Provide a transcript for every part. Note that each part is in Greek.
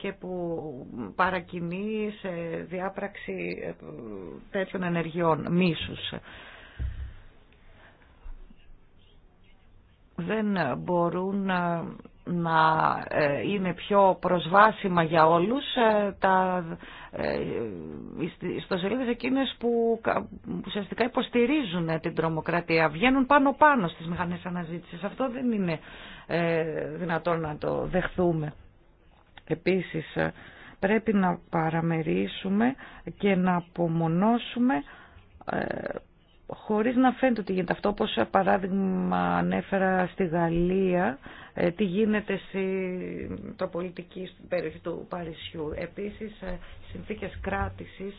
και που παρακινεί σε διάπραξη ε, τέτοιων ενεργειών, μίσους. Δεν μπορούν ε, να ε, είναι πιο προσβάσιμα για όλους τα ιστοσελίδες εκείνες που ουσιαστικά υποστηρίζουν την τρομοκρατία. Βγαίνουν πάνω-πάνω στις μηχανές αναζήτησης. Αυτό δεν είναι δυνατόν να το δεχθούμε. Επίσης, ε, πρέπει να παραμερίσουμε και να απομονώσουμε ε, χωρίς να φαίνεται ότι γίνεται αυτό, όπως ε, παράδειγμα ανέφερα στη Γαλλία, τι γίνεται στη πολιτική στην περιοχή του Παρισιού. Επίσης, οι συνθήκες κράτησης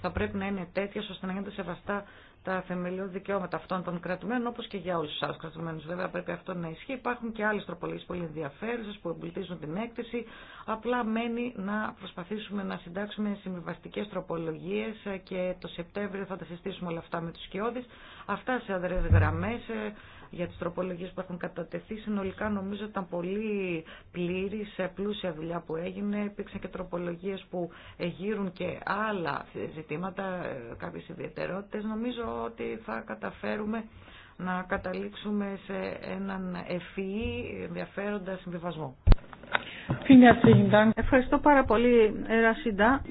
θα πρέπει να είναι τέτοιες ώστε να γίνονται σεβαστά τα θεμελιώδη δικαιώματα αυτών των κρατουμένων, όπω και για όλου του άλλου κρατουμένου. Βέβαια, πρέπει αυτό να ισχύει. Υπάρχουν και άλλε τροπολογίε πολύ ενδιαφέρουσε που εμπλουτίζουν την έκθεση. Απλά μένει να προσπαθήσουμε να συντάξουμε συμβιβαστικέ τροπολογίε και το Σεπτέμβριο θα τα συστήσουμε όλα αυτά με του σκιώδει. Αυτά σε αδρέ γραμμέ. Ε, για τις τροπολογίες που έχουν κατατεθεί. Συνολικά νομίζω ήταν πολύ πλήρη σε πλούσια δουλειά που έγινε. Υπήρξαν και τροπολογίες που γύρουν και άλλα ζητήματα, ε, κάποιες ιδιαιτερότητες. Νομίζω ότι θα καταφέρουμε να καταλήξουμε σε έναν ευφυή ενδιαφέροντα συμβιβασμό. Ευχαριστώ πάρα πολύ, Ρασιντά.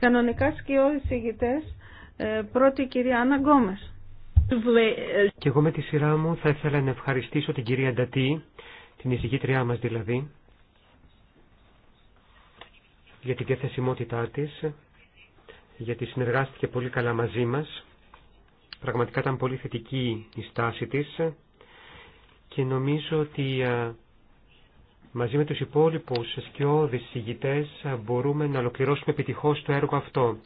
Κανονικά σκιώδεις ηγητές, ε, πρώτη κυρία Άννα Γκόμες. Και εγώ με τη σειρά μου θα ήθελα να ευχαριστήσω την κυρία Ντατή, την εισηγήτριά μας δηλαδή, για την διαθεσιμότητά της, γιατί συνεργάστηκε πολύ καλά μαζί μας. Πραγματικά ήταν πολύ θετική η στάση της και νομίζω ότι μαζί με τους υπόλοιπους σκιώδεις συγητές μπορούμε να ολοκληρώσουμε επιτυχώς το έργο αυτό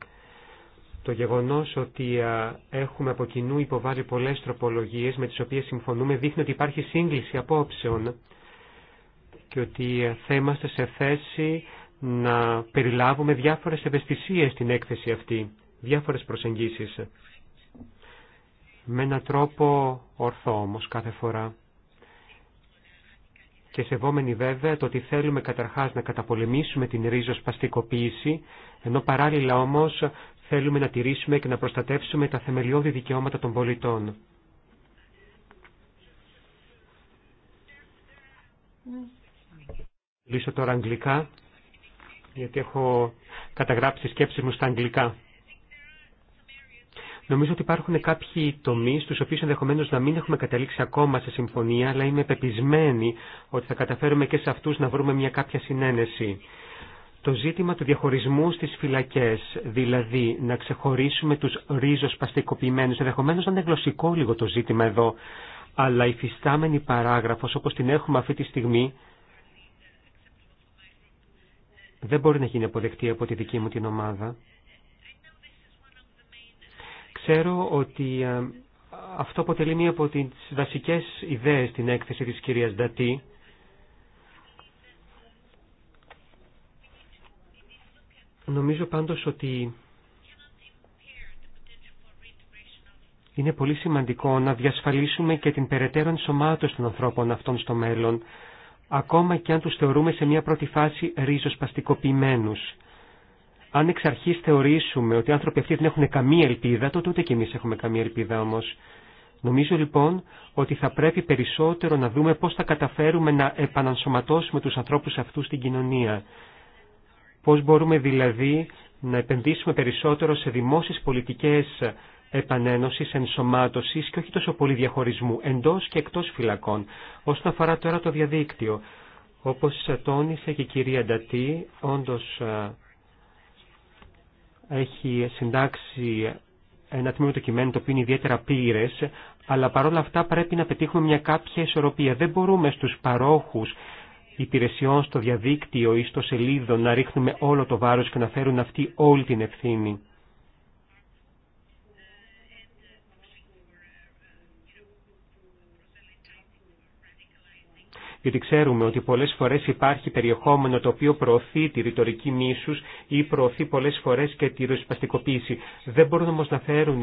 το γεγονός ότι έχουμε από κοινού υποβάλει πολλές τροπολογίες με τις οποίες συμφωνούμε δείχνει ότι υπάρχει σύγκληση απόψεων και ότι θα είμαστε σε θέση να περιλάβουμε διάφορες ευαισθησίες στην έκθεση αυτή, διάφορες προσεγγίσεις. Με έναν τρόπο ορθό όμως κάθε φορά. Και σεβόμενοι βέβαια το ότι θέλουμε καταρχάς να καταπολεμήσουμε την ρίζοσπαστικοποίηση, ενώ παράλληλα όμως θέλουμε να τηρήσουμε και να προστατεύσουμε τα θεμελιώδη δικαιώματα των πολιτών. Λύσω τώρα αγγλικά, γιατί έχω καταγράψει τις σκέψεις μου στα αγγλικά. Νομίζω ότι υπάρχουν κάποιοι τομεί στου οποίου ενδεχομένω να μην έχουμε καταλήξει ακόμα σε συμφωνία, αλλά είμαι πεπισμένη ότι θα καταφέρουμε και σε αυτού να βρούμε μια κάποια συνένεση το ζήτημα του διαχωρισμού στις φυλακές, δηλαδή να ξεχωρίσουμε τους ρίζος παστικοποιημένους, ενδεχομένως να είναι γλωσσικό λίγο το ζήτημα εδώ, αλλά η φυστάμενη παράγραφος όπως την έχουμε αυτή τη στιγμή δεν μπορεί να γίνει αποδεκτή από τη δική μου την ομάδα. Ξέρω ότι ε, αυτό αποτελεί μία από τις βασικές ιδέες στην έκθεση της κυρίας Ντατή, Νομίζω πάντως ότι είναι πολύ σημαντικό να διασφαλίσουμε και την περαιτέρω ενσωμάτωση των ανθρώπων αυτών στο μέλλον, ακόμα και αν τους θεωρούμε σε μια πρώτη φάση ρίζοσπαστικοποιημένους. Αν εξ αρχής θεωρήσουμε ότι οι άνθρωποι αυτοί δεν έχουν καμία ελπίδα, τότε ούτε και εμείς έχουμε καμία ελπίδα όμως. Νομίζω λοιπόν ότι θα πρέπει περισσότερο να δούμε πώς θα καταφέρουμε να επανανσωματώσουμε τους ανθρώπους αυτούς στην κοινωνία. Πώς μπορούμε δηλαδή να επενδύσουμε περισσότερο σε δημόσιες πολιτικές επανένωσης, ενσωμάτωσης και όχι τόσο πολύ διαχωρισμού εντός και εκτός φυλακών. Όσον αφορά τώρα το διαδίκτυο, όπως τόνισε και η κυρία Ντατή, όντως ε, έχει συντάξει ένα τμήμα του κειμένου το οποίο είναι ιδιαίτερα πλήρε, αλλά παρόλα αυτά πρέπει να πετύχουμε μια κάποια ισορροπία. Δεν μπορούμε στους παρόχους υπηρεσιών στο διαδίκτυο ή στο σελίδο να ρίχνουμε όλο το βάρος και να φέρουν αυτοί όλη την ευθύνη. γιατί ξέρουμε ότι πολλές φορές υπάρχει περιεχόμενο το οποίο προωθεί τη ρητορική μίσους ή προωθεί πολλές φορές και τη ρωσπαστικοποίηση. Δεν μπορούν όμως να φέρουν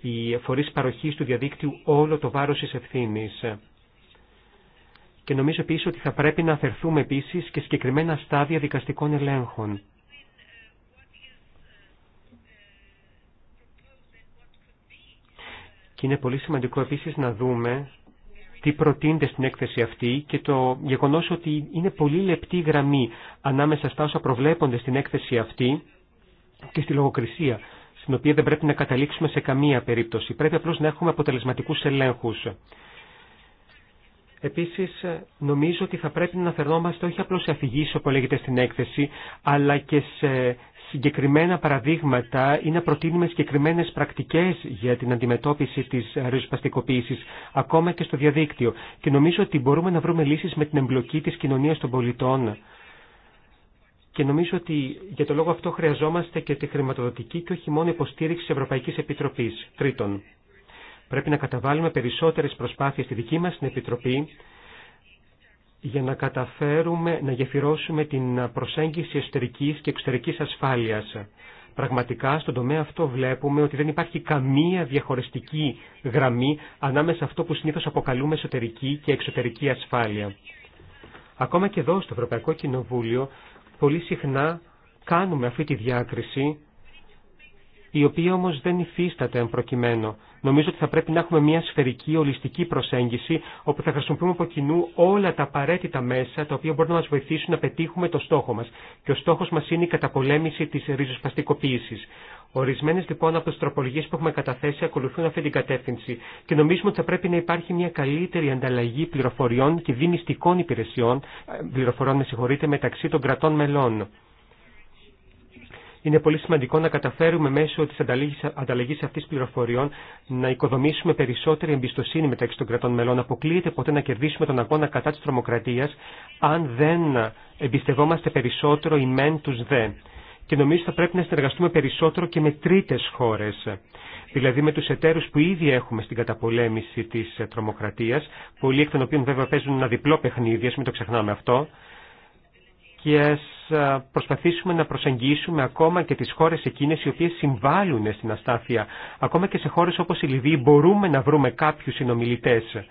οι φορείς παροχής του διαδίκτυου όλο το βάρος της ευθύνης και νομίζω επίσης ότι θα πρέπει να αφαιρθούμε επίσης και συγκεκριμένα στάδια δικαστικών ελέγχων. Και είναι πολύ σημαντικό επίσης να δούμε τι προτείνεται στην έκθεση αυτή και το γεγονός ότι είναι πολύ λεπτή γραμμή ανάμεσα στα όσα προβλέπονται στην έκθεση αυτή και στη λογοκρισία, στην οποία δεν πρέπει να καταλήξουμε σε καμία περίπτωση. Πρέπει απλώς να έχουμε αποτελεσματικούς ελέγχους. Επίσης, νομίζω ότι θα πρέπει να αναφερνόμαστε όχι απλώς σε αφηγήσεις όπω λέγεται στην έκθεση, αλλά και σε συγκεκριμένα παραδείγματα ή να προτείνουμε συγκεκριμένες πρακτικές για την αντιμετώπιση της ριζοσπαστικοποίησης, ακόμα και στο διαδίκτυο. Και νομίζω ότι μπορούμε να βρούμε λύσεις με την εμπλοκή της κοινωνίας των πολιτών. Και νομίζω ότι για το λόγο αυτό χρειαζόμαστε και τη χρηματοδοτική και όχι μόνο υποστήριξη της Ευρωπαϊκής Επιτροπής. Τρίτον, Πρέπει να καταβάλουμε περισσότερες προσπάθειες στη δική μας την Επιτροπή για να καταφέρουμε να γεφυρώσουμε την προσέγγιση εσωτερικής και εξωτερικής ασφάλειας. Πραγματικά στον τομέα αυτό βλέπουμε ότι δεν υπάρχει καμία διαχωριστική γραμμή ανάμεσα αυτό που συνήθως αποκαλούμε εσωτερική και εξωτερική ασφάλεια. Ακόμα και εδώ στο Ευρωπαϊκό Κοινοβούλιο πολύ συχνά κάνουμε αυτή τη διάκριση η οποία όμως δεν υφίσταται εν προκειμένου. Νομίζω ότι θα πρέπει να έχουμε μια σφαιρική, ολιστική προσέγγιση, όπου θα χρησιμοποιούμε από κοινού όλα τα απαραίτητα μέσα, τα οποία μπορούν να μας βοηθήσουν να πετύχουμε το στόχο μας. Και ο στόχος μας είναι η καταπολέμηση της ριζοσπαστικοποίησης. Ορισμένε λοιπόν από τι τροπολογίε που έχουμε καταθέσει ακολουθούν αυτή την κατεύθυνση και νομίζουμε ότι θα πρέπει να υπάρχει μια καλύτερη ανταλλαγή πληροφοριών και δυνηστικών υπηρεσιών, ε, πληροφοριών με μεταξύ των κρατών μελών είναι πολύ σημαντικό να καταφέρουμε μέσω της ανταλλαγής αυτής πληροφοριών να οικοδομήσουμε περισσότερη εμπιστοσύνη μεταξύ των κρατών μελών. Αποκλείεται ποτέ να κερδίσουμε τον αγώνα κατά της τρομοκρατίας αν δεν εμπιστευόμαστε περισσότερο οι μεν τους δε. Και νομίζω θα πρέπει να συνεργαστούμε περισσότερο και με τρίτες χώρες. Δηλαδή με τους εταίρους που ήδη έχουμε στην καταπολέμηση της τρομοκρατίας, πολλοί εκ των οποίων βέβαια παίζουν ένα διπλό παιχνίδι, ας μην το ξεχνάμε αυτό, και προσπαθήσουμε να προσεγγίσουμε ακόμα και τις χώρες εκείνες οι οποίες συμβάλλουν στην αστάθεια. Ακόμα και σε χώρες όπως η Λιβύη μπορούμε να βρούμε κάποιους συνομιλητές.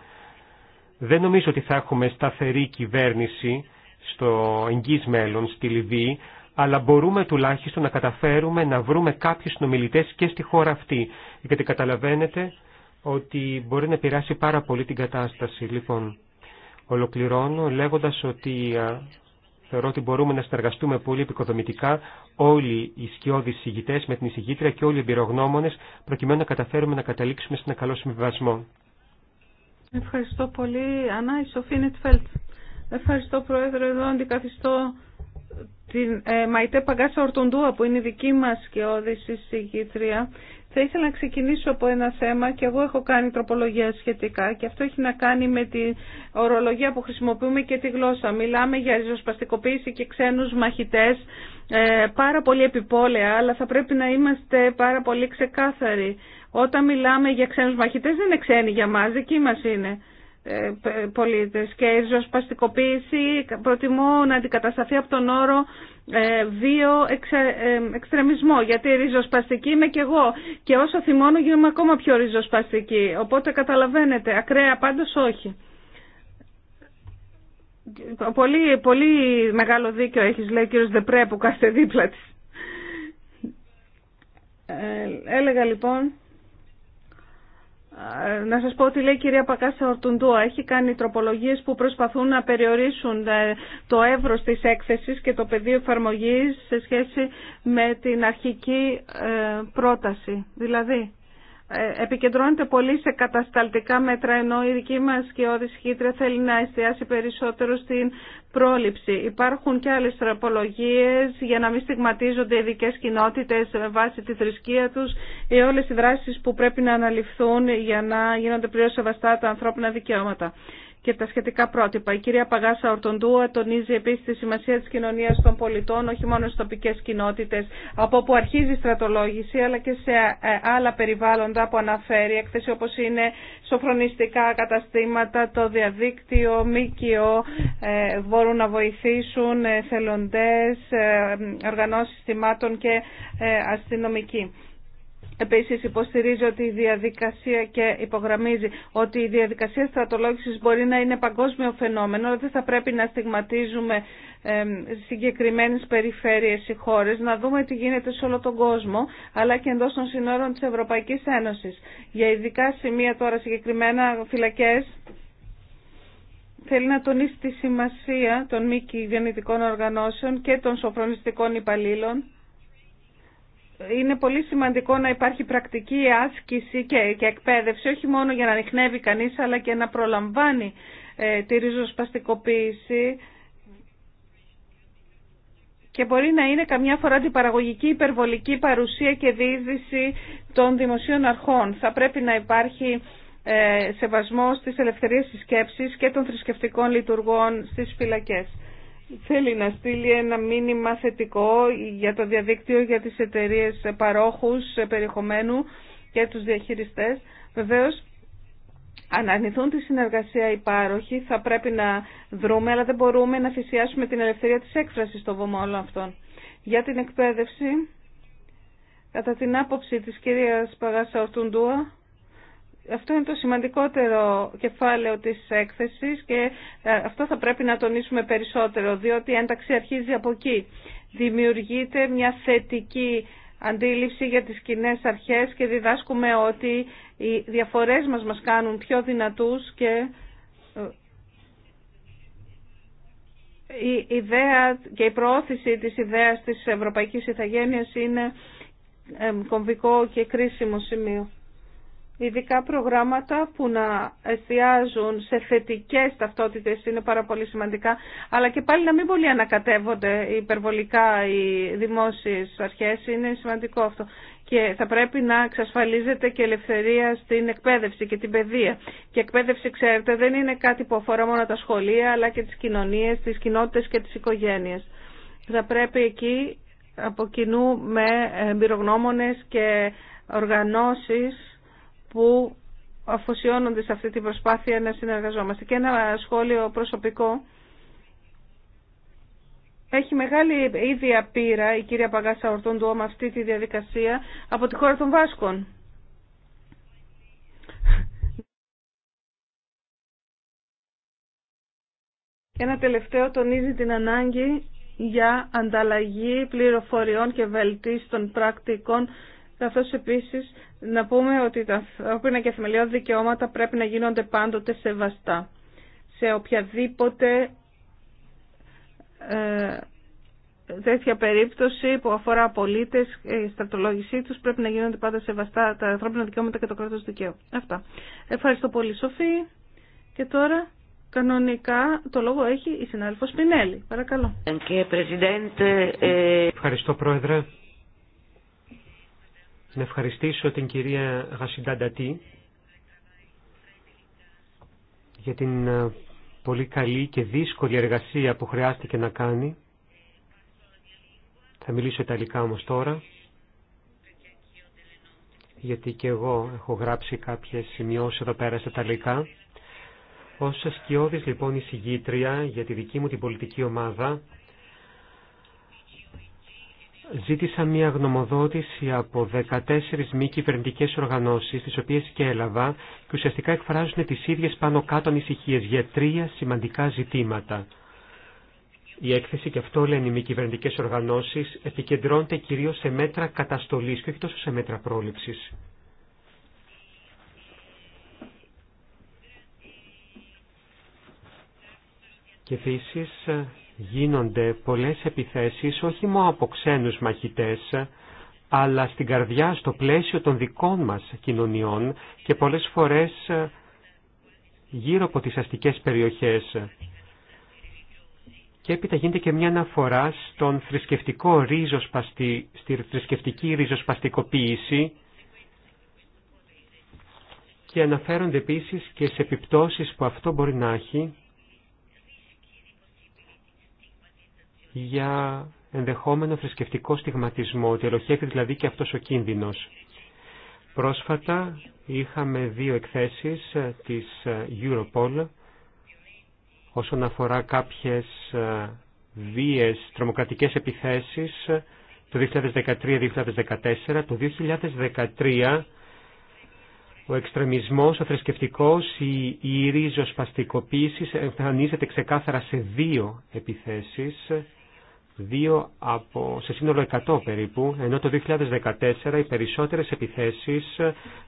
Δεν νομίζω ότι θα έχουμε σταθερή κυβέρνηση στο εγγύς μέλλον στη Λιβύη, αλλά μπορούμε τουλάχιστον να καταφέρουμε να βρούμε κάποιους συνομιλητές και στη χώρα αυτή. Γιατί καταλαβαίνετε ότι μπορεί να επηρεάσει πάρα πολύ την κατάσταση. Λοιπόν, ολοκληρώνω λέγοντας ότι Θεωρώ ότι μπορούμε να συνεργαστούμε πολύ επικοδομητικά όλοι οι σκιώδεις συγητές με την εισηγήτρια και όλοι οι εμπειρογνώμονες προκειμένου να καταφέρουμε να καταλήξουμε σε ένα καλό συμβιβασμό. Ευχαριστώ πολύ. Ανά, η Σοφή Νετφέλτ. Ευχαριστώ Πρόεδρε. Εδώ αντικαθιστώ την ε, Μαϊτέ Παγκάσα Ορτοντούα που είναι η δική μα σκιώδη συγγήτρια θα ήθελα να ξεκινήσω από ένα θέμα και εγώ έχω κάνει τροπολογία σχετικά και αυτό έχει να κάνει με την ορολογία που χρησιμοποιούμε και τη γλώσσα. Μιλάμε για ριζοσπαστικοποίηση και ξένους μαχητές, ε, πάρα πολύ επιπόλαια, αλλά θα πρέπει να είμαστε πάρα πολύ ξεκάθαροι. Όταν μιλάμε για ξένους μαχητές δεν είναι ξένοι για μας, δικοί μας είναι ε, πολίτες και η ριζοσπαστικοποίηση προτιμώ να αντικατασταθεί από τον όρο ε, βίο ε, εξτρεμισμό, γιατί ριζοσπαστική είμαι και εγώ και όσο θυμώνω γίνομαι ακόμα πιο ριζοσπαστική. Οπότε καταλαβαίνετε, ακραία πάντως όχι. Πολύ, πολύ μεγάλο δίκιο έχεις λέει ο κύριος Δεπρέ που κάθεται δίπλα της. Ε, έλεγα λοιπόν ε, να σας πω ότι λέει η κυρία Πακάσα Ορτουντούα έχει κάνει τροπολογίες που προσπαθούν να περιορίσουν ε, το εύρος της έκθεσης και το πεδίο εφαρμογής σε σχέση με την αρχική ε, πρόταση. Δηλαδή, ε, επικεντρώνεται πολύ σε κατασταλτικά μέτρα, ενώ η δική μας και ο θέλει να εστιάσει περισσότερο στην πρόληψη. Υπάρχουν και άλλες τροπολογίε για να μην στιγματίζονται ειδικέ κοινότητες με βάση τη θρησκεία τους ή όλες οι δράσεις που πρέπει να αναλυφθούν για να γίνονται πλήρως σεβαστά τα ανθρώπινα δικαιώματα και τα σχετικά πρότυπα. Η κυρία Παγάσα Ορτοντούα τονίζει επίση τη σημασία τη κοινωνία των πολιτών, όχι μόνο στι τοπικέ κοινότητε, από όπου αρχίζει η στρατολόγηση, αλλά και σε ε, άλλα περιβάλλοντα που αναφέρει, έκθεση όπως είναι σοφρονιστικά καταστήματα, το διαδίκτυο, μήκυο, ε, μπορούν να βοηθήσουν ε, θελοντές, οργανώσει θυμάτων και αστυνομικοί. Επίσης υποστηρίζει ότι η διαδικασία και υπογραμμίζει ότι η διαδικασία στρατολόγησης μπορεί να είναι παγκόσμιο φαινόμενο, δεν θα πρέπει να στιγματίζουμε συγκεκριμένες περιφέρειες ή χώρες, να δούμε τι γίνεται σε όλο τον κόσμο, αλλά και εντός των συνόρων της Ευρωπαϊκής Ένωσης. Για ειδικά σημεία τώρα συγκεκριμένα φυλακές, θέλει να τονίσει τη σημασία των μη κυβερνητικών οργανώσεων και των σοφρονιστικών υπαλλήλων είναι πολύ σημαντικό να υπάρχει πρακτική άσκηση και εκπαίδευση, όχι μόνο για να ανοιχνεύει κανείς, αλλά και να προλαμβάνει ε, τη ριζοσπαστικοποίηση και μπορεί να είναι καμιά φορά την παραγωγική υπερβολική παρουσία και δίδυση των δημοσίων αρχών. Θα πρέπει να υπάρχει ε, σεβασμός της ελευθερίας της σκέψης και των θρησκευτικών λειτουργών στις φυλακές θέλει να στείλει ένα μήνυμα θετικό για το διαδίκτυο, για τις εταιρείες παρόχους περιεχομένου και τους διαχειριστές. Βεβαίως, αν αρνηθούν τη συνεργασία οι πάροχοι, θα πρέπει να δρούμε, αλλά δεν μπορούμε να θυσιάσουμε την ελευθερία της έκφρασης στο βωμό όλων αυτών. Για την εκπαίδευση, κατά την άποψη της κυρίας Παγάσα Ορτουντούα, αυτό είναι το σημαντικότερο κεφάλαιο της έκθεσης και ε, αυτό θα πρέπει να τονίσουμε περισσότερο, διότι η ένταξη αρχίζει από εκεί. Δημιουργείται μια θετική αντίληψη για τις κοινέ αρχές και διδάσκουμε ότι οι διαφορές μας μας κάνουν πιο δυνατούς και ε, η ιδέα και η προώθηση της ιδέας της Ευρωπαϊκής Ιθαγένειας είναι ε, κομβικό και κρίσιμο σημείο ειδικά προγράμματα που να εστιάζουν σε θετικές ταυτότητες είναι πάρα πολύ σημαντικά, αλλά και πάλι να μην πολύ ανακατεύονται υπερβολικά οι δημόσιες αρχές, είναι σημαντικό αυτό. Και θα πρέπει να εξασφαλίζεται και ελευθερία στην εκπαίδευση και την παιδεία. Και εκπαίδευση, ξέρετε, δεν είναι κάτι που αφορά μόνο τα σχολεία, αλλά και τις κοινωνίες, τις κοινότητες και τις οικογένειες. Θα πρέπει εκεί από κοινού με εμπειρογνώμονες και οργανώσεις που αφοσιώνονται σε αυτή την προσπάθεια να συνεργαζόμαστε. Και ένα σχόλιο προσωπικό. Έχει μεγάλη ίδια πείρα η κυρία Παγκάσα Ορτούντου με αυτή τη διαδικασία από τη χώρα των Βάσκων. Ένα τελευταίο τονίζει την ανάγκη για ανταλλαγή πληροφοριών και των πρακτικών, καθώς επίσης να πούμε ότι τα ανθρώπινα και θεμελιώδη δικαιώματα πρέπει να γίνονται πάντοτε σεβαστά σε οποιαδήποτε ε, τέτοια περίπτωση που αφορά πολίτες, η στρατολόγησή τους πρέπει να γίνονται πάντα σεβαστά τα ανθρώπινα δικαιώματα και το κράτος δικαίου. Αυτά. Ευχαριστώ πολύ Σοφή. Και τώρα κανονικά το λόγο έχει η συνάδελφος Πινέλη. Παρακαλώ. Ε, Ευχαριστώ Πρόεδρε. Να ευχαριστήσω την κυρία Γασινταντατή για την ε, πολύ καλή και δύσκολη εργασία που χρειάστηκε να κάνει. Θα μιλήσω ιταλικά όμως τώρα, γιατί και εγώ έχω γράψει κάποιες σημειώσεις εδώ πέρα στα ιταλικά. Ως ασκιώδης λοιπόν η συγγήτρια για τη δική μου την πολιτική ομάδα, ζήτησα μια γνωμοδότηση από 14 μη κυβερνητικέ οργανώσει, τι οποίε και έλαβα, και ουσιαστικά εκφράζουν τι ίδιε πάνω κάτω ανησυχίε για τρία σημαντικά ζητήματα. Η έκθεση, και αυτό λένε οι μη κυβερνητικέ οργανώσει, επικεντρώνεται κυρίω σε μέτρα καταστολή και όχι τόσο σε μέτρα πρόληψη. Και γίνονται πολλές επιθέσεις όχι μόνο από ξένους μαχητές, αλλά στην καρδιά, στο πλαίσιο των δικών μας κοινωνιών και πολλές φορές ε, γύρω από τις αστικές περιοχές. Και έπειτα γίνεται και μια αναφορά στον θρησκευτικό ρίζοσπαστη, στη θρησκευτική ριζοσπαστικοποίηση και αναφέρονται επίσης και σε επιπτώσεις που αυτό μπορεί να έχει για ενδεχόμενο θρησκευτικό στιγματισμό, ότι ελοχεύει δηλαδή και αυτός ο κίνδυνος. Πρόσφατα είχαμε δύο εκθέσεις της Europol όσον αφορά κάποιες ε, βίες τρομοκρατικές επιθέσεις το 2013-2014. Το 2013 ο εξτρεμισμός, ο θρησκευτικός, η, η παστικοποίησης εμφανίζεται ξεκάθαρα σε δύο επιθέσεις δύο από, σε σύνολο 100 περίπου, ενώ το 2014 οι περισσότερες επιθέσεις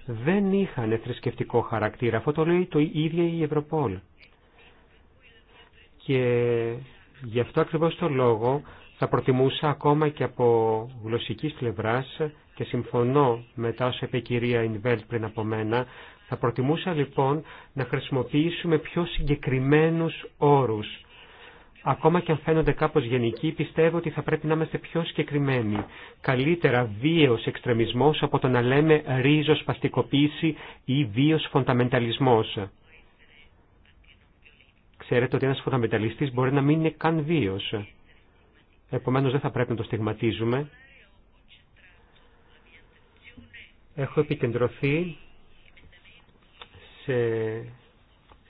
δεν είχαν θρησκευτικό χαρακτήρα. Αυτό το λέει το ίδιο η Ευρωπόλ. Και γι' αυτό ακριβώς το λόγο θα προτιμούσα ακόμα και από γλωσσικής πλευράς και συμφωνώ μετά όσο είπε η κυρία Ινβέλτ πριν από μένα, θα προτιμούσα λοιπόν να χρησιμοποιήσουμε πιο συγκεκριμένους όρους Ακόμα και αν φαίνονται κάπως γενικοί, πιστεύω ότι θα πρέπει να είμαστε πιο συγκεκριμένοι. Καλύτερα βίαιος εξτρεμισμός από το να λέμε ρίζος παστικοποίηση ή βίαιος φονταμενταλισμός. Ξέρετε ότι ένας φονταμενταλιστής μπορεί να μην είναι καν βίος. Επομένως δεν θα πρέπει να το στιγματίζουμε. Έχω επικεντρωθεί σε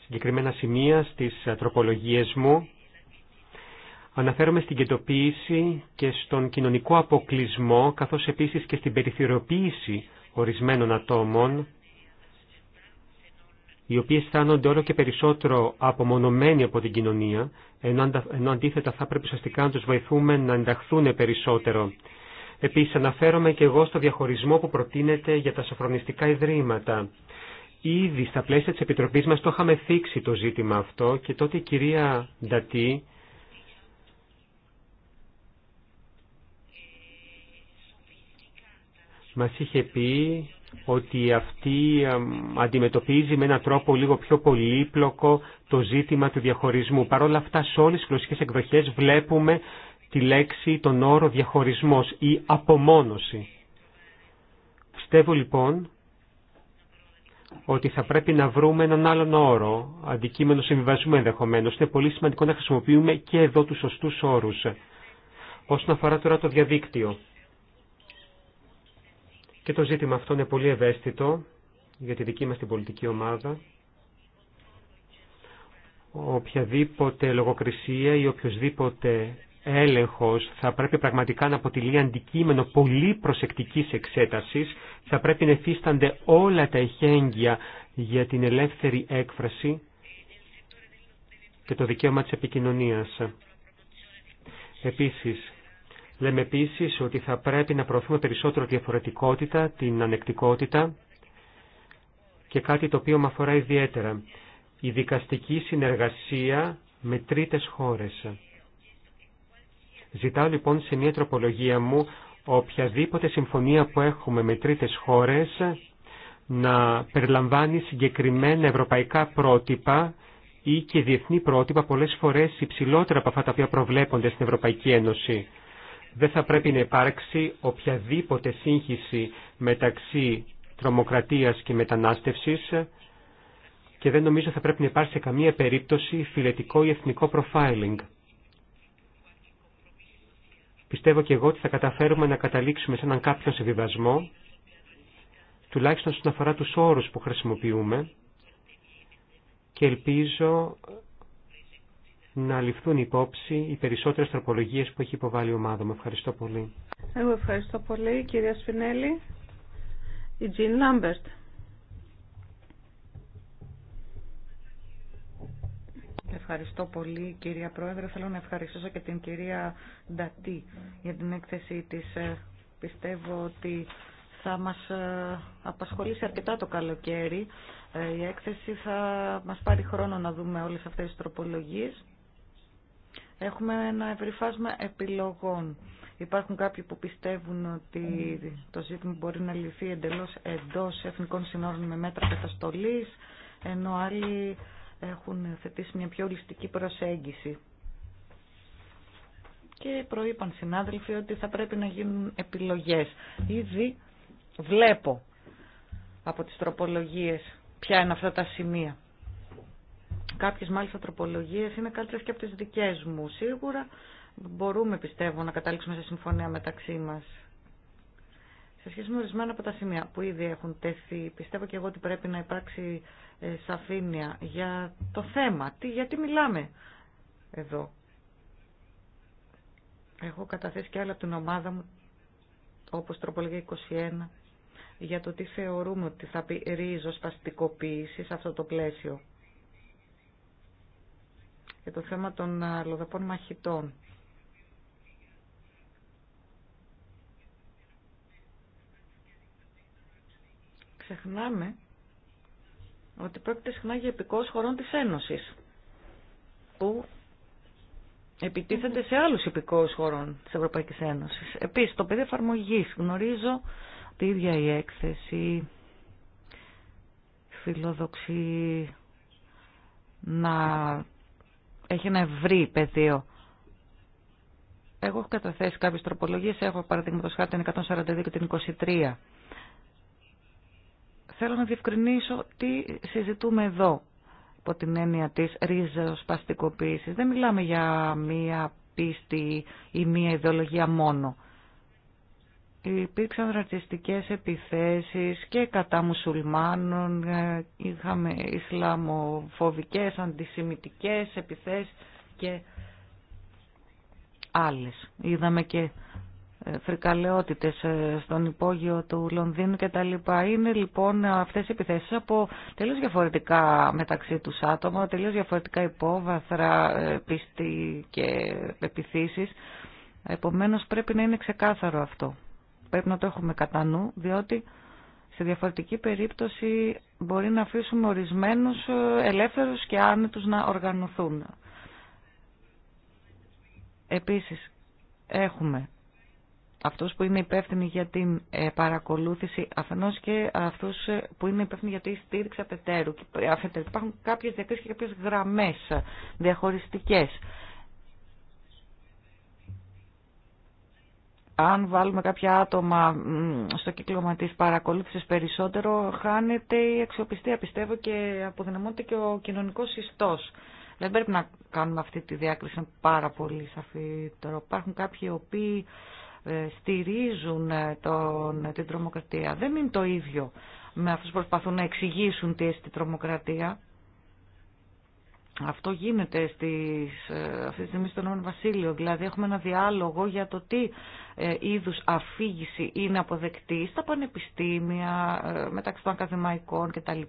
συγκεκριμένα σημεία στις τροπολογίες μου Αναφέρομαι στην κεντοποίηση και στον κοινωνικό αποκλεισμό, καθώς επίσης και στην περιθυροποίηση ορισμένων ατόμων, οι οποίοι αισθάνονται όλο και περισσότερο απομονωμένοι από την κοινωνία, ενώ αντίθετα θα πρέπει ουσιαστικά να τους βοηθούμε να ενταχθούν περισσότερο. Επίσης αναφέρομαι και εγώ στο διαχωρισμό που προτείνεται για τα σοφρονιστικά ιδρύματα. Ήδη στα πλαίσια της Επιτροπής μας το είχαμε θίξει το ζήτημα αυτό και τότε η κυρία Ντατή μας είχε πει ότι αυτή αντιμετωπίζει με έναν τρόπο λίγο πιο πολύπλοκο το ζήτημα του διαχωρισμού. Παρ' όλα αυτά σε όλες τις γλωσσικές εκδοχές βλέπουμε τη λέξη, τον όρο διαχωρισμός ή απομόνωση. Πιστεύω λοιπόν ότι θα πρέπει να βρούμε έναν άλλον όρο, αντικείμενο συμβιβασμού ενδεχομένω. Είναι πολύ σημαντικό να χρησιμοποιούμε και εδώ τους σωστούς όρους. Όσον αφορά τώρα το διαδίκτυο, και το ζήτημα αυτό είναι πολύ ευαίσθητο για τη δική μας την πολιτική ομάδα. Οποιαδήποτε λογοκρισία ή οποιοδήποτε έλεγχος θα πρέπει πραγματικά να αποτελεί αντικείμενο πολύ προσεκτικής εξέτασης. Θα πρέπει να εφίστανται όλα τα εχέγγυα για την ελεύθερη έκφραση και το δικαίωμα της επικοινωνίας. Επίσης, Λέμε επίσης ότι θα πρέπει να προωθούμε περισσότερο τη διαφορετικότητα, την ανεκτικότητα και κάτι το οποίο με αφορά ιδιαίτερα. Η δικαστική συνεργασία με τρίτες χώρες. Ζητάω λοιπόν σε μια τροπολογία μου οποιαδήποτε συμφωνία που έχουμε με τρίτες χώρες να περιλαμβάνει συγκεκριμένα ευρωπαϊκά πρότυπα ή και διεθνή πρότυπα πολλές φορές υψηλότερα από αυτά τα οποία προβλέπονται στην Ευρωπαϊκή Ένωση δεν θα πρέπει να υπάρξει οποιαδήποτε σύγχυση μεταξύ τρομοκρατίας και μετανάστευσης και δεν νομίζω θα πρέπει να υπάρξει σε καμία περίπτωση φιλετικό ή εθνικό προφάιλινγκ. Πιστεύω και εγώ ότι θα καταφέρουμε να καταλήξουμε σε έναν κάποιον συμβιβασμό, τουλάχιστον σχετικά αφορά τους όρους που χρησιμοποιούμε, και ελπίζω να ληφθούν υπόψη οι περισσότερες τροπολογίες που έχει υποβάλει η ομάδα μου. Ευχαριστώ πολύ. Εγώ ευχαριστώ πολύ κυρία Σφινέλη. Η Τζιν Λάμπερτ. Ευχαριστώ πολύ κυρία Πρόεδρε. Θέλω να ευχαριστήσω και την κυρία Ντατή για την έκθεσή της. Ε, πιστεύω ότι θα μας ε, απασχολήσει αρκετά το καλοκαίρι. Ε, η έκθεση θα μας πάρει χρόνο να δούμε όλες αυτές τις τροπολογίες. Έχουμε ένα ευρυφάσμα επιλογών. Υπάρχουν κάποιοι που πιστεύουν ότι το ζήτημα μπορεί να λυθεί εντελώς εντός εθνικών συνόρων με μέτρα καταστολής, ενώ άλλοι έχουν θετήσει μια πιο ολιστική προσέγγιση. Και προείπαν συνάδελφοι ότι θα πρέπει να γίνουν επιλογές. Ήδη βλέπω από τις τροπολογίες ποια είναι αυτά τα σημεία Κάποιες μάλιστα τροπολογίες είναι καλύτερες και από τις δικές μου. Σίγουρα μπορούμε πιστεύω να καταλήξουμε σε συμφωνία μεταξύ μας. Σε σχέση με ορισμένα από τα σημεία που ήδη έχουν τεθεί, πιστεύω και εγώ ότι πρέπει να υπάρξει ε, σαφήνεια για το θέμα. Τι, γιατί μιλάμε εδώ. Έχω καταθέσει και άλλα από την ομάδα μου, όπως τροπολογία 21, για το τι θεωρούμε ότι θα πει ρίζος παστικοποίηση σε αυτό το πλαίσιο για το θέμα των αλλοδαπών ε, μαχητών. Ξεχνάμε ότι πρόκειται συχνά για επικός χωρών της Ένωσης, που επιτίθενται σε άλλους επικούς χωρών της Ευρωπαϊκής Ένωσης. Επίσης, το πεδίο εφαρμογή γνωρίζω ότι ίδια η έκθεση φιλοδοξεί να έχει ένα ευρύ πεδίο. Εγώ έχω καταθέσει κάποιες τροπολογίες, έχω παραδείγματο χάρη την 142 και την 23. Θέλω να διευκρινίσω τι συζητούμε εδώ υπό την έννοια της ρίζοσπαστικοποίηση. Δεν μιλάμε για μία πίστη ή μία ιδεολογία μόνο υπήρξαν ρατσιστικές επιθέσεις και κατά μουσουλμάνων, ε, είχαμε ισλαμοφοβικές, αντισημιτικές επιθέσεις και άλλες. Είδαμε και ε, φρικαλαιότητες ε, στον υπόγειο του Λονδίνου και τα λοιπά. Είναι λοιπόν αυτές οι επιθέσεις από τελείως διαφορετικά μεταξύ τους άτομα, τελείως διαφορετικά υπόβαθρα, πιστή και επιθήσεις. Επομένως πρέπει να είναι ξεκάθαρο αυτό. Πρέπει να το έχουμε κατά νου, διότι σε διαφορετική περίπτωση μπορεί να αφήσουμε ορισμένους ε, ελεύθερους και άνετους να οργανωθούν. Επίσης, έχουμε αυτούς που είναι υπεύθυνοι για την ε, παρακολούθηση αφενός και αυτούς ε, που είναι υπεύθυνοι για τη στήριξη αφετέρου. Υπάρχουν κάποιες διακρίσεις και κάποιες γραμμές διαχωριστικές αν βάλουμε κάποια άτομα στο κύκλωμα τη παρακολούθησης περισσότερο, χάνεται η αξιοπιστία, πιστεύω, και αποδυναμώνεται και ο κοινωνικό συστός. Δεν πρέπει να κάνουμε αυτή τη διάκριση πάρα πολύ σαφή τώρα. Υπάρχουν κάποιοι οποίοι ε, στηρίζουν ε, τον, ε, την τρομοκρατία. Δεν είναι το ίδιο με αυτούς που προσπαθούν να εξηγήσουν τι είναι τρομοκρατία. Αυτό γίνεται στις, ε, αυτή τη στιγμή στο Ηνωμένο Βασίλειο. Δηλαδή έχουμε ένα διάλογο για το τι ε, είδους αφήγηση είναι αποδεκτή στα πανεπιστήμια, ε, μεταξύ των ακαδημαϊκών κτλ.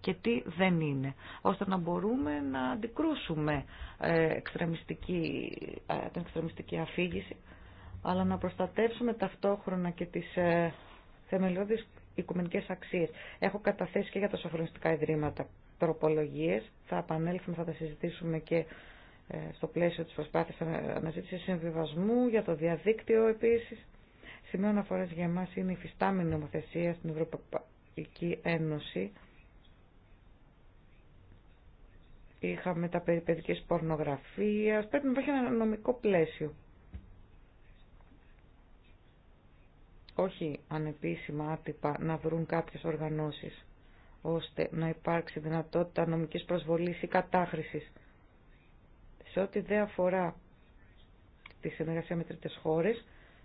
Και τι δεν είναι. Ώστε να μπορούμε να αντικρούσουμε εξτρεμιστική, την εξτρεμιστική αφήγηση, αλλά να προστατεύσουμε ταυτόχρονα και τις θεμελιώδεις οικουμενικές αξίες. Έχω καταθέσει και για τα σοφρονιστικά ιδρύματα τροπολογίες. Θα επανέλθουμε, θα τα συζητήσουμε και ε, στο πλαίσιο της προσπάθειας αναζήτησης συμβιβασμού για το διαδίκτυο επίσης. Σημείο αναφορά για εμά είναι η φυστάμενη νομοθεσία στην Ευρωπαϊκή Ένωση. Είχαμε τα παιδικής πορνογραφία. Πρέπει να υπάρχει ένα νομικό πλαίσιο. Όχι ανεπίσημα άτυπα να βρουν κάποιες οργανώσεις ώστε να υπάρξει δυνατότητα νομικής προσβολής ή κατάχρησης. Σε ό,τι δεν αφορά τη συνεργασία με τρίτες χώρες,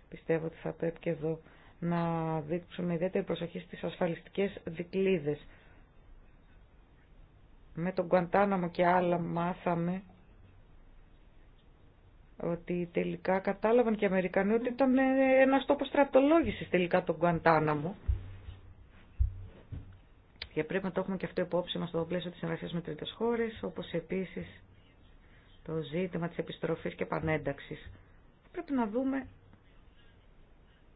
πιστεύω ότι θα πρέπει και εδώ να δείξουμε ιδιαίτερη προσοχή στις ασφαλιστικές δικλίδες. Με τον Κουαντάναμο και άλλα μάθαμε ότι τελικά κατάλαβαν και οι Αμερικανοί ότι ήταν ένας τόπος στρατολόγησης τελικά τον Κουαντάναμο. Και πρέπει να το έχουμε και αυτό υπόψη μα στο πλαίσιο τη συνεργασία με τρίτε χώρε, όπω επίση το ζήτημα τη επιστροφή και επανένταξη. Πρέπει να δούμε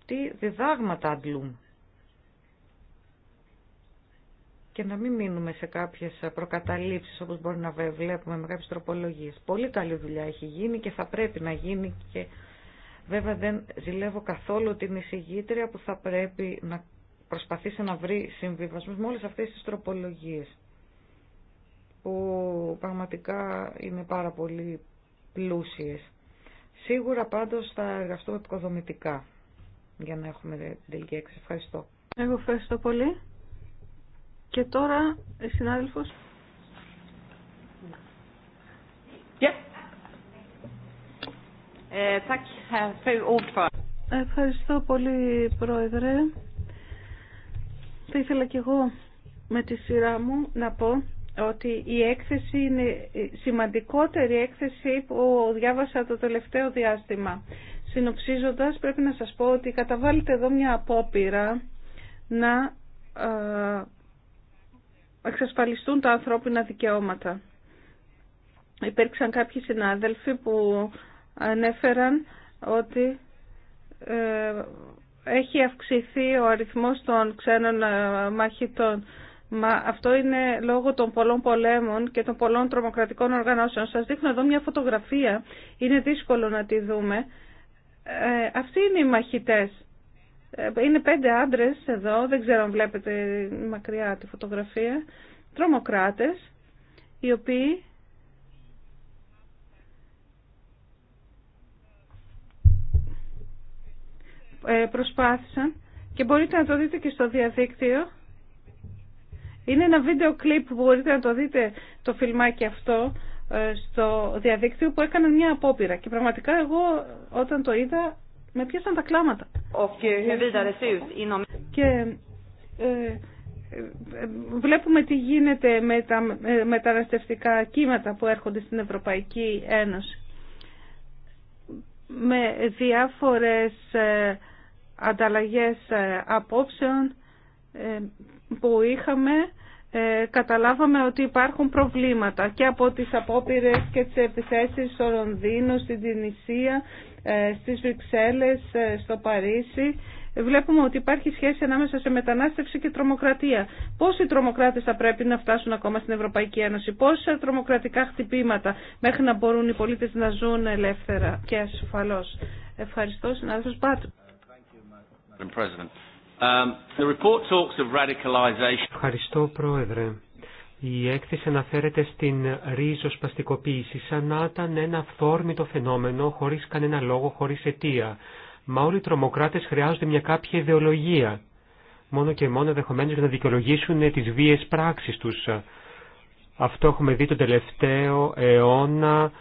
τι διδάγματα αντλούν και να μην μείνουμε σε κάποιε προκαταλήψει όπω μπορεί να βλέπουμε με κάποιε τροπολογίε. Πολύ καλή δουλειά έχει γίνει και θα πρέπει να γίνει και βέβαια δεν ζηλεύω καθόλου την εισηγήτρια που θα πρέπει να προσπαθήσει να βρει συμβιβασμού με όλες αυτές τις τροπολογίες που πραγματικά είναι πάρα πολύ πλούσιες. Σίγουρα πάντως θα εργαστούμε επικοδομητικά για να έχουμε την τελική έξι. Ευχαριστώ. Εγώ ευχαριστώ πολύ. Και τώρα, συνάδελφος. Ε, ε, ευχαριστώ πολύ, Πρόεδρε. Θα ήθελα κι εγώ με τη σειρά μου να πω ότι η έκθεση είναι η σημαντικότερη έκθεση που διάβασα το τελευταίο διάστημα. Συνοψίζοντας πρέπει να σας πω ότι καταβάλλεται εδώ μια απόπειρα να εξασφαλιστούν τα ανθρώπινα δικαιώματα. Υπήρξαν κάποιοι συνάδελφοι που ανέφεραν ότι ε, έχει αυξηθεί ο αριθμός των ξένων ε, μαχητών. αυτό είναι λόγω των πολλών πολέμων και των πολλών τρομοκρατικών οργανώσεων. Σας δείχνω εδώ μια φωτογραφία, είναι δύσκολο να τη δούμε. Ε, αυτοί είναι οι μαχητές. Ε, είναι πέντε άντρες εδώ, δεν ξέρω αν βλέπετε μακριά τη φωτογραφία. Τρομοκράτες, οι οποίοι Ε, προσπάθησαν και μπορείτε να το δείτε και στο διαδίκτυο. Είναι ένα βίντεο κλιπ που μπορείτε να το δείτε το φιλμάκι αυτό ε, στο διαδίκτυο που έκαναν μια απόπειρα και πραγματικά εγώ όταν το είδα με πιάσαν τα κλάματα. Και ε, βλέπουμε τι γίνεται με τα μεταναστευτικά κύματα που έρχονται στην Ευρωπαϊκή Ένωση με διάφορες ε, ανταλλαγές ε, απόψεων ε, που είχαμε καταλάβαμε ότι υπάρχουν προβλήματα και από τις απόπειρες και τις επιθέσεις στο Ρονδίνο, στην Τινησία, στις Βρυξέλλες, στο Παρίσι βλέπουμε ότι υπάρχει σχέση ανάμεσα σε μετανάστευση και τρομοκρατία. Πόσοι τρομοκράτε θα πρέπει να φτάσουν ακόμα στην Ευρωπαϊκή Ένωση, πόσα τρομοκρατικά χτυπήματα μέχρι να μπορούν οι πολίτες να ζουν ελεύθερα και ασφαλώς. Ευχαριστώ, συνάδελφο Πάτρου. Um, Ευχαριστώ, Πρόεδρε. Η έκθεση αναφέρεται στην ρίζοσπαστικοποίηση, σαν να ήταν ένα φθόρμητο φαινόμενο, χωρίς κανένα λόγο, χωρίς αιτία. Μα όλοι οι τρομοκράτε χρειάζονται μια κάποια ιδεολογία, μόνο και μόνο ενδεχομένω για να δικαιολογήσουν τις βίες πράξεις τους. Αυτό έχουμε δει τον τελευταίο αιώνα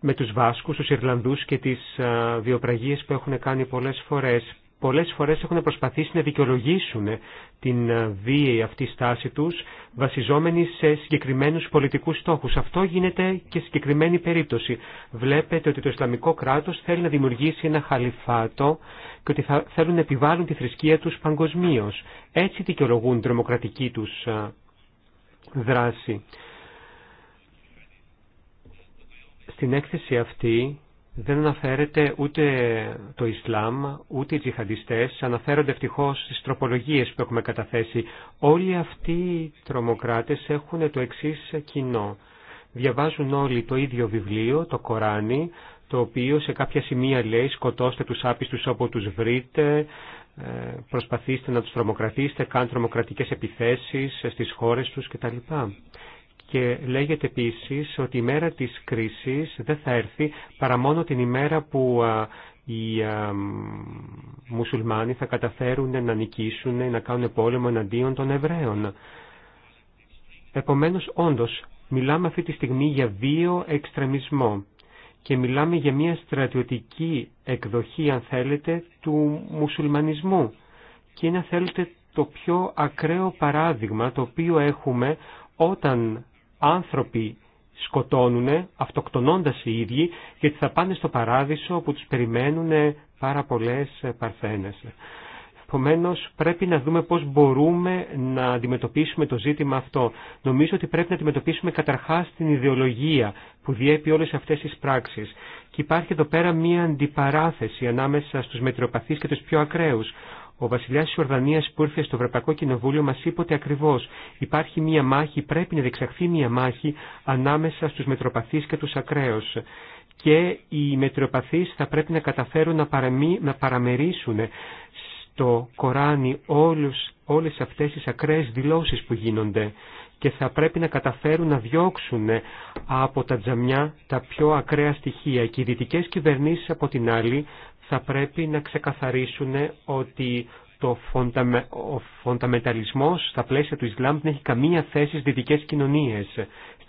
με τους Βάσκους, τους Ιρλανδούς και τις βιοπραγίες που έχουν κάνει πολλές φορές πολλές φορές έχουν προσπαθήσει να δικαιολογήσουν την ε, βίαιη αυτή στάση τους βασιζόμενοι σε συγκεκριμένους πολιτικούς στόχους. Αυτό γίνεται και συγκεκριμένη περίπτωση. Βλέπετε ότι το Ισλαμικό κράτος θέλει να δημιουργήσει ένα χαλιφάτο και ότι θα θέλουν να επιβάλλουν τη θρησκεία τους παγκοσμίω. Έτσι δικαιολογούν την τρομοκρατική τους ε, δράση. Στην έκθεση αυτή δεν αναφέρεται ούτε το Ισλάμ, ούτε οι τζιχαντιστές, αναφέρονται ευτυχώς στις τροπολογίες που έχουμε καταθέσει. Όλοι αυτοί οι τρομοκράτες έχουν το εξής κοινό. Διαβάζουν όλοι το ίδιο βιβλίο, το Κοράνι, το οποίο σε κάποια σημεία λέει σκοτώστε τους άπιστους όπου τους βρείτε, ε, προσπαθήστε να τους τρομοκρατήσετε, κάντε τρομοκρατικές επιθέσεις στις χώρες τους κτλ και λέγεται επίσης ότι η μέρα της κρίσης δεν θα έρθει παρά μόνο την ημέρα που οι α, μουσουλμάνοι θα καταφέρουν να νικήσουν, να κάνουν πόλεμο εναντίον των Εβραίων. Επομένως, όντως, μιλάμε αυτή τη στιγμή για δύο εξτρεμισμό και μιλάμε για μια στρατιωτική εκδοχή, αν θέλετε, του μουσουλμανισμού και είναι, αν θέλετε, το πιο ακραίο παράδειγμα το οποίο έχουμε όταν άνθρωποι σκοτώνουν, αυτοκτονώντας οι ίδιοι, γιατί θα πάνε στο παράδεισο όπου τους περιμένουν πάρα πολλές παρθένες. Επομένω, πρέπει να δούμε πώς μπορούμε να αντιμετωπίσουμε το ζήτημα αυτό. Νομίζω ότι πρέπει να αντιμετωπίσουμε καταρχάς την ιδεολογία που διέπει όλες αυτές τις πράξεις. Και υπάρχει εδώ πέρα μία αντιπαράθεση ανάμεσα στους μετριοπαθείς και τους πιο ακραίους. Ο βασιλιάς της Ορδανίας που ήρθε στο Ευρωπαϊκό Κοινοβούλιο μας είπε ότι ακριβώς υπάρχει μία μάχη, πρέπει να διεξαχθεί μία μάχη ανάμεσα στους μετροπαθείς και τους ακραίους. Και οι μετροπαθείς θα πρέπει να καταφέρουν να, να παραμερίσουν στο Κοράνι όλους, όλες αυτές τις ακραίες δηλώσεις που γίνονται και θα πρέπει να καταφέρουν να διώξουν από τα τζαμιά τα πιο ακραία στοιχεία. Και οι δυτικέ κυβερνήσει από την άλλη θα πρέπει να ξεκαθαρίσουν ότι το φονταμε, ο φονταμεταλισμός στα πλαίσια του Ισλάμ δεν έχει καμία θέση στις δυτικές κοινωνίες.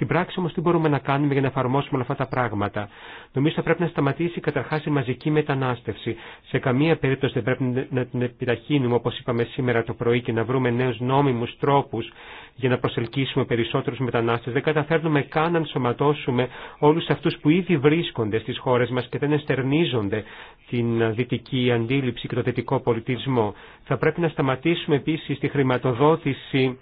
Στην πράξη όμω τι μπορούμε να κάνουμε για να εφαρμόσουμε όλα αυτά τα πράγματα. Νομίζω θα πρέπει να σταματήσει καταρχά η μαζική μετανάστευση. Σε καμία περίπτωση δεν πρέπει να την επιταχύνουμε όπω είπαμε σήμερα το πρωί και να βρούμε νέου νόμιμου τρόπου για να προσελκύσουμε περισσότερου μετανάστε. Δεν καταφέρνουμε καν να ενσωματώσουμε όλου αυτού που ήδη βρίσκονται στι χώρε μα και δεν εστερνίζονται την δυτική αντίληψη και το δυτικό πολιτισμό. Θα πρέπει να σταματήσουμε επίση τη χρηματοδότηση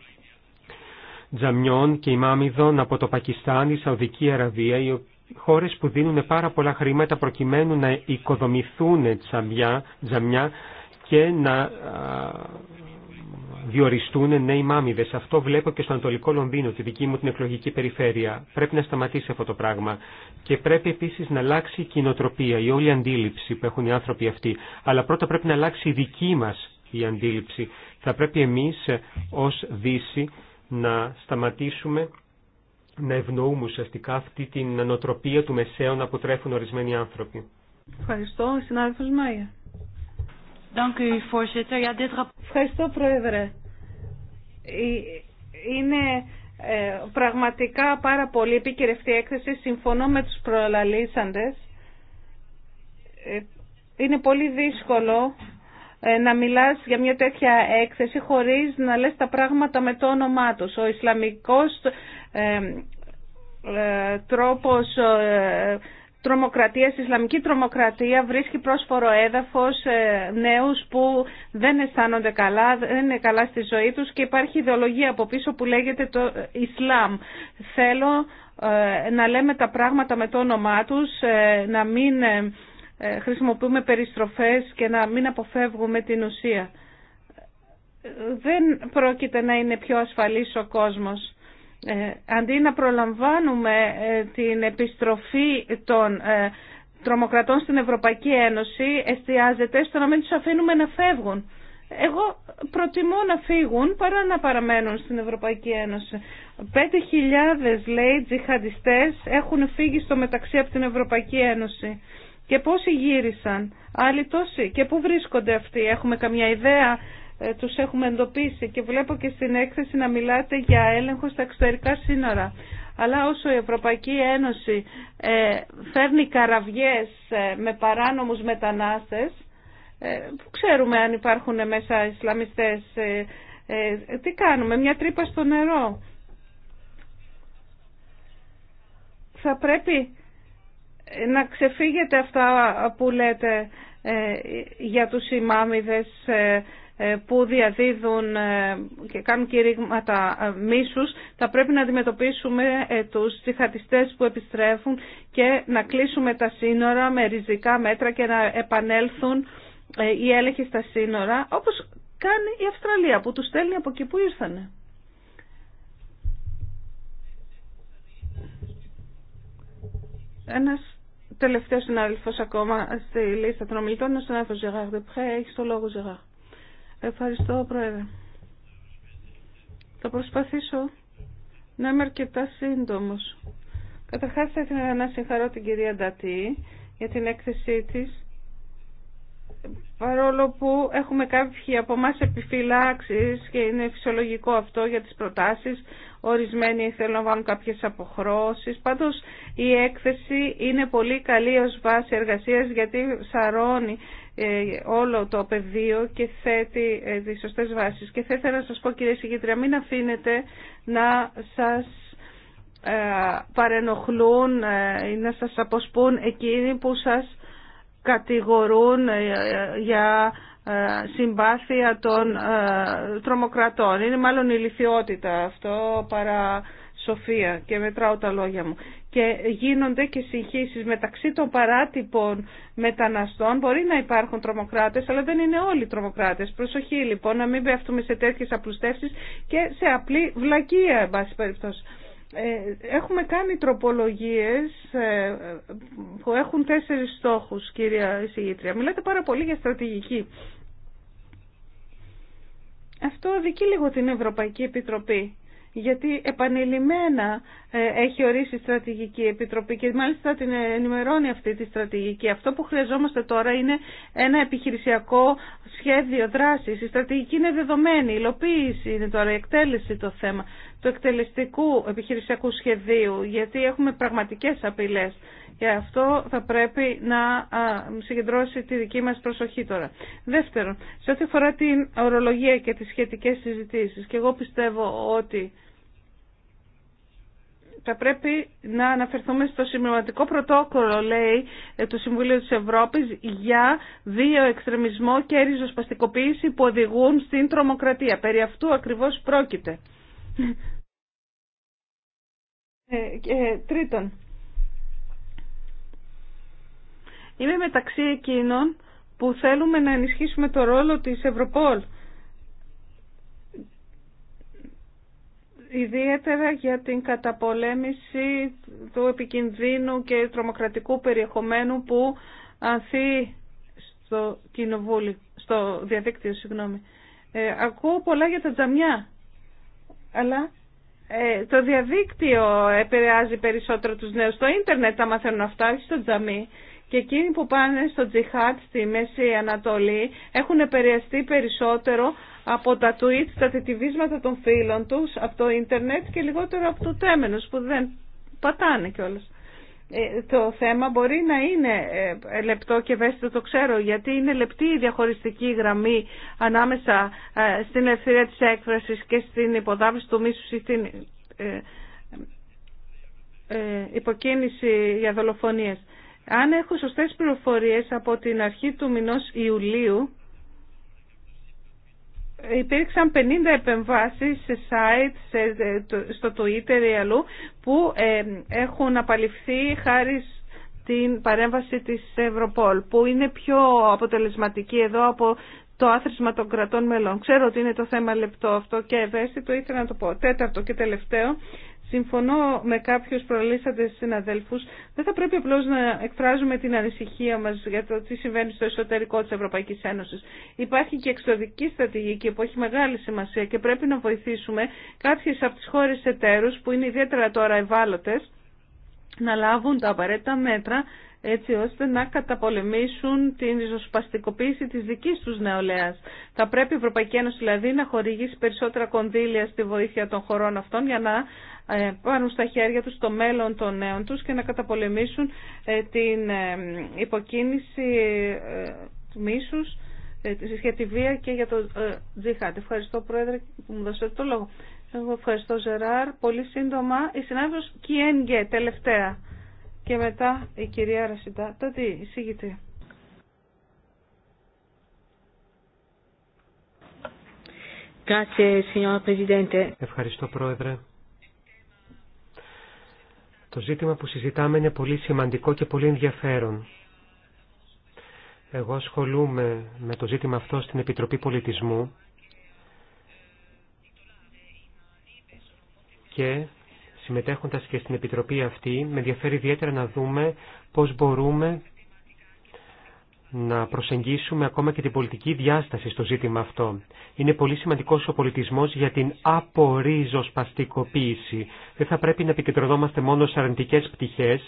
τζαμιών και ημάμιδων από το Πακιστάν, η Σαουδική Αραβία, οι χώρες που δίνουν πάρα πολλά χρήματα προκειμένου να οικοδομηθούν τζαμιά, τζαμιά και να διοριστούν νέοι μάμιδε. Αυτό βλέπω και στο Ανατολικό Λονδίνο, τη δική μου την εκλογική περιφέρεια. Πρέπει να σταματήσει αυτό το πράγμα. Και πρέπει επίση να αλλάξει η κοινοτροπία, η όλη αντίληψη που έχουν οι άνθρωποι αυτοί. Αλλά πρώτα πρέπει να αλλάξει η δική μα η αντίληψη. Θα πρέπει εμεί ε, ω Δύση να σταματήσουμε να ευνοούμε ουσιαστικά αυτή την ανοτροπία του Μεσαίου να τρέφουν ορισμένοι άνθρωποι. Ευχαριστώ, συνάδελφος Μάγια. Ευχαριστώ, Πρόεδρε. Είναι ε, πραγματικά πάρα πολύ επίκαιρη έκθεση. Συμφωνώ με τους προλαλήσαντες. Ε, είναι πολύ δύσκολο ε, να μιλάς για μια τέτοια έκθεση χωρίς να λες τα πράγματα με το όνομά τους. Ο Ισλαμικός ε, ε τρόπος ε, τρομοκρατίας, Ισλαμική τρομοκρατία βρίσκει πρόσφορο έδαφος ε, νέους που δεν αισθάνονται καλά, δεν είναι καλά στη ζωή τους και υπάρχει ιδεολογία από πίσω που λέγεται το Ισλάμ. Θέλω να λέμε τα πράγματα με το όνομά τους, να μην ε, χρησιμοποιούμε περιστροφές και να μην αποφεύγουμε την ουσία. Δεν πρόκειται να είναι πιο ασφαλής ο κόσμος. Ε, αντί να προλαμβάνουμε ε, την επιστροφή των τρομοκρατών στην Ευρωπαϊκή Ένωση, εστιάζεται στο να μην τους αφήνουμε να φεύγουν. Εγώ προτιμώ να φύγουν παρά να παραμένουν στην Ευρωπαϊκή Ένωση. 5.000 λέει τζιχαντιστές έχουν φύγει στο μεταξύ από την Ευρωπαϊκή Ένωση και πόσοι γύρισαν, άλλοι τόσοι και πού βρίσκονται αυτοί. Έχουμε καμιά ιδέα, ε, τους έχουμε εντοπίσει και βλέπω και στην έκθεση να μιλάτε για έλεγχο στα εξωτερικά σύνορα. Αλλά όσο η Ευρωπαϊκή Ένωση ε, φέρνει καραβιές ε, με παράνομους μετανάστες, που ε, ξέρουμε αν υπάρχουν μέσα Ισλαμιστές, τι κάνουμε, μια τρύπα στο νερό. Θα πρέπει να ξεφύγετε αυτά που λέτε ε, για τους ημάμιδες ε, ε, που διαδίδουν και κάνουν κηρύγματα μίσους. Θα πρέπει να αντιμετωπίσουμε τους τσιχατιστές που επιστρέφουν και να κλείσουμε τα σύνορα με ριζικά μέτρα και να επανέλθουν οι έλεγχοι στα σύνορα, όπως κάνει η Αυστραλία που τους στέλνει από εκεί που ήρθανε. Ένας τελευταίο συνάδελφο ακόμα στη λίστα των ομιλητών είναι ο συνάδελφο Ζεγάρ Δεπχέ. το λόγο Ζεγάρ. Ευχαριστώ Πρόεδρε. Θα προσπαθήσω να είμαι αρκετά σύντομο. Καταρχά, θα ήθελα να συγχαρώ την κυρία Ντατή για την έκθεσή τη, παρόλο που έχουμε κάποιοι από εμά επιφυλάξει και είναι φυσιολογικό αυτό για τι προτάσει ορισμένοι θέλουν να βάλουν κάποιες αποχρώσεις. Πάντως η έκθεση είναι πολύ καλή ως βάση εργασίας γιατί σαρώνει ε, όλο το πεδίο και θέτει ε, τις σωστές βάσεις. Και θα ήθελα να σας πω κύριε Συγκήτρια, μην αφήνετε να σας ε, παρενοχλούν ή να σας αποσπούν εκείνοι που σας κατηγορούν για ε, συμπάθεια των ε, τρομοκρατών. Είναι μάλλον η λυθιότητα αυτό παρά σοφία και μετράω τα λόγια μου. Και γίνονται και συγχύσεις μεταξύ των παράτυπων μεταναστών. Μπορεί να υπάρχουν τρομοκράτες, αλλά δεν είναι όλοι τρομοκράτες. Προσοχή λοιπόν να μην πέφτουμε σε τέτοιες απλουστεύσεις και σε απλή βλακεία, εν πάση περιπτώσει. Ε, έχουμε κάνει τροπολογίες ε, που έχουν τέσσερις στόχους, κυρία Συγήτρια. Μιλάτε πάρα πολύ για στρατηγική. Αυτό δικεί λίγο την Ευρωπαϊκή Επιτροπή, γιατί επανειλημμένα ε, έχει ορίσει η Στρατηγική Επιτροπή και μάλιστα την ενημερώνει αυτή τη στρατηγική. Αυτό που χρειαζόμαστε τώρα είναι ένα επιχειρησιακό σχέδιο δράσης. Η στρατηγική είναι δεδομένη, η υλοποίηση είναι τώρα, η εκτέλεση το θέμα του εκτελεστικού επιχειρησιακού σχεδίου, γιατί έχουμε πραγματικές απειλές. Και αυτό θα πρέπει να συγκεντρώσει τη δική μας προσοχή τώρα. Δεύτερον, σε ό,τι αφορά την ορολογία και τις σχετικές συζητήσεις, και εγώ πιστεύω ότι θα πρέπει να αναφερθούμε στο σημειωματικό πρωτόκολλο, λέει, του Συμβουλίου της Ευρώπης για δύο εξτρεμισμό και ριζοσπαστικοποίηση που οδηγούν στην τρομοκρατία. Περί αυτού ακριβώς πρόκειται. Ε, και τρίτον, είμαι μεταξύ εκείνων που θέλουμε να ενισχύσουμε το ρόλο της Ευρωπόλ. Ιδιαίτερα για την καταπολέμηση του επικινδύνου και τρομοκρατικού περιεχομένου που ανθεί στο, κοινοβούλιο, στο διαδίκτυο. Συγγνώμη. Ε, ακούω πολλά για τα τζαμιά αλλά ε, το διαδίκτυο επηρεάζει περισσότερο τους νέους. Το ίντερνετ τα μαθαίνουν αυτά, όχι στο τζαμί. Και εκείνοι που πάνε στο τζιχάτ στη Μέση Ανατολή έχουν επηρεαστεί περισσότερο από τα tweets, τα τετιβίσματα των φίλων τους, από το ίντερνετ και λιγότερο από το τέμενος που δεν πατάνε κιόλας. Ε, το θέμα μπορεί να είναι ε, λεπτό και ευαίσθητο, το ξέρω, γιατί είναι λεπτή η διαχωριστική γραμμή ανάμεσα ε, στην ελευθερία της έκφρασης και στην υποδάβηση του μίσου ή στην υποκίνηση για δολοφονίες. Αν έχω σωστές πληροφορίες από την αρχή του μηνός Ιουλίου, υπήρξαν 50 επεμβάσεις σε site, ε, στο Twitter ή αλλού που ε, έχουν απαλληφθεί χάρη στην παρέμβαση της Ευρωπόλ που είναι πιο αποτελεσματική εδώ από το άθροισμα των κρατών μελών. Ξέρω ότι είναι το θέμα λεπτό αυτό και ευαίσθητο, ήθελα να το πω. Τέταρτο και τελευταίο, Συμφωνώ με κάποιους προλύσαντε συναδέλφου, Δεν θα πρέπει απλώ να εκφράζουμε την ανησυχία μα για το τι συμβαίνει στο εσωτερικό τη Ευρωπαϊκή Ένωση. Υπάρχει και εξωτερική στρατηγική που έχει μεγάλη σημασία και πρέπει να βοηθήσουμε κάποιε από τι χώρε εταίρου που είναι ιδιαίτερα τώρα ευάλωτε να λάβουν τα απαραίτητα μέτρα έτσι ώστε να καταπολεμήσουν την ριζοσπαστικοποίηση της δικής τους νεολαίας. Θα πρέπει η Ευρωπαϊκή Ένωση δηλαδή να χορηγήσει περισσότερα κονδύλια στη βοήθεια των χωρών αυτών για να ε, πάνω στα χέρια τους το μέλλον των νέων τους και να καταπολεμήσουν ε, την ε, υποκίνηση του μίσους για τη βία και για το τζιχάτ. Ευχαριστώ Πρόεδρε που μου δώσετε το λόγο. Εγώ ευχαριστώ Ζεράρ. Πολύ σύντομα η συνάδελφος Κιένγκε τελευταία και μετά η κυρία Ρασιντά. Τότε εισηγητή. Ευχαριστώ Πρόεδρε. Το ζήτημα που συζητάμε είναι πολύ σημαντικό και πολύ ενδιαφέρον. Εγώ ασχολούμαι με το ζήτημα αυτό στην Επιτροπή Πολιτισμού και συμμετέχοντας και στην Επιτροπή αυτή, με ενδιαφέρει ιδιαίτερα να δούμε πώς μπορούμε να προσεγγίσουμε ακόμα και την πολιτική διάσταση στο ζήτημα αυτό. Είναι πολύ σημαντικός ο πολιτισμός για την απορίζοσπαστικοποίηση. Δεν θα πρέπει να επικεντρωνόμαστε μόνο σε αρνητικές πτυχές,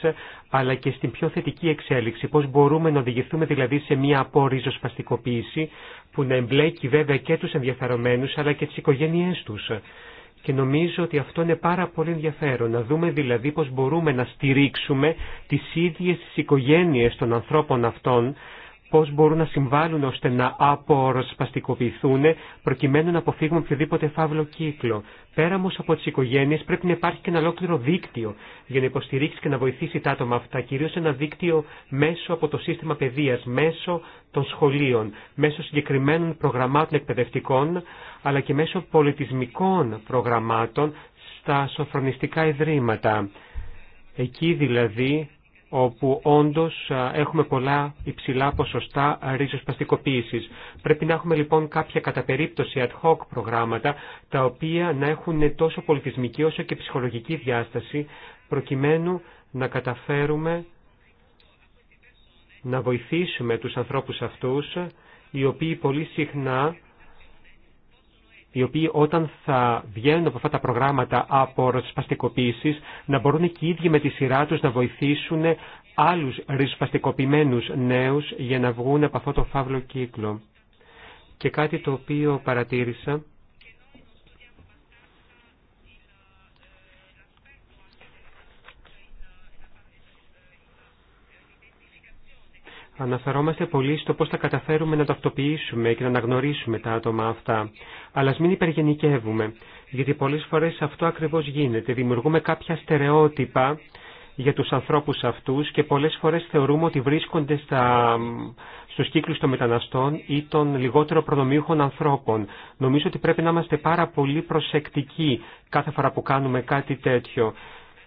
αλλά και στην πιο θετική εξέλιξη. Πώς μπορούμε να οδηγηθούμε δηλαδή σε μια απορίζοσπαστικοποίηση που να εμπλέκει βέβαια και τους ενδιαφερομένους, αλλά και τις οικογένειές τους. Και νομίζω ότι αυτό είναι πάρα πολύ ενδιαφέρον, να δούμε δηλαδή πώς μπορούμε να στηρίξουμε τις ίδιες τις οικογένειες των ανθρώπων αυτών, πώς μπορούν να συμβάλλουν ώστε να απορροσπαστικοποιηθούν προκειμένου να αποφύγουν οποιοδήποτε φαύλο κύκλο. Πέρα όμως από τις οικογένειες πρέπει να υπάρχει και ένα ολόκληρο δίκτυο για να υποστηρίξει και να βοηθήσει τα άτομα αυτά, κυρίως ένα δίκτυο μέσω από το σύστημα παιδείας, μέσω των σχολείων, μέσω συγκεκριμένων προγραμμάτων εκπαιδευτικών, αλλά και μέσω πολιτισμικών προγραμμάτων στα σοφρονιστικά ιδρύματα. Εκεί δηλαδή όπου όντως έχουμε πολλά υψηλά ποσοστά ρίζοσπαστικοποίησης. Πρέπει να έχουμε λοιπόν κάποια κατά περίπτωση ad hoc προγράμματα, τα οποία να έχουν τόσο πολιτισμική όσο και ψυχολογική διάσταση, προκειμένου να καταφέρουμε να βοηθήσουμε τους ανθρώπους αυτούς, οι οποίοι πολύ συχνά οι οποίοι όταν θα βγαίνουν από αυτά τα προγράμματα από οροσπαστικοποίησης να μπορούν και οι ίδιοι με τη σειρά τους να βοηθήσουν άλλους ρεσπαστικοποιημένου νέους για να βγουν από αυτό το φαύλο κύκλο. Και κάτι το οποίο παρατήρησα Αναφερόμαστε πολύ στο πώς θα καταφέρουμε να ταυτοποιήσουμε και να αναγνωρίσουμε τα άτομα αυτά. Αλλά ας μην υπεργενικεύουμε, γιατί πολλές φορές αυτό ακριβώς γίνεται. Δημιουργούμε κάποια στερεότυπα για τους ανθρώπους αυτούς και πολλές φορές θεωρούμε ότι βρίσκονται στα, στους κύκλους των μεταναστών ή των λιγότερο προνομίουχων ανθρώπων. Νομίζω ότι πρέπει να είμαστε πάρα πολύ προσεκτικοί κάθε φορά που κάνουμε κάτι τέτοιο.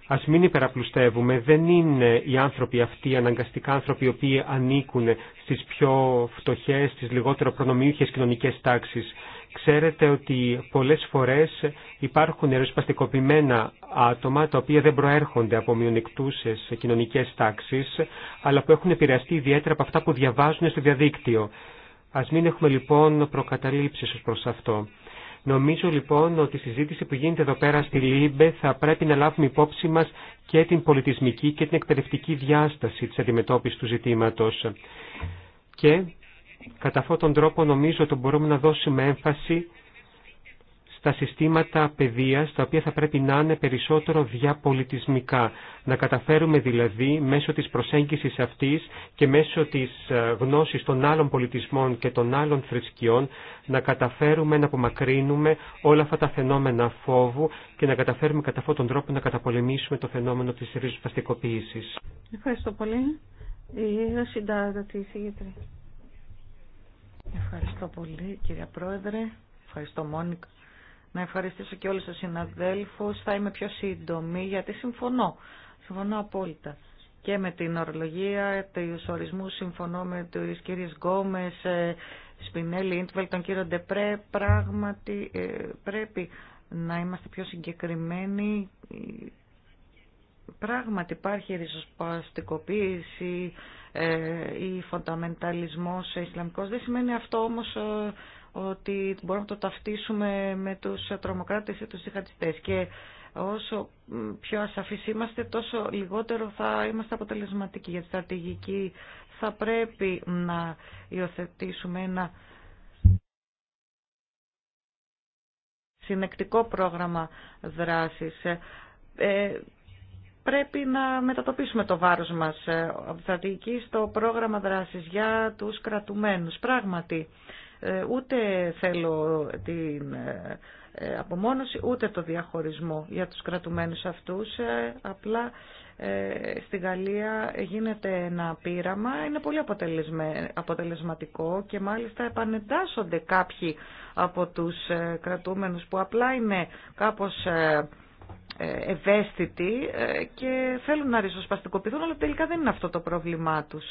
Ας μην υπεραπλουστεύουμε, δεν είναι οι άνθρωποι αυτοί αναγκαστικά άνθρωποι οι οποίοι ανήκουν στις πιο φτωχές, στις λιγότερο προνομιούχες κοινωνικές τάξεις. Ξέρετε ότι πολλές φορές υπάρχουν ρεσπαστικοποιημένα άτομα τα οποία δεν προέρχονται από μειονεκτούσες κοινωνικές τάξεις, αλλά που έχουν επηρεαστεί ιδιαίτερα από αυτά που διαβάζουν στο διαδίκτυο. Ας μην έχουμε λοιπόν προκαταλήψεις ως προς αυτό. Νομίζω λοιπόν ότι η συζήτηση που γίνεται εδώ πέρα στη ΛΥΜΠΕ θα πρέπει να λάβουμε υπόψη μας και την πολιτισμική και την εκπαιδευτική διάσταση της αντιμετώπισης του ζητήματος. Και κατά αυτόν τον τρόπο νομίζω ότι μπορούμε να δώσουμε έμφαση τα συστήματα παιδείας, τα οποία θα πρέπει να είναι περισσότερο διαπολιτισμικά. Να καταφέρουμε δηλαδή μέσω της προσέγγισης αυτής και μέσω της ε, γνώσης των άλλων πολιτισμών και των άλλων θρησκειών, να καταφέρουμε να απομακρύνουμε όλα αυτά τα φαινόμενα φόβου και να καταφέρουμε κατά αυτόν τον τρόπο να καταπολεμήσουμε το φαινόμενο της ριζοσπαστικοποίησης. Ευχαριστώ πολύ. Η Ευχαριστώ πολύ, κυρία Πρόεδρε. Ευχαριστώ, Μόνικα να ευχαριστήσω και όλους τους συναδέλφους. Θα είμαι πιο σύντομη γιατί συμφωνώ. Συμφωνώ απόλυτα. Και με την ορολογία, του ορισμού συμφωνώ με τους κύριες Γκόμες, ε, Σπινέλη, Ιντβελ, τον κύριο Ντεπρέ. Πράγματι ε, πρέπει να είμαστε πιο συγκεκριμένοι. Πράγματι υπάρχει ριζοσπαστικοποίηση ε, ή φονταμενταλισμός ισλαμικός. Δεν σημαίνει αυτό όμως ότι μπορούμε να το ταυτίσουμε με τους τρομοκράτες ή τους διχατιστές και όσο πιο ασαφείς είμαστε τόσο λιγότερο θα είμαστε αποτελεσματικοί για τη στρατηγική θα πρέπει να υιοθετήσουμε ένα συνεκτικό πρόγραμμα δράσης ε, πρέπει να μετατοπίσουμε το βάρος μας ε, από τη στρατηγική στο πρόγραμμα δράσης για τους κρατουμένους. Πράγματι, ε, ούτε θέλω την ε, απομόνωση, ούτε το διαχωρισμό για τους κρατουμένους αυτούς. Ε, απλά στη Γαλλία γίνεται ένα πείραμα, είναι πολύ αποτελεσματικό και μάλιστα επανεντάσσονται κάποιοι από τους κρατούμενους που απλά είναι κάπως ευαίσθητοι και θέλουν να ριζοσπαστικοποιηθούν, αλλά τελικά δεν είναι αυτό το πρόβλημά τους.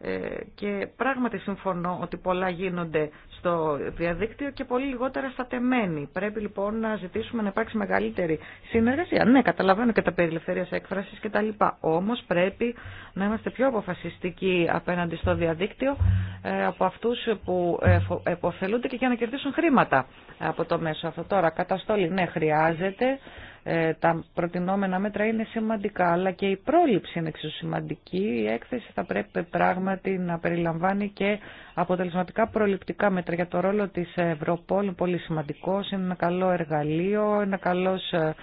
Ε, και πράγματι συμφωνώ ότι πολλά γίνονται στο διαδίκτυο και πολύ λιγότερα στα τεμένη. Πρέπει λοιπόν να ζητήσουμε να υπάρξει μεγαλύτερη συνεργασία. Ναι, καταλαβαίνω και τα περί έκφρασης και λοιπά. Όμως πρέπει να είμαστε πιο αποφασιστικοί απέναντι στο διαδίκτυο ε, από αυτούς που εποφελούνται και για να κερδίσουν χρήματα από το μέσο αυτό. Τώρα, καταστόλη, ναι, χρειάζεται ε, τα προτινόμενα μέτρα είναι σημαντικά, αλλά και η πρόληψη είναι εξίσου σημαντική. Η έκθεση θα πρέπει πράγματι να περιλαμβάνει και αποτελεσματικά προληπτικά μέτρα για το ρόλο της Ευρωπόλου. πολύ σημαντικός, είναι ένα καλό εργαλείο, ένα καλός ε,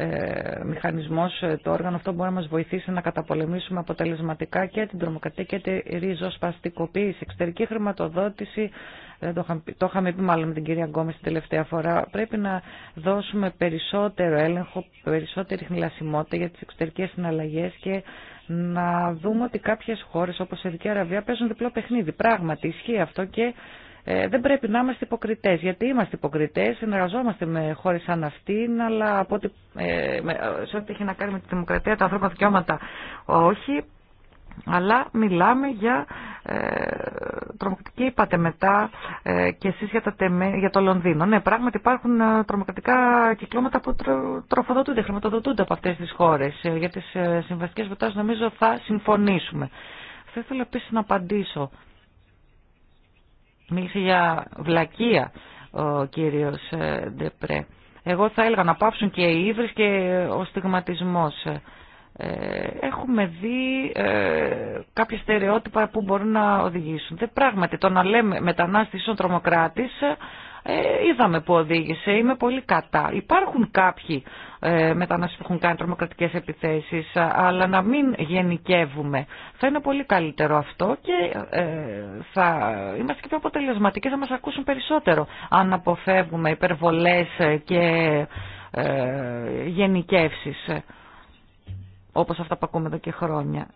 ε, μηχανισμός, ε, το όργανο αυτό μπορεί να μας βοηθήσει να καταπολεμήσουμε αποτελεσματικά και την τρομοκρατία και τη ριζοσπαστικοποίηση. Εξωτερική χρηματοδότηση, ε, το είχαμε πει μάλλον με την κυρία Γκόμες την τελευταία φορά, πρέπει να δώσουμε περισσότερο έλεγχο, περισσότερη χνηλασιμότητα για τις εξωτερικές συναλλαγές και να δούμε ότι κάποιες χώρες όπως η Ειδική Αραβία παίζουν διπλό παιχνίδι. Πράγματι ισχύει αυτό και ε, δεν πρέπει να είμαστε υποκριτέ. Γιατί είμαστε υποκριτέ, συνεργαζόμαστε με χώρε σαν αυτήν, αλλά από ε, σε ό,τι έχει να κάνει με τη δημοκρατία, τα ανθρώπινα δικαιώματα όχι. Αλλά μιλάμε για ε, τρομοκρατική, είπατε μετά ε, και εσείς για, για το Λονδίνο. Ναι, πράγματι υπάρχουν ε, τρομοκρατικά κυκλώματα που τρο, τροφοδοτούνται, χρηματοδοτούνται από αυτές τις χώρες. Ε, για τις ε, συμβαστικές νομίζω θα συμφωνήσουμε. Θα ήθελα επίσης να απαντήσω Μίλησε για βλακεία ο κύριος ε, Ντεπρέ. Εγώ θα έλεγα να πάψουν και οι ύβρις και ο στιγματισμός. Ε, έχουμε δει ε, κάποια στερεότυπα που μπορούν να οδηγήσουν. Δεν πράγματι, το να λέμε μετανάστης ο τρομοκράτης, ε, είδαμε που οδήγησε, είμαι πολύ κατά. Υπάρχουν κάποιοι ε, μετανάστες που έχουν κάνει τρομοκρατικές επιθέσεις, ε, αλλά να μην γενικεύουμε. Θα είναι πολύ καλύτερο αυτό και ε, θα είμαστε και πιο αποτελεσματικοί, θα μας ακούσουν περισσότερο αν αποφεύγουμε υπερβολές και γενικεύσεις όπως αυτά που ακούμε εδώ και χρόνια.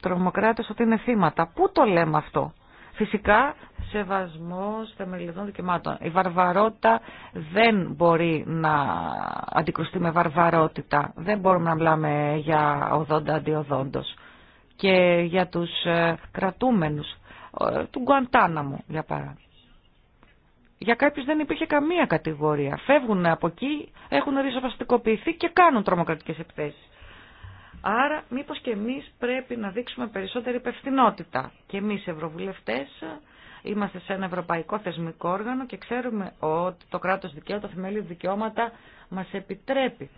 Τρομοκράτες ότι είναι θύματα. Πού το λέμε αυτό. Φυσικά, σεβασμός θεμελιωδών δικαιωμάτων. Η βαρβαρότητα δεν μπορεί να αντικρουστεί με βαρβαρότητα. Δεν μπορούμε να μιλάμε για οδόντα αντιοδόντος. Και για τους ε, κρατούμενους ε, του Γκουαντάναμου, για παράδειγμα. Για κάποιου δεν υπήρχε καμία κατηγορία. Φεύγουν από εκεί, έχουν ριζοπαστικοποιηθεί και κάνουν τρομοκρατικέ επιθέσει. Άρα, μήπω και εμεί πρέπει να δείξουμε περισσότερη υπευθυνότητα. Και εμεί, Ευρωβουλευτέ, είμαστε σε ένα ευρωπαϊκό θεσμικό όργανο και ξέρουμε ότι το κράτο δικαίου, τα θεμέλια δικαιώματα μα επιτρέπει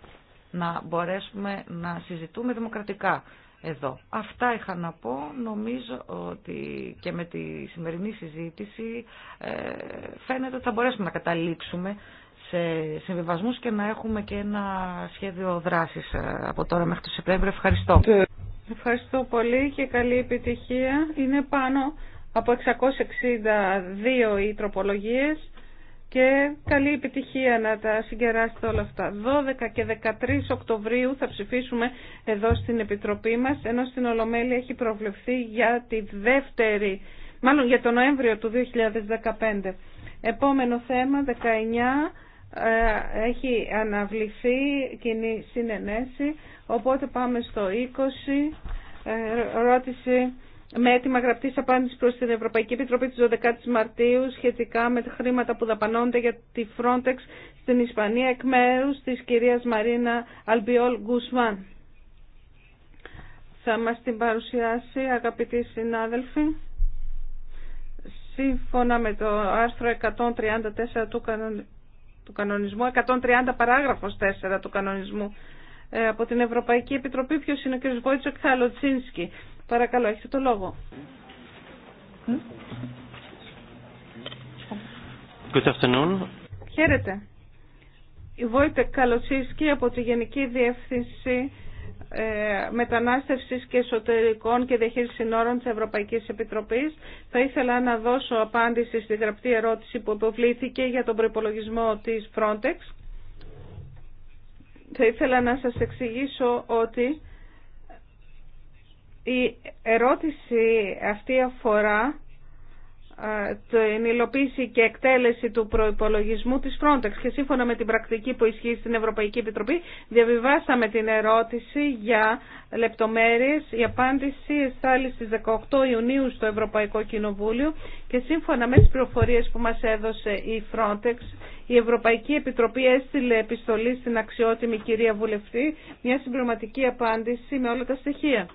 να μπορέσουμε να συζητούμε δημοκρατικά εδώ. Αυτά είχα να πω. Νομίζω ότι και με τη σημερινή συζήτηση ε, φαίνεται ότι θα μπορέσουμε να καταλήξουμε σε συμβιβασμούς και να έχουμε και ένα σχέδιο δράσης ε, από τώρα μέχρι το Σεπτέμβριο. Ευχαριστώ. Ευχαριστώ πολύ και καλή επιτυχία. Είναι πάνω από 662 οι τροπολογίες και καλή επιτυχία να τα συγκεράσετε όλα αυτά. 12 και 13 Οκτωβρίου θα ψηφίσουμε εδώ στην Επιτροπή μας, ενώ στην Ολομέλη έχει προβλεφθεί για τη δεύτερη, μάλλον για τον Νοέμβριο του 2015. Επόμενο θέμα, 19, ε, έχει αναβληθεί κοινή συνενέση, οπότε πάμε στο 20, ε, ρώτηση με έτοιμα γραπτής απάντηση προς την Ευρωπαϊκή Επιτροπή της 12ης Μαρτίου σχετικά με τα χρήματα που δαπανώνται για τη Frontex στην Ισπανία εκ μέρου της κυρίας Μαρίνα Αλμπιόλ Γκουσμάν. Θα μας την παρουσιάσει αγαπητοί συνάδελφοι. Σύμφωνα με το άρθρο 134 του, κανονισμού, 130 παράγραφος 4 του κανονισμού, ε, από την Ευρωπαϊκή Επιτροπή ποιος είναι ο κ. Βόιτσοκ Θαλοτσίνσκι. Παρακαλώ, έχετε το λόγο. Good afternoon. Χαίρετε. Η Βόητε καλωσίσκη από τη Γενική Διεύθυνση ε, Μετανάστευσης και Εσωτερικών και διαχείριση Συνόρων της Ευρωπαϊκής Επιτροπής. Θα ήθελα να δώσω απάντηση στη γραπτή ερώτηση που υποβλήθηκε για τον προπολογισμό της Frontex. Θα ήθελα να σας εξηγήσω ότι η ερώτηση αυτή αφορά την υλοποίηση και εκτέλεση του προϋπολογισμού της Frontex και σύμφωνα με την πρακτική που ισχύει στην Ευρωπαϊκή Επιτροπή διαβιβάσαμε την ερώτηση για λεπτομέρειες. Η απάντηση εστάλει στις 18 Ιουνίου στο Ευρωπαϊκό Κοινοβούλιο και σύμφωνα με τις πληροφορίες που μας έδωσε η Frontex η Ευρωπαϊκή Επιτροπή έστειλε επιστολή στην αξιότιμη κυρία Βουλευτή μια συμπληρωματική απάντηση με όλα τα στοιχεία.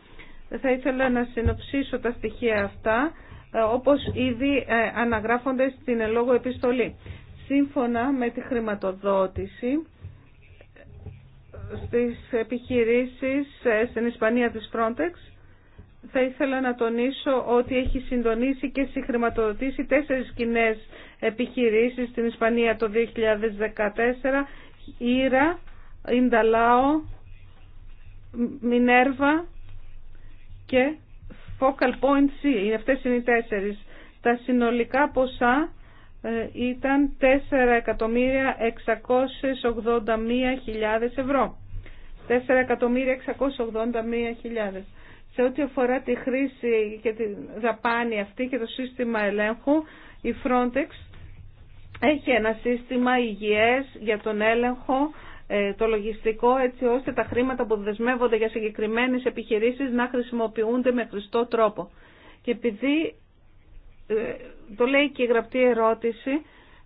Θα ήθελα να συνοψίσω τα στοιχεία αυτά, ε, όπως ήδη ε, αναγράφονται στην ελόγω επιστολή. Σύμφωνα με τη χρηματοδότηση ε, στις επιχειρήσεις στην Ισπανία της Frontex, θα ήθελα να τονίσω ότι έχει συντονίσει και συγχρηματοδοτήσει τέσσερις κοινέ επιχειρήσεις στην Ισπανία το 2014, Ήρα, Ινταλάο, Μινέρβα και focal point C. Αυτές είναι οι τέσσερις. Τα συνολικά ποσά ε, ήταν 4.681.000 ευρώ. 4.681.000. Σε ό,τι αφορά τη χρήση και τη δαπάνη αυτή και το σύστημα ελέγχου, η Frontex έχει ένα σύστημα υγιές για τον έλεγχο ε, το λογιστικό έτσι ώστε τα χρήματα που δεσμεύονται για συγκεκριμένες επιχειρήσεις να χρησιμοποιούνται με χρηστό τρόπο. Και επειδή ε, το λέει και η γραπτή ερώτηση,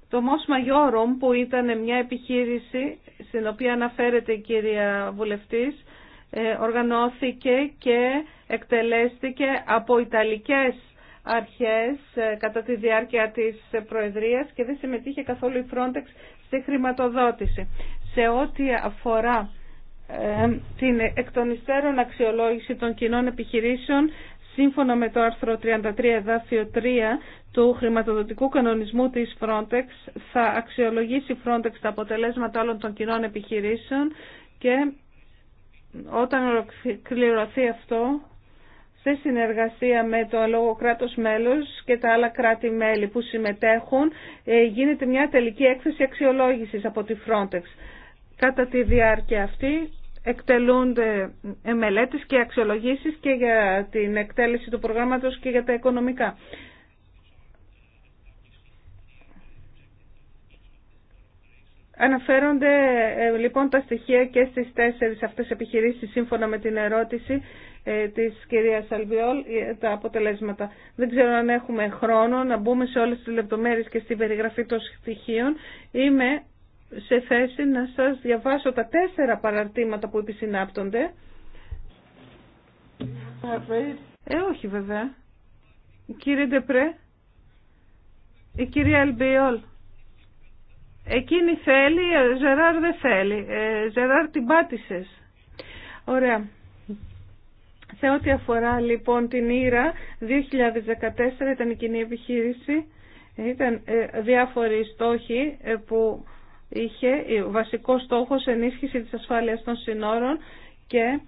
το Mos Majorum που ήταν μια επιχείρηση στην οποία αναφέρεται η κυρία Βουλευτής ε, οργανώθηκε και εκτελέστηκε από Ιταλικές αρχές κατά τη διάρκεια της Προεδρίας και δεν συμμετείχε καθόλου η Frontex στη χρηματοδότηση σε ό,τι αφορά ε, την εκ αξιολόγηση των κοινών επιχειρήσεων σύμφωνα με το άρθρο 33 εδάφιο 3 του χρηματοδοτικού κανονισμού της Frontex θα αξιολογήσει Frontex τα αποτελέσματα όλων των κοινών επιχειρήσεων και όταν κληρωθεί αυτό σε συνεργασία με το λόγο κράτος μέλος και τα άλλα κράτη-μέλη που συμμετέχουν ε, γίνεται μια τελική έκθεση αξιολόγησης από τη Frontex. Κατά τη διάρκεια αυτή εκτελούνται μελέτες και αξιολογήσεις και για την εκτέλεση του προγράμματος και για τα οικονομικά. Αναφέρονται ε, λοιπόν τα στοιχεία και στις τέσσερις αυτές επιχειρήσεις σύμφωνα με την ερώτηση ε, της κυρίας Αλβιόλ ε, τα αποτελέσματα. Δεν ξέρω αν έχουμε χρόνο να μπούμε σε όλες τις λεπτομέρειες και στην περιγραφή των στοιχείων. Είμαι σε θέση να σας διαβάσω τα τέσσερα παραρτήματα που επισυνάπτονται. Ε, όχι βέβαια. Κύριε Ντεπρέ, η κυρία Ελμπιόλ. Εκείνη θέλει, ε, Ζεράρ δεν θέλει. Ε, Ζεράρ την πάτησες. Ωραία. Σε ό,τι αφορά λοιπόν την Ήρα, 2014 ήταν η κοινή επιχείρηση. Ήταν ε, διάφοροι στόχοι ε, που είχε βασικό στόχος ενίσχυση της ασφάλειας των συνόρων και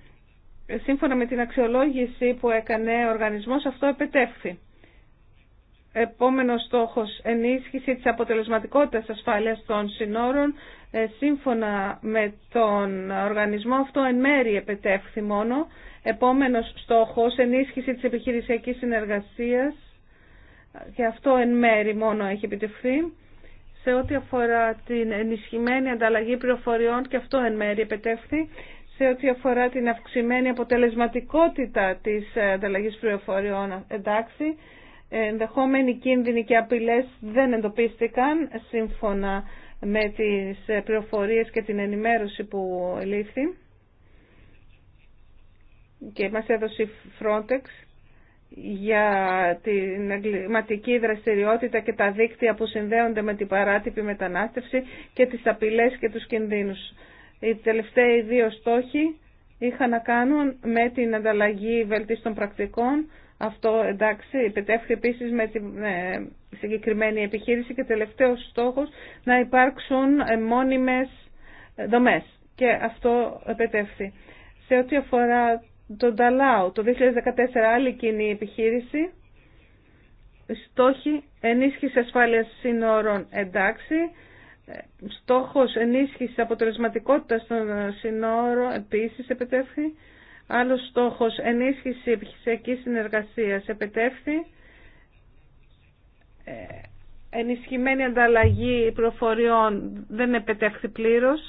σύμφωνα με την αξιολόγηση που έκανε ο οργανισμός αυτό επετεύχθη. Επόμενος στόχος ενίσχυση της αποτελεσματικότητας ασφάλειας των συνόρων ε, σύμφωνα με τον οργανισμό αυτό εν μέρη επετεύχθη μόνο. Επόμενος στόχος ενίσχυση της επιχειρησιακής συνεργασίας και αυτό εν μέρη μόνο έχει επιτευχθεί σε ό,τι αφορά την ενισχυμένη ανταλλαγή πληροφοριών και αυτό εν μέρει επετεύχθη, σε ό,τι αφορά την αυξημένη αποτελεσματικότητα της ανταλλαγής πληροφοριών εντάξει, ενδεχόμενοι κίνδυνοι και απειλές δεν εντοπίστηκαν σύμφωνα με τις πληροφορίες και την ενημέρωση που λήφθη και μας έδωσε η Frontex για την εγκληματική δραστηριότητα και τα δίκτυα που συνδέονται με την παράτυπη μετανάστευση και τις απειλές και τους κινδύνους. Οι τελευταίοι δύο στόχοι είχαν να κάνουν με την ανταλλαγή βελτίστων πρακτικών. Αυτό εντάξει, επιτεύχθη επίση με τη ε, συγκεκριμένη επιχείρηση και τελευταίος στόχος να υπάρξουν ε, μόνιμες δομές. Και αυτό επιτεύχθη. Σε ό,τι αφορά το Το 2014 άλλη κοινή επιχείρηση. Στόχοι ενίσχυση ασφάλειας σύνορων εντάξει. Στόχος ενίσχυση αποτελεσματικότητας των σύνορων επίσης επιτεύχθη. Άλλος στόχος ενίσχυση επιχειρησιακής συνεργασίας επιτεύχθη. Ε, ενισχυμένη ανταλλαγή προφοριών δεν επιτεύχθη πλήρως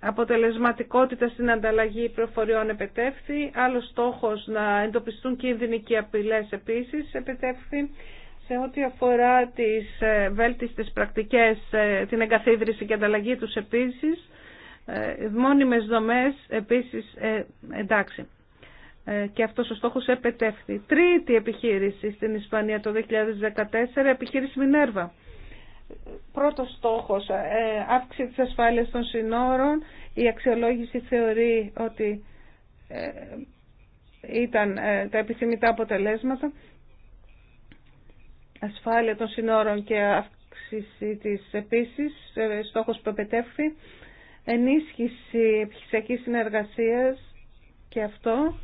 αποτελεσματικότητα στην ανταλλαγή προφοριών επετεύθη. Άλλος στόχος να εντοπιστούν κίνδυνοι και απειλές επίσης επετεύθη. Σε ό,τι αφορά τις ε, βέλτιστες πρακτικές, ε, την εγκαθίδρυση και ανταλλαγή τους επίσης, ε, μόνιμες δομές επίσης εντάξει. Και αυτός ο στόχος επετεύχθη. Τρίτη επιχείρηση στην Ισπανία το 2014, επιχείρηση Μινέρβα πρώτος στόχος ε, αύξηση της ασφάλειας των συνόρων. Η αξιολόγηση θεωρεί ότι ε, ήταν ε, τα επιθυμητά αποτελέσματα. Ασφάλεια των συνόρων και αύξηση της επίσης, στόχος που επετεύχθη. Ενίσχυση επιχειρησιακής συνεργασίας και αυτό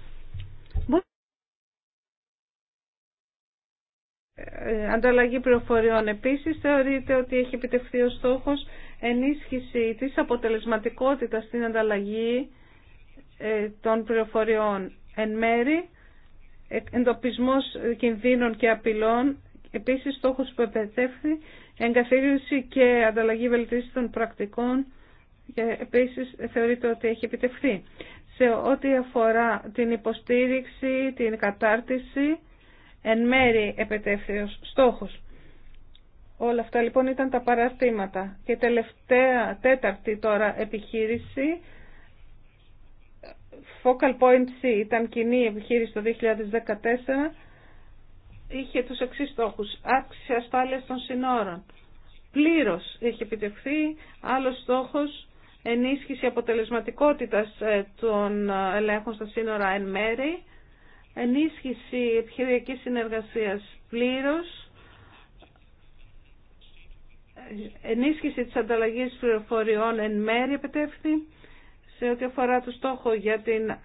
ανταλλαγή πληροφοριών. Επίσης θεωρείται ότι έχει επιτευχθεί ο στόχος ενίσχυση της αποτελεσματικότητας στην ανταλλαγή ε, των πληροφοριών εν μέρη, ε, εντοπισμός κινδύνων και απειλών, επίσης στόχος που επιτεύχθη, εγκαθίδρυση και ανταλλαγή των πρακτικών και επίσης θεωρείται ότι έχει επιτευχθεί. Σε ό,τι αφορά την υποστήριξη, την κατάρτιση, εν μέρη επετεύθεως στόχος. Όλα αυτά λοιπόν ήταν τα παραστήματα. Και τελευταία, τέταρτη τώρα επιχείρηση, Focal Point C ήταν κοινή επιχείρηση το 2014, είχε τους εξής στόχους. Άξιση ασφάλειας των συνόρων. Πλήρως είχε επιτευχθεί. Άλλος στόχος, ενίσχυση αποτελεσματικότητας ε, των ε, ελέγχων στα σύνορα εν μέρη ενίσχυση επιχειρηματική συνεργασίας πλήρως, ενίσχυση της ανταλλαγής πληροφοριών εν μέρη επιτεύχθη σε ό,τι αφορά το στόχο για την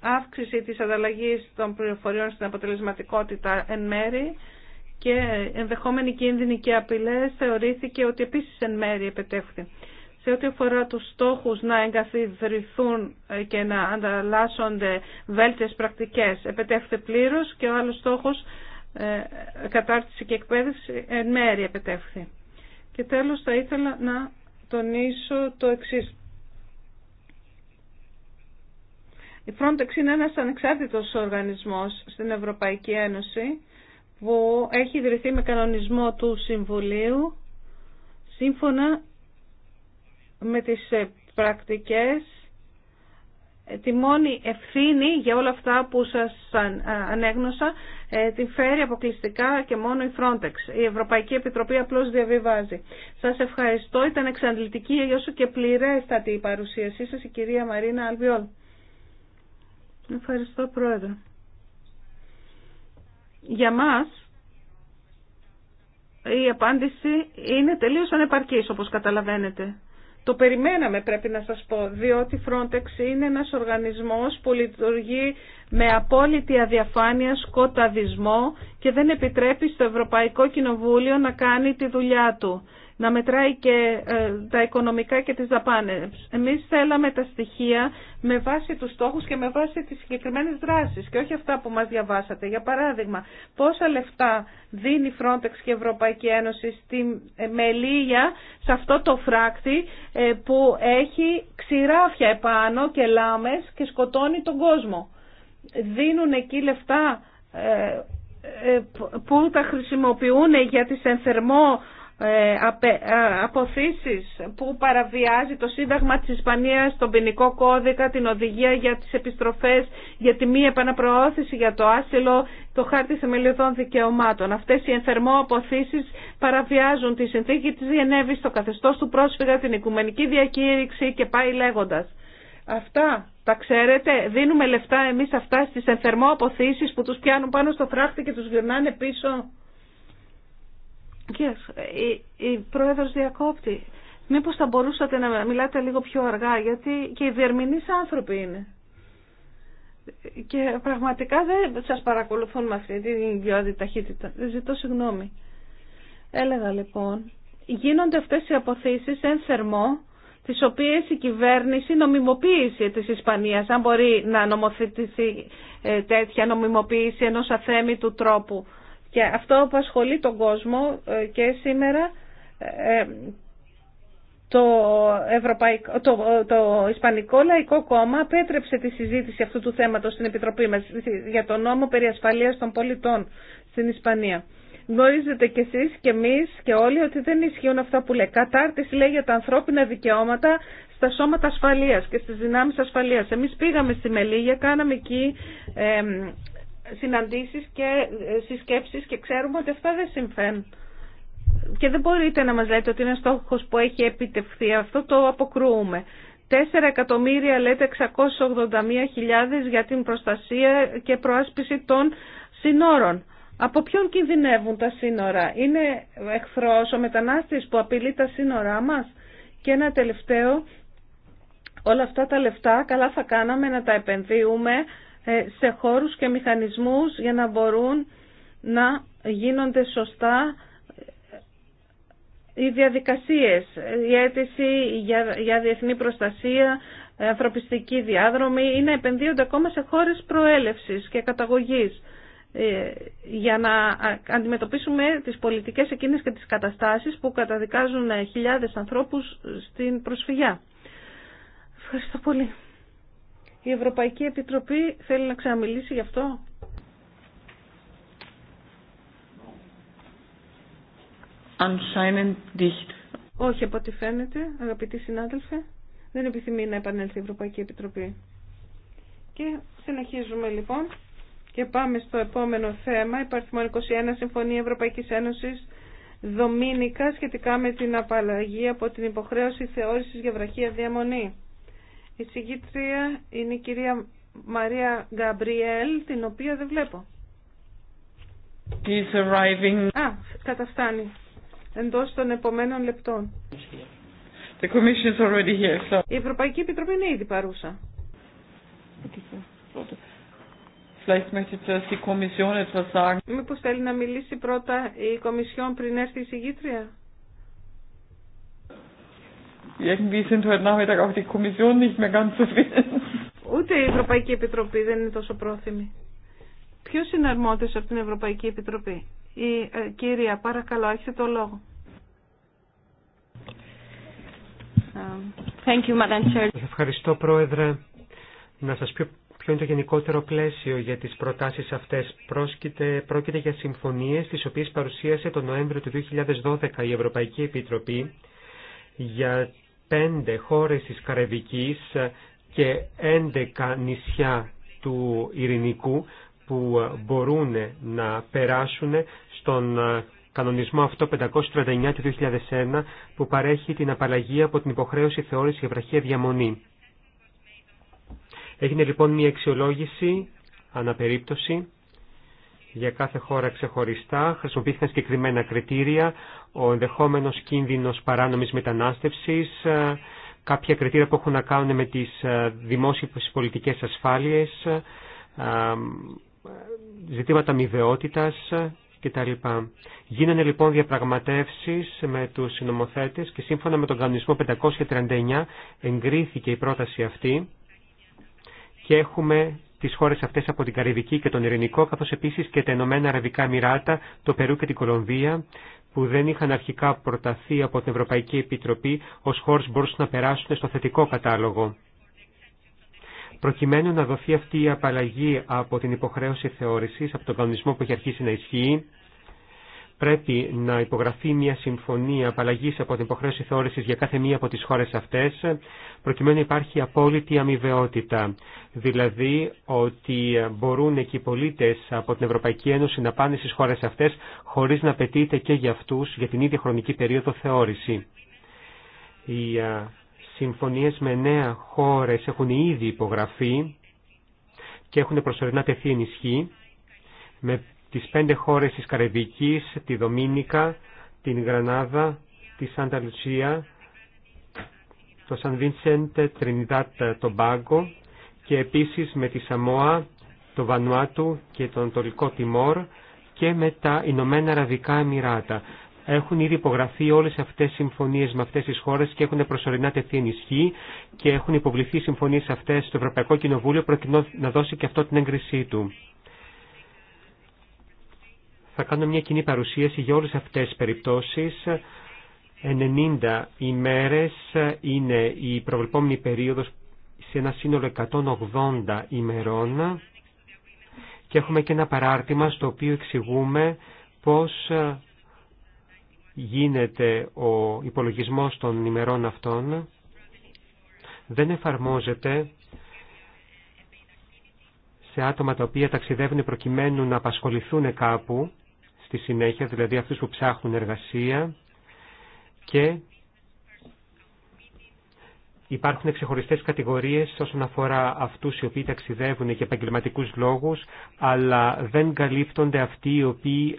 αύξηση της ανταλλαγής των πληροφοριών στην αποτελεσματικότητα εν μέρη και ενδεχόμενοι κίνδυνοι και απειλές θεωρήθηκε ότι επίσης εν μέρη επιτεύχθη σε ό,τι αφορά τους στόχους να εγκαθιδρυθούν και να ανταλλάσσονται βέλτιες πρακτικές. επετέφθη πλήρως και ο άλλος στόχος ε, κατάρτιση και εκπαίδευση εν μέρη επετέφθη. Και τέλος θα ήθελα να τονίσω το εξής. Η Frontex είναι ένας ανεξάρτητος οργανισμός στην Ευρωπαϊκή Ένωση που έχει ιδρυθεί με κανονισμό του Συμβουλίου σύμφωνα με τις ε, πρακτικές ε, τη μόνη ευθύνη για όλα αυτά που σας ανέγνωσα ε, την φέρει αποκλειστικά και μόνο η Frontex. Η Ευρωπαϊκή Επιτροπή απλώς διαβιβάζει. Σας ευχαριστώ. Ήταν εξαντλητική για όσο και πληρέστατη η παρουσίασή σας η κυρία Μαρίνα Αλβιόλ. Ευχαριστώ Πρόεδρε. Για μας η απάντηση είναι τελείως ανεπαρκής όπως καταλαβαίνετε. Το περιμέναμε πρέπει να σας πω, διότι Frontex είναι ένας οργανισμός που λειτουργεί με απόλυτη αδιαφάνεια, σκοταδισμό και δεν επιτρέπει στο Ευρωπαϊκό Κοινοβούλιο να κάνει τη δουλειά του, να μετράει και ε, τα οικονομικά και τις δαπάνες. Εμείς θέλαμε τα στοιχεία με βάση τους στόχους και με βάση τις συγκεκριμένες δράσεις και όχι αυτά που μας διαβάσατε. Για παράδειγμα, πόσα λεφτά δίνει η Frontex και η Ευρωπαϊκή Ένωση στη Μελίγια, σε αυτό το φράκτη ε, που έχει ξηράφια επάνω και λάμες και σκοτώνει τον κόσμο. Δίνουν εκεί λεφτά ε, ε, που τα χρησιμοποιούν για τις ενθερμό ε, ε, αποθήσεις που παραβιάζει το Σύνταγμα της Ισπανίας, τον ποινικό κώδικα, την οδηγία για τις επιστροφές, για τη μη επαναπροώθηση, για το άσυλο, το χάρτη θεμελιωδών δικαιωμάτων. Αυτές οι ενθερμό αποθήσεις παραβιάζουν τη συνθήκη της Γενέβης, το καθεστώς του πρόσφυγα, την οικουμενική διακήρυξη και πάει λέγοντας. Αυτά τα ξέρετε, δίνουμε λεφτά εμείς αυτά στις ενθερμό αποθήσεις που τους πιάνουν πάνω στο φράχτη και τους γυρνάνε πίσω. Yes. Η, η πρόεδρος διακόπτη. Μήπως θα μπορούσατε να μιλάτε λίγο πιο αργά, γιατί και οι διερμηνείς άνθρωποι είναι. Και πραγματικά δεν σας παρακολουθούν με αυτή την ιδιότητα ταχύτητα. Ζητώ συγγνώμη. Έλεγα λοιπόν, γίνονται αυτές οι αποθήσεις εν θερμό, τις οποίες η κυβέρνηση νομιμοποίησε της Ισπανίας, αν μπορεί να νομοθετηθεί ε, τέτοια νομιμοποίηση ενός αθέμητου τρόπου και αυτό απασχολεί τον κόσμο ε, και σήμερα ε, ε, το, Ευρωπαϊκό, το, το Ισπανικό Λαϊκό Κόμμα απέτρεψε τη συζήτηση αυτού του θέματος στην Επιτροπή μας για τον νόμο περί ασφαλείας των πολιτών στην Ισπανία. Γνωρίζετε κι εσείς και εμείς και όλοι ότι δεν ισχύουν αυτά που λέει. Κατάρτιση λέει για τα ανθρώπινα δικαιώματα στα σώματα ασφαλείας και στις δυνάμεις ασφαλείας. Εμείς πήγαμε στη Μελίγια, κάναμε εκεί συναντήσεις και ε, συσκέψεις και ξέρουμε ότι αυτά δεν συμβαίνουν. Και δεν μπορείτε να μας λέτε ότι είναι στόχος που έχει επιτευχθεί. Αυτό το αποκρούουμε. 4 εκατομμύρια λέτε 681.000 για την προστασία και προάσπιση των συνόρων. Από ποιον κινδυνεύουν τα σύνορα. Είναι εχθρός ο μετανάστης που απειλεί τα σύνορά μας. Και ένα τελευταίο, όλα αυτά τα λεφτά καλά θα κάναμε να τα επενδύουμε ε, σε χώρους και μηχανισμούς για να μπορούν να γίνονται σωστά ε, οι διαδικασίες, η αίτηση για, για διεθνή προστασία, ε, ανθρωπιστική διάδρομη ή να επενδύονται ακόμα σε χώρες προέλευσης και καταγωγής για να αντιμετωπίσουμε τις πολιτικές εκείνες και τις καταστάσεις που καταδικάζουν χιλιάδες ανθρώπους στην προσφυγιά. Ευχαριστώ πολύ. Η Ευρωπαϊκή Επιτροπή θέλει να ξαναμιλήσει γι' αυτό. Όχι από ό,τι φαίνεται, αγαπητοί συνάδελφοι, δεν επιθυμεί να επανέλθει η Ευρωπαϊκή Επιτροπή. Και συνεχίζουμε λοιπόν και πάμε στο επόμενο θέμα, μόνο 21, Συμφωνία Ευρωπαϊκής Ένωσης Δομήνικα σχετικά με την απαλλαγή από την υποχρέωση θεώρησης για βραχία διαμονή. Η συγκήτρια είναι η κυρία Μαρία Γκαμπριέλ, την οποία δεν βλέπω. Α, καταφτάνει. Εντός των επομένων λεπτών. Η Ευρωπαϊκή Επιτροπή είναι ήδη παρούσα. Μήπως θέλει να μιλήσει πρώτα η Κομισιόν πριν έρθει η συγκήτρια. Irgendwie sind heute Nachmittag auch die Kommission nicht mehr ganz Ούτε η Ευρωπαϊκή Επιτροπή δεν είναι τόσο πρόθυμη. Ποιο είναι αρμόδιο από την Ευρωπαϊκή Επιτροπή, η ε, κυρία, παρακαλώ, έχετε το λόγο. Um, thank you, Madam Chair. ευχαριστώ, Πρόεδρε. Να σα πω ποιο είναι το γενικότερο πλαίσιο για τις προτάσεις αυτές. πρόκειται για συμφωνίες τις οποίες παρουσίασε τον Νοέμβριο του 2012 η Ευρωπαϊκή Επιτροπή για πέντε χώρες της Καραϊβικής και 11 νησιά του Ειρηνικού που μπορούν να περάσουν στον ε, κανονισμό αυτό 539 του 2001 που παρέχει την απαλλαγή από την υποχρέωση θεώρηση για βραχία διαμονή. Έγινε λοιπόν μια αξιολόγηση αναπερίπτωση για κάθε χώρα ξεχωριστά, χρησιμοποιήθηκαν συγκεκριμένα κριτήρια, ο ενδεχόμενος κίνδυνος παράνομης μετανάστευσης, ε, κάποια κριτήρια που έχουν να κάνουν με τις ε, δημόσιες πολιτικές ασφάλειες, ε, ζητήματα μηδεότητας κτλ. Γίνανε λοιπόν διαπραγματεύσεις με τους συνομοθέτες και σύμφωνα με τον κανονισμό 539 εγκρίθηκε η πρόταση αυτή και έχουμε τις χώρες αυτές από την Καρυβική και τον Ειρηνικό, καθώς επίσης και τα Ενωμένα Αραβικά Μοιράτα, το Περού και την Κολομβία, που δεν είχαν αρχικά προταθεί από την Ευρωπαϊκή Επιτροπή ως χώρες μπορούσαν να περάσουν στο θετικό κατάλογο. Προκειμένου να δοθεί αυτή η απαλλαγή από την υποχρέωση θεώρησης, από τον κανονισμό που έχει αρχίσει να ισχύει, πρέπει να υπογραφεί μια συμφωνία απαλλαγή από την υποχρέωση θεώρηση για κάθε μία από τι χώρε αυτέ, προκειμένου να υπάρχει απόλυτη αμοιβαιότητα. Δηλαδή ότι μπορούν και οι πολίτε από την Ευρωπαϊκή Ένωση να πάνε στι χώρε αυτέ χωρί να απαιτείται και για αυτού για την ίδια χρονική περίοδο θεώρηση. Οι συμφωνίε με νέα χώρε έχουν ήδη υπογραφεί και έχουν προσωρινά τεθεί ενισχύ με τις πέντε χώρες της Καρεβικής, τη Δομίνικα, την Γρανάδα, τη Σάντα Λουσία, το Σαν βινσεντε Τρινιδάτ, το Μπάγκο και επίσης με τη Σαμόα, το Βανουάτου και τον Ανατολικό Τιμόρ και με τα Ηνωμένα Αραβικά Εμμυράτα. Έχουν ήδη υπογραφεί όλες αυτές οι συμφωνίες με αυτές τις χώρες και έχουν προσωρινά τεθεί ενισχύ και έχουν υποβληθεί συμφωνίες αυτές στο Ευρωπαϊκό Κοινοβούλιο προκειμένου να δώσει και αυτό την έγκρισή του θα κάνω μια κοινή παρουσίαση για όλες αυτές τις περιπτώσεις. 90 ημέρες είναι η προβλεπόμενη περίοδος σε ένα σύνολο 180 ημερών και έχουμε και ένα παράρτημα στο οποίο εξηγούμε πώς γίνεται ο υπολογισμός των ημερών αυτών. Δεν εφαρμόζεται σε άτομα τα οποία ταξιδεύουν προκειμένου να απασχοληθούν κάπου στη συνέχεια, δηλαδή αυτούς που ψάχνουν εργασία και Υπάρχουν ξεχωριστέ κατηγορίες όσον αφορά αυτούς οι οποίοι ταξιδεύουν για επαγγελματικού λόγους αλλά δεν καλύπτονται αυτοί οι οποίοι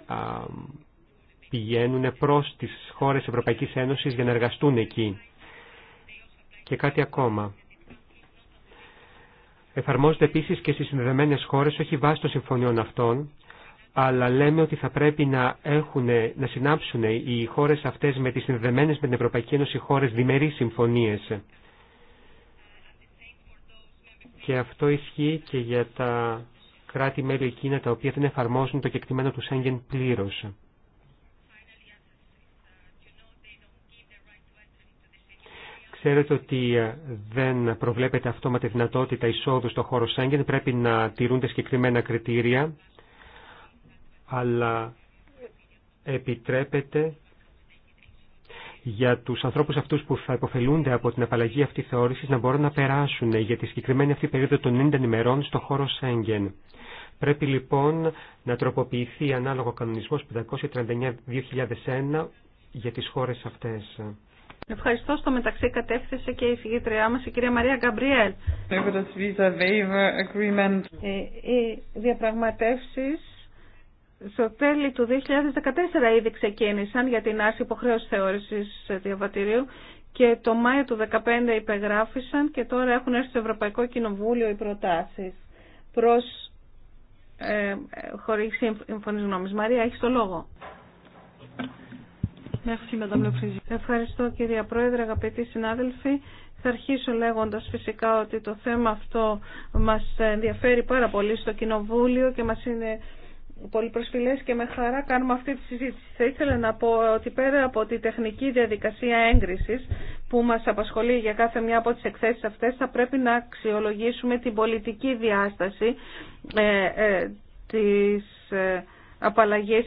πηγαίνουν προς τις χώρες Ευρωπαϊκής Ένωση για να εργαστούν εκεί. Και κάτι ακόμα. εφαρμόζεται επίσης και στι συνδεδεμένε χώρε, όχι βάσει των συμφωνιών αυτών, αλλά λέμε ότι θα πρέπει να, έχουν, να συνάψουν οι χώρες αυτές με τις συνδεμένες με την Ευρωπαϊκή Ένωση χώρες διμερείς συμφωνίες. Και αυτό ισχύει και για τα κράτη-μέλη εκείνα τα οποία δεν εφαρμόζουν το κεκτημένο του Σέγγεν πλήρως. Ξέρετε ότι ε, δεν προβλέπεται τη δυνατότητα εισόδου στο χώρο Σέγγεν, πρέπει να τηρούνται συγκεκριμένα κριτήρια αλλά επιτρέπεται για τους ανθρώπους αυτούς που θα υποφελούνται από την απαλλαγή αυτή θεώρησης να μπορούν να περάσουν για τη συγκεκριμένη αυτή περίοδο των 90 ημερών στο χώρο Σέγγεν. Πρέπει λοιπόν να τροποποιηθεί ανάλογο κανονισμός 539-2001 για τις χώρες αυτές. Ευχαριστώ. Στο μεταξύ κατεύθυνση και η φυγήτριά μας, η κυρία Μαρία Γκαμπριέλ. Ε, διαπραγματεύσεις στο τέλη του 2014 ήδη ξεκίνησαν για την άρση υποχρέωση θεωρήση διαβατηρίου και το Μάιο του 2015 υπεγράφησαν και τώρα έχουν έρθει στο Ευρωπαϊκό Κοινοβούλιο οι προτάσεις προς ε, χωρίς σύμφωνης Μαρία, έχει το λόγο. Ευχαριστώ κυρία Πρόεδρε, αγαπητοί συνάδελφοι. Θα αρχίσω λέγοντας φυσικά ότι το θέμα αυτό μας ενδιαφέρει πάρα πολύ στο Κοινοβούλιο και μας είναι πολύ και με χαρά κάνουμε αυτή τη συζήτηση. Θα ήθελα να πω ότι πέρα από τη τεχνική διαδικασία έγκρισης που μα απασχολεί για κάθε μια από τι εκθέσει αυτέ, θα πρέπει να αξιολογήσουμε την πολιτική διάσταση ε, ε, της ε,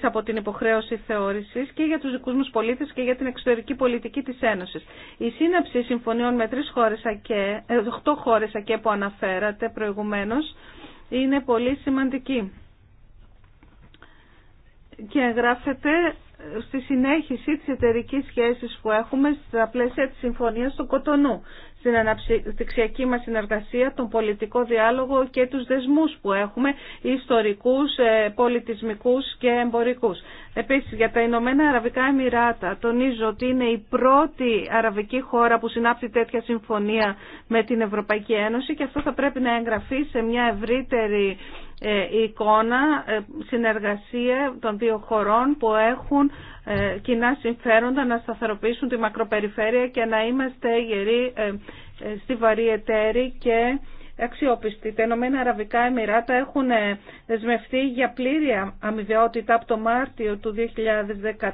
από την υποχρέωση θεώρηση και για του δικού μα πολίτε και για την εξωτερική πολιτική τη Ένωση. Η σύναψη συμφωνιών με τρεις χώρες ΑΚΕ, ε, οχτώ χώρες ΑΚΕ που αναφέρατε προηγουμένω είναι πολύ σημαντική και εγγράφεται στη συνέχιση της εταιρική σχέσης που έχουμε στα πλαίσια της Συμφωνίας του Κοτονού, στην αναπτυξιακή μας συνεργασία, τον πολιτικό διάλογο και τους δεσμούς που έχουμε, ιστορικούς, ε, πολιτισμικούς και εμπορικούς. Επίσης, για τα Ηνωμένα Αραβικά Εμμυράτα, τονίζω ότι είναι η πρώτη αραβική χώρα που συνάπτει τέτοια συμφωνία με την Ευρωπαϊκή Ένωση και αυτό θα πρέπει να εγγραφεί σε μια ευρύτερη ε, εικόνα, ε, συνεργασία των δύο χωρών που έχουν ε, κοινά συμφέροντα να σταθεροποιήσουν τη μακροπεριφέρεια και να είμαστε γεροί στη βαρύ και αξιόπιστη. Τα Ηνωμένα Αραβικά Εμμυράτα έχουν ε, δεσμευτεί για πλήρη αμοιβαιότητα από το Μάρτιο του 2014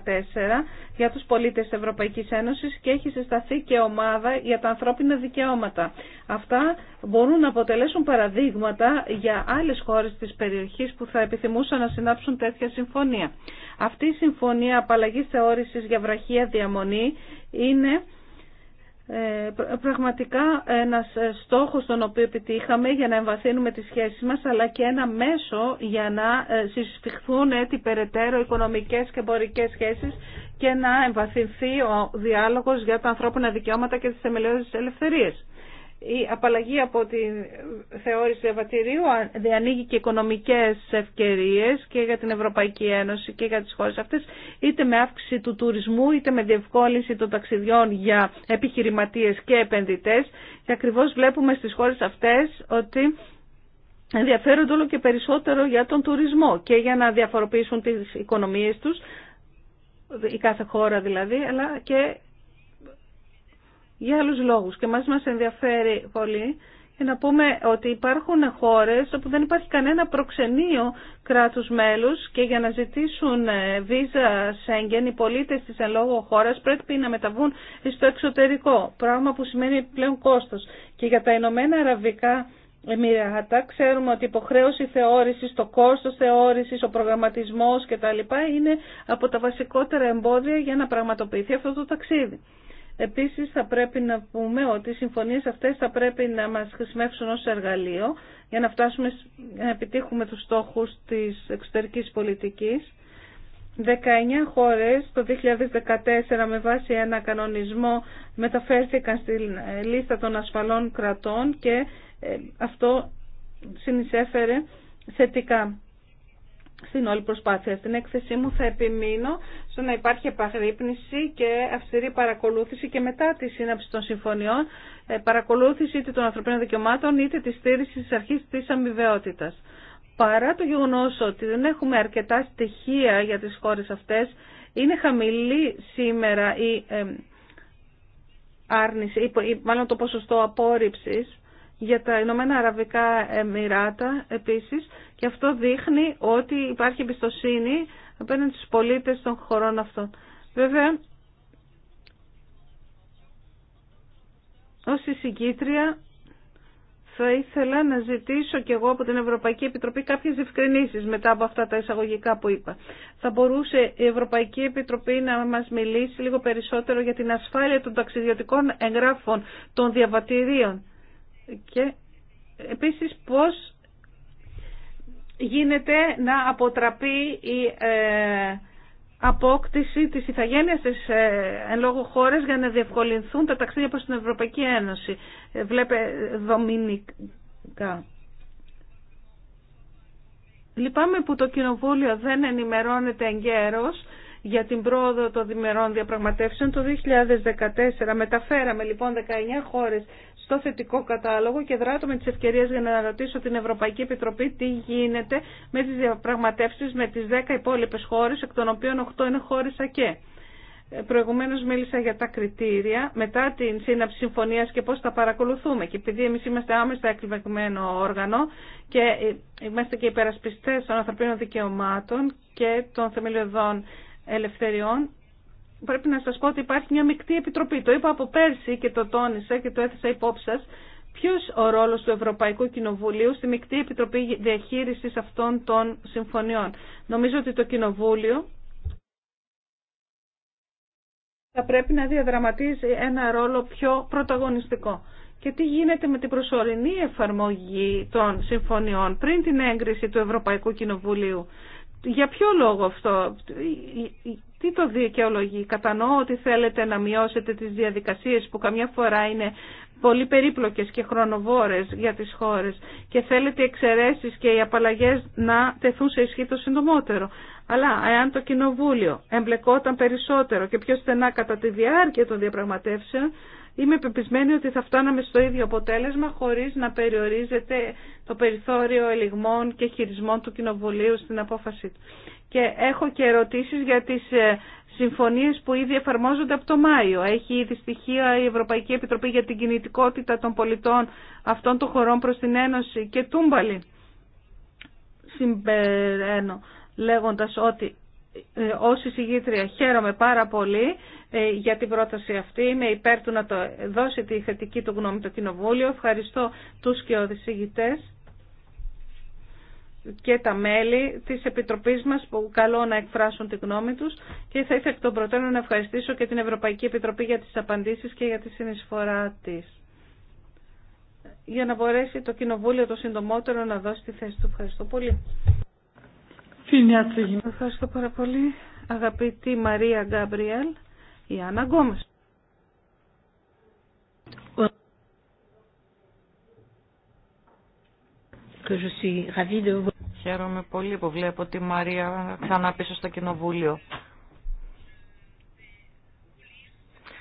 για τους πολίτες της Ευρωπαϊκής Ένωσης και έχει συσταθεί και ομάδα για τα ανθρώπινα δικαιώματα. Αυτά μπορούν να αποτελέσουν παραδείγματα για άλλες χώρες της περιοχής που θα επιθυμούσαν να συνάψουν τέτοια συμφωνία. Αυτή η συμφωνία απαλλαγής θεώρησης για βραχία διαμονή είναι ε, πραγματικά ένας ε, στόχος τον οποίο επιτύχαμε για να εμβαθύνουμε τις σχέσεις μας αλλά και ένα μέσο για να ε, συσφιχθούν έτσι περαιτέρω οικονομικές και εμπορικές σχέσεις και να εμβαθυνθεί ο διάλογος για τα ανθρώπινα δικαιώματα και τις θεμελιώδεις ελευθερίες η απαλλαγή από τη θεώρηση ευατηρίου διανοίγει και οικονομικές ευκαιρίες και για την Ευρωπαϊκή Ένωση και για τις χώρες αυτές, είτε με αύξηση του τουρισμού, είτε με διευκόλυνση των ταξιδιών για επιχειρηματίες και επενδυτές. Και ακριβώς βλέπουμε στις χώρες αυτές ότι ενδιαφέρονται όλο και περισσότερο για τον τουρισμό και για να διαφοροποιήσουν τις οικονομίες τους, η κάθε χώρα δηλαδή, αλλά και για άλλους λόγους. Και μας μας ενδιαφέρει πολύ και να πούμε ότι υπάρχουν χώρες όπου δεν υπάρχει κανένα προξενείο κράτους μέλους και για να ζητήσουν ε, βίζα Σέγγεν οι πολίτες της εν λόγω χώρας πρέπει να μεταβούν στο εξωτερικό, πράγμα που σημαίνει πλέον κόστος. Και για τα Ηνωμένα Αραβικά Εμμυράτα ξέρουμε ότι η υποχρέωση θεώρηση, το κόστο θεώρηση, ο προγραμματισμό κτλ. είναι από τα βασικότερα εμπόδια για να πραγματοποιηθεί αυτό το ταξίδι. Επίσης θα πρέπει να πούμε ότι οι συμφωνίες αυτές θα πρέπει να μας χρησιμεύσουν ως εργαλείο για να φτάσουμε να επιτύχουμε τους στόχους της εξωτερικής πολιτικής. 19 χώρες το 2014 με βάση ένα κανονισμό μεταφέρθηκαν στη ε, λίστα των ασφαλών κρατών και ε, αυτό συνεισέφερε θετικά στην όλη προσπάθεια. Στην έκθεσή μου θα επιμείνω στο να υπάρχει επαγρύπνηση και αυστηρή παρακολούθηση και μετά τη σύναψη των συμφωνιών ε, παρακολούθηση είτε των ανθρωπίνων δικαιωμάτων είτε τη στήριξη τη αρχή της αμοιβαιότητα. Παρά το γεγονό ότι δεν έχουμε αρκετά στοιχεία για τις χώρε αυτές, είναι χαμηλή σήμερα η ε, άρνηση, ή μάλλον το ποσοστό απόρριψη για τα Ηνωμένα Αραβικά Εμμυράτα επίσης και αυτό δείχνει ότι υπάρχει εμπιστοσύνη απέναντι στους πολίτες των χωρών αυτών. Βέβαια, ως συγκήτρια θα ήθελα να ζητήσω και εγώ από την Ευρωπαϊκή Επιτροπή κάποιες διευκρινήσεις μετά από αυτά τα εισαγωγικά που είπα. Θα μπορούσε η Ευρωπαϊκή Επιτροπή να μας μιλήσει λίγο περισσότερο για την ασφάλεια των ταξιδιωτικών εγγράφων των διαβατηρίων και επίσης πώς γίνεται να αποτραπεί η ε, απόκτηση της ηθαγένειας της ε, εν λόγω χώρες για να διευκολυνθούν τα ταξίδια προς την Ευρωπαϊκή Ένωση. Ε, βλέπε δομινικά. Λυπάμαι που το Κοινοβούλιο δεν ενημερώνεται εγκαίρως για την πρόοδο των διμερών διαπραγματεύσεων. Το 2014 μεταφέραμε λοιπόν 19 χώρες το θετικό κατάλογο και δράτω με τις ευκαιρίες για να ρωτήσω την Ευρωπαϊκή Επιτροπή τι γίνεται με τις διαπραγματεύσεις με τις 10 υπόλοιπες χώρες, εκ των οποίων 8 είναι χώρες ΑΚΕ. Ε, Προηγουμένω μίλησα για τα κριτήρια μετά την σύναψη συμφωνία και πώ τα παρακολουθούμε. Και επειδή εμεί είμαστε άμεσα εκλεγμένο όργανο και είμαστε και υπερασπιστέ των ανθρωπίνων δικαιωμάτων και των θεμελιωδών ελευθεριών, πρέπει να σας πω ότι υπάρχει μια μεικτή επιτροπή. Το είπα από πέρσι και το τόνισα και το έθεσα υπόψη σας. Ποιος ο ρόλος του Ευρωπαϊκού Κοινοβουλίου στη μεικτή Επιτροπή Διαχείρισης αυτών των συμφωνιών. Νομίζω ότι το Κοινοβούλιο θα πρέπει να διαδραματίζει ένα ρόλο πιο πρωταγωνιστικό. Και τι γίνεται με την προσωρινή εφαρμογή των συμφωνιών πριν την έγκριση του Ευρωπαϊκού Κοινοβουλίου. Για ποιο λόγο αυτό, τι το δικαιολογεί. Κατανοώ ότι θέλετε να μειώσετε τις διαδικασίες που καμιά φορά είναι πολύ περίπλοκες και χρονοβόρες για τις χώρες και θέλετε οι εξαιρέσεις και οι απαλλαγές να τεθούν σε ισχύ το συντομότερο. Αλλά εάν το Κοινοβούλιο εμπλεκόταν περισσότερο και πιο στενά κατά τη διάρκεια των διαπραγματεύσεων, Είμαι πεπισμένη ότι θα φτάναμε στο ίδιο αποτέλεσμα χωρίς να περιορίζεται το περιθώριο ελιγμών και χειρισμών του Κοινοβουλίου στην απόφαση του. Και έχω και ερωτήσεις για τις ε, συμφωνίες που ήδη εφαρμόζονται από το Μάιο. Έχει ήδη στοιχεία η Ευρωπαϊκή Επιτροπή για την κινητικότητα των πολιτών αυτών των χωρών προς την Ένωση και τούμπαλη. Συμπεραίνω λέγοντας ότι ε, ως εισηγήτρια χαίρομαι πάρα πολύ ε, για την πρόταση αυτή. Είμαι υπέρ του να το δώσει τη θετική του γνώμη το Κοινοβούλιο. Ευχαριστώ τους και εισηγητές και τα μέλη της Επιτροπής μας που καλό να εκφράσουν τη γνώμη τους και θα ήθελα εκ των προτέρων να ευχαριστήσω και την Ευρωπαϊκή Επιτροπή για τις απαντήσεις και για τη συνεισφορά της για να μπορέσει το Κοινοβούλιο το συντομότερο να δώσει τη θέση του. Ευχαριστώ πολύ. Ευχαριστώ πάρα πολύ. Αγαπητή Μαρία Γκάμπριελ, η Άννα Γκόμες. Χαίρομαι πολύ που βλέπω τη Μαρία ξανά πίσω στο κοινοβούλιο.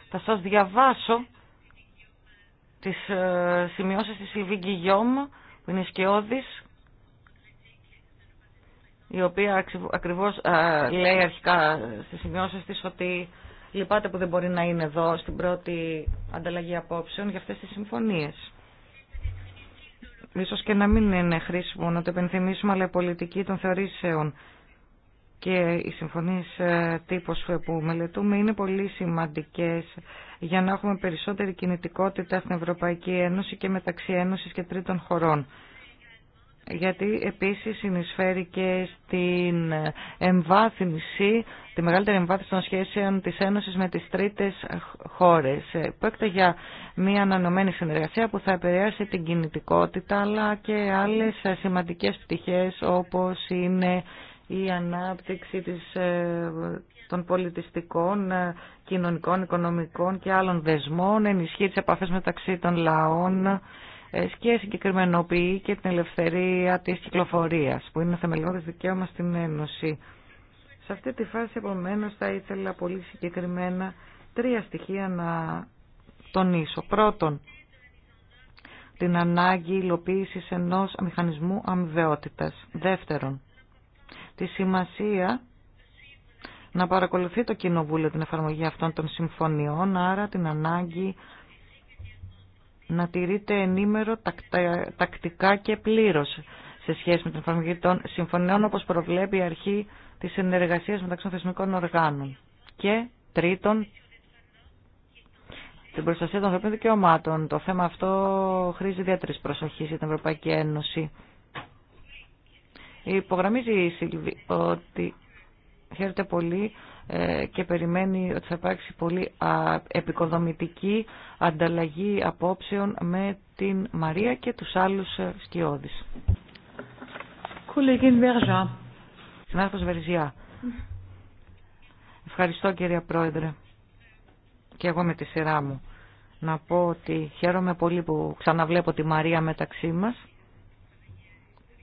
Θα σας διαβάσω τις ε, σημειώσεις της Σιλβίγκη Γιώμα, που είναι σκιώδης, η οποία ακριβώς λέει αρχικά στις σημειώσεις της ότι λυπάται που δεν μπορεί να είναι εδώ στην πρώτη ανταλλαγή απόψεων για αυτές τις συμφωνίες. Ίσως και να μην είναι χρήσιμο να το επενθυμίσουμε, αλλά η πολιτική των θεωρήσεων και οι συμφωνίες ε, τύπος που μελετούμε είναι πολύ σημαντικές για να έχουμε περισσότερη κινητικότητα στην Ευρωπαϊκή Ένωση και μεταξύ Ένωσης και τρίτων χωρών γιατί επίσης συνεισφέρει και στην εμβάθυνση, τη μεγαλύτερη εμβάθυνση των σχέσεων της Ένωσης με τις τρίτες χώρες. Ε, Πρόκειται για μια ανανομένη συνεργασία που θα επηρεάσει την κινητικότητα αλλά και άλλες σημαντικές πτυχές όπως είναι η ανάπτυξη της, ε, των πολιτιστικών, ε, κοινωνικών, οικονομικών και άλλων δεσμών, ενισχύει τις επαφές μεταξύ των λαών, ε, και συγκεκριμενοποιεί και την ελευθερία της κυκλοφορίας που είναι θεμελιώδες δικαίωμα στην Ένωση. Σε αυτή τη φάση επομένω θα ήθελα πολύ συγκεκριμένα τρία στοιχεία να τονίσω. Πρώτον, την ανάγκη υλοποίηση ενός μηχανισμού αμοιβαιότητας. Δεύτερον, τη σημασία να παρακολουθεί το Κοινοβούλιο την εφαρμογή αυτών των συμφωνιών, άρα την ανάγκη να τηρείται ενήμερο τακτικά και πλήρως σε σχέση με την εφαρμογή των συμφωνιών όπως προβλέπει η αρχή της συνεργασίας μεταξύ των θεσμικών οργάνων. Και τρίτον, την προστασία των ανθρωπίνων δικαιωμάτων. Το θέμα αυτό χρήζει ιδιαίτερη προσοχή για την Ευρωπαϊκή Ένωση. Υπογραμμίζει η Σιλβή ότι χαίρεται πολύ ε, και περιμένει ότι θα υπάρξει πολύ επικοδομητική ανταλλαγή απόψεων με την Μαρία και τους άλλους ε, σκιώδεις. Κολεγίν Ευχαριστώ κυρία Πρόεδρε και εγώ με τη σειρά μου να πω ότι χαίρομαι πολύ που ξαναβλέπω τη Μαρία μεταξύ μας.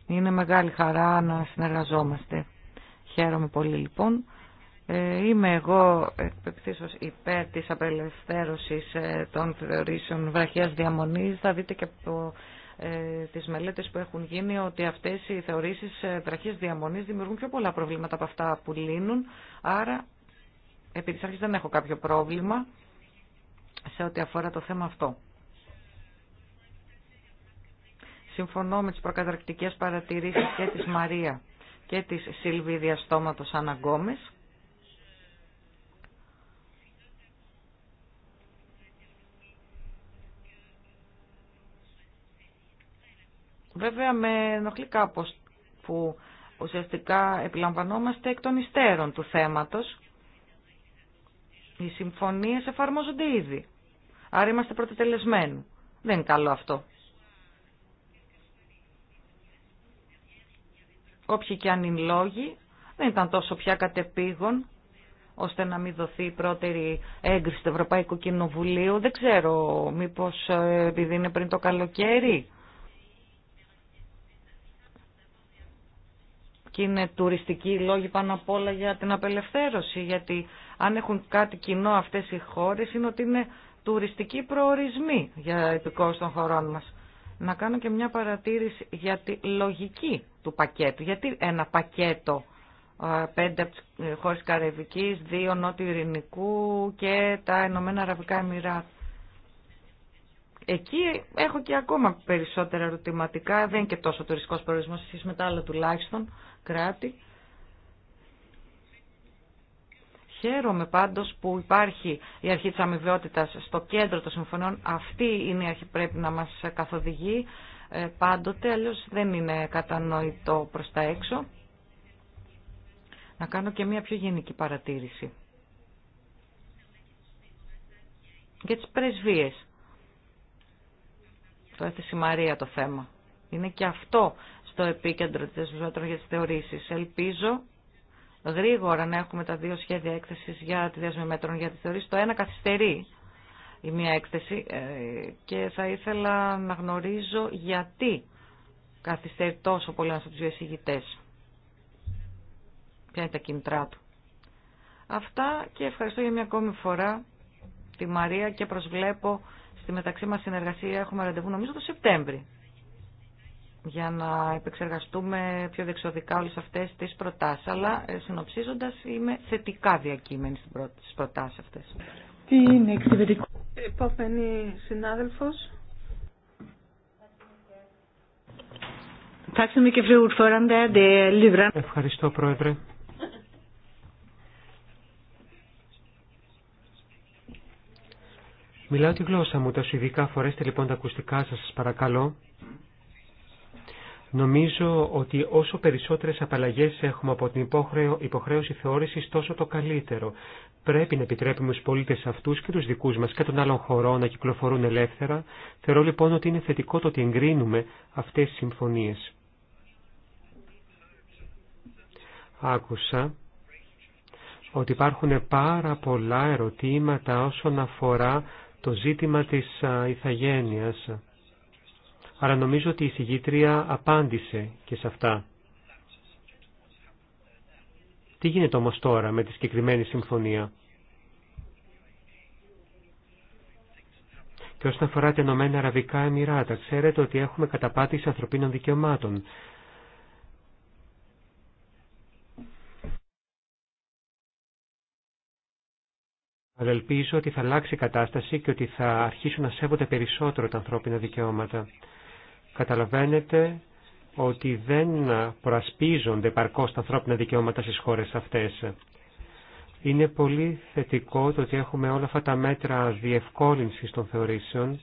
Είναι μεγάλη χαρά να συνεργαζόμαστε. Χαίρομαι πολύ λοιπόν ε, είμαι εγώ εκπεπτήσως υπέρ της απελευθέρωσης ε, των θεωρήσεων βραχίας διαμονής. Θα δείτε και από ε, τις μελέτες που έχουν γίνει ότι αυτές οι θεωρήσεις βραχίας διαμονής δημιουργούν πιο πολλά προβλήματα από αυτά που λύνουν. Άρα, επειδή δεν έχω κάποιο πρόβλημα σε ό,τι αφορά το θέμα αυτό. Συμφωνώ με τις προκαταρκτικές παρατηρήσεις και της Μαρία και της Σιλβίδια Στόματος Αναγκόμες Βέβαια με ενοχλεί κάπω που ουσιαστικά επιλαμβανόμαστε εκ των υστέρων του θέματος. Οι συμφωνίες εφαρμόζονται ήδη. Άρα είμαστε πρωτοτελεσμένοι. Δεν είναι καλό αυτό. Όποιοι και αν είναι λόγοι, δεν ήταν τόσο πια κατεπήγον, ώστε να μην δοθεί η πρώτερη έγκριση του Ευρωπαϊκού Κοινοβουλίου. Δεν ξέρω, μήπως ε, επειδή είναι πριν το καλοκαίρι, και είναι τουριστικοί λόγοι πάνω απ' όλα για την απελευθέρωση, γιατί αν έχουν κάτι κοινό αυτέ οι χώρε είναι ότι είναι τουριστικοί προορισμοί για επικόστον των χωρών μα. Να κάνω και μια παρατήρηση για τη λογική του πακέτου. Γιατί ένα πακέτο πέντε από τι ε, χώρες Καραϊβικής, δύο Νότιου Ειρηνικού και τα Ηνωμένα Αραβικά Εμμυρά. Εκεί έχω και ακόμα περισσότερα ερωτηματικά, δεν είναι και τόσο τουριστικός προορισμός, εσείς μετά άλλο άλλα τουλάχιστον κράτη. Χαίρομαι πάντως που υπάρχει η αρχή της αμοιβαιότητας στο κέντρο των συμφωνιών. Αυτή είναι η αρχή που πρέπει να μας καθοδηγεί ε, πάντοτε, αλλιώς δεν είναι κατανοητό προς τα έξω. Να κάνω και μια πιο γενική παρατήρηση. Για τις πρεσβείες. Το έθεσε η Μαρία το θέμα. Είναι και αυτό το επίκεντρο της μέτρων για τι θεωρήσει. Ελπίζω γρήγορα να έχουμε τα δύο σχέδια έκθεσης για τη δέσμη μέτρων για τη θεωρήσει. Το ένα καθυστερεί η μία έκθεση ε, και θα ήθελα να γνωρίζω γιατί καθυστερεί τόσο πολύ από του δύο εισηγητές. Ποια είναι τα κινητρά του. Αυτά και ευχαριστώ για μια ακόμη φορά τη Μαρία και προσβλέπω στη μεταξύ μας συνεργασία έχουμε ραντεβού νομίζω το Σεπτέμβρη για να επεξεργαστούμε πιο δεξοδικά όλες αυτές τις προτάσεις. Αλλά ε, συνοψίζοντας είμαι θετικά διακείμενη στις προτάσεις αυτές. Τι είναι εξαιρετικό. Επόμενη συνάδελφος. Ευχαριστώ Πρόεδρε. Μιλάω τη γλώσσα μου, τα ειδικά. φορέστε λοιπόν τα ακουστικά σας, σας παρακαλώ. Νομίζω ότι όσο περισσότερες απαλλαγές έχουμε από την υποχρέωση θεώρησης, τόσο το καλύτερο. Πρέπει να επιτρέπουμε στους πολίτες αυτούς και τους δικούς μας και των άλλων χωρών να κυκλοφορούν ελεύθερα. Θεωρώ λοιπόν ότι είναι θετικό το ότι εγκρίνουμε αυτές τις συμφωνίες. Άκουσα ότι υπάρχουν πάρα πολλά ερωτήματα όσον αφορά το ζήτημα της ηθαγένειας. Άρα νομίζω ότι η συγγήτρια απάντησε και σε αυτά. Τι γίνεται όμως τώρα με τη συγκεκριμένη συμφωνία. Και όσον αφορά τα Ενωμένα Αραβικά Εμμυράτα, ξέρετε ότι έχουμε καταπάτηση ανθρωπίνων δικαιωμάτων. Αλλά ελπίζω ότι θα αλλάξει η κατάσταση και ότι θα αρχίσουν να σέβονται περισσότερο τα ανθρώπινα δικαιώματα. Καταλαβαίνετε ότι δεν προασπίζονται παρκώς τα ανθρώπινα δικαιώματα στις χώρες αυτές. Είναι πολύ θετικό το ότι έχουμε όλα αυτά τα μέτρα διευκόλυνσης των θεωρήσεων.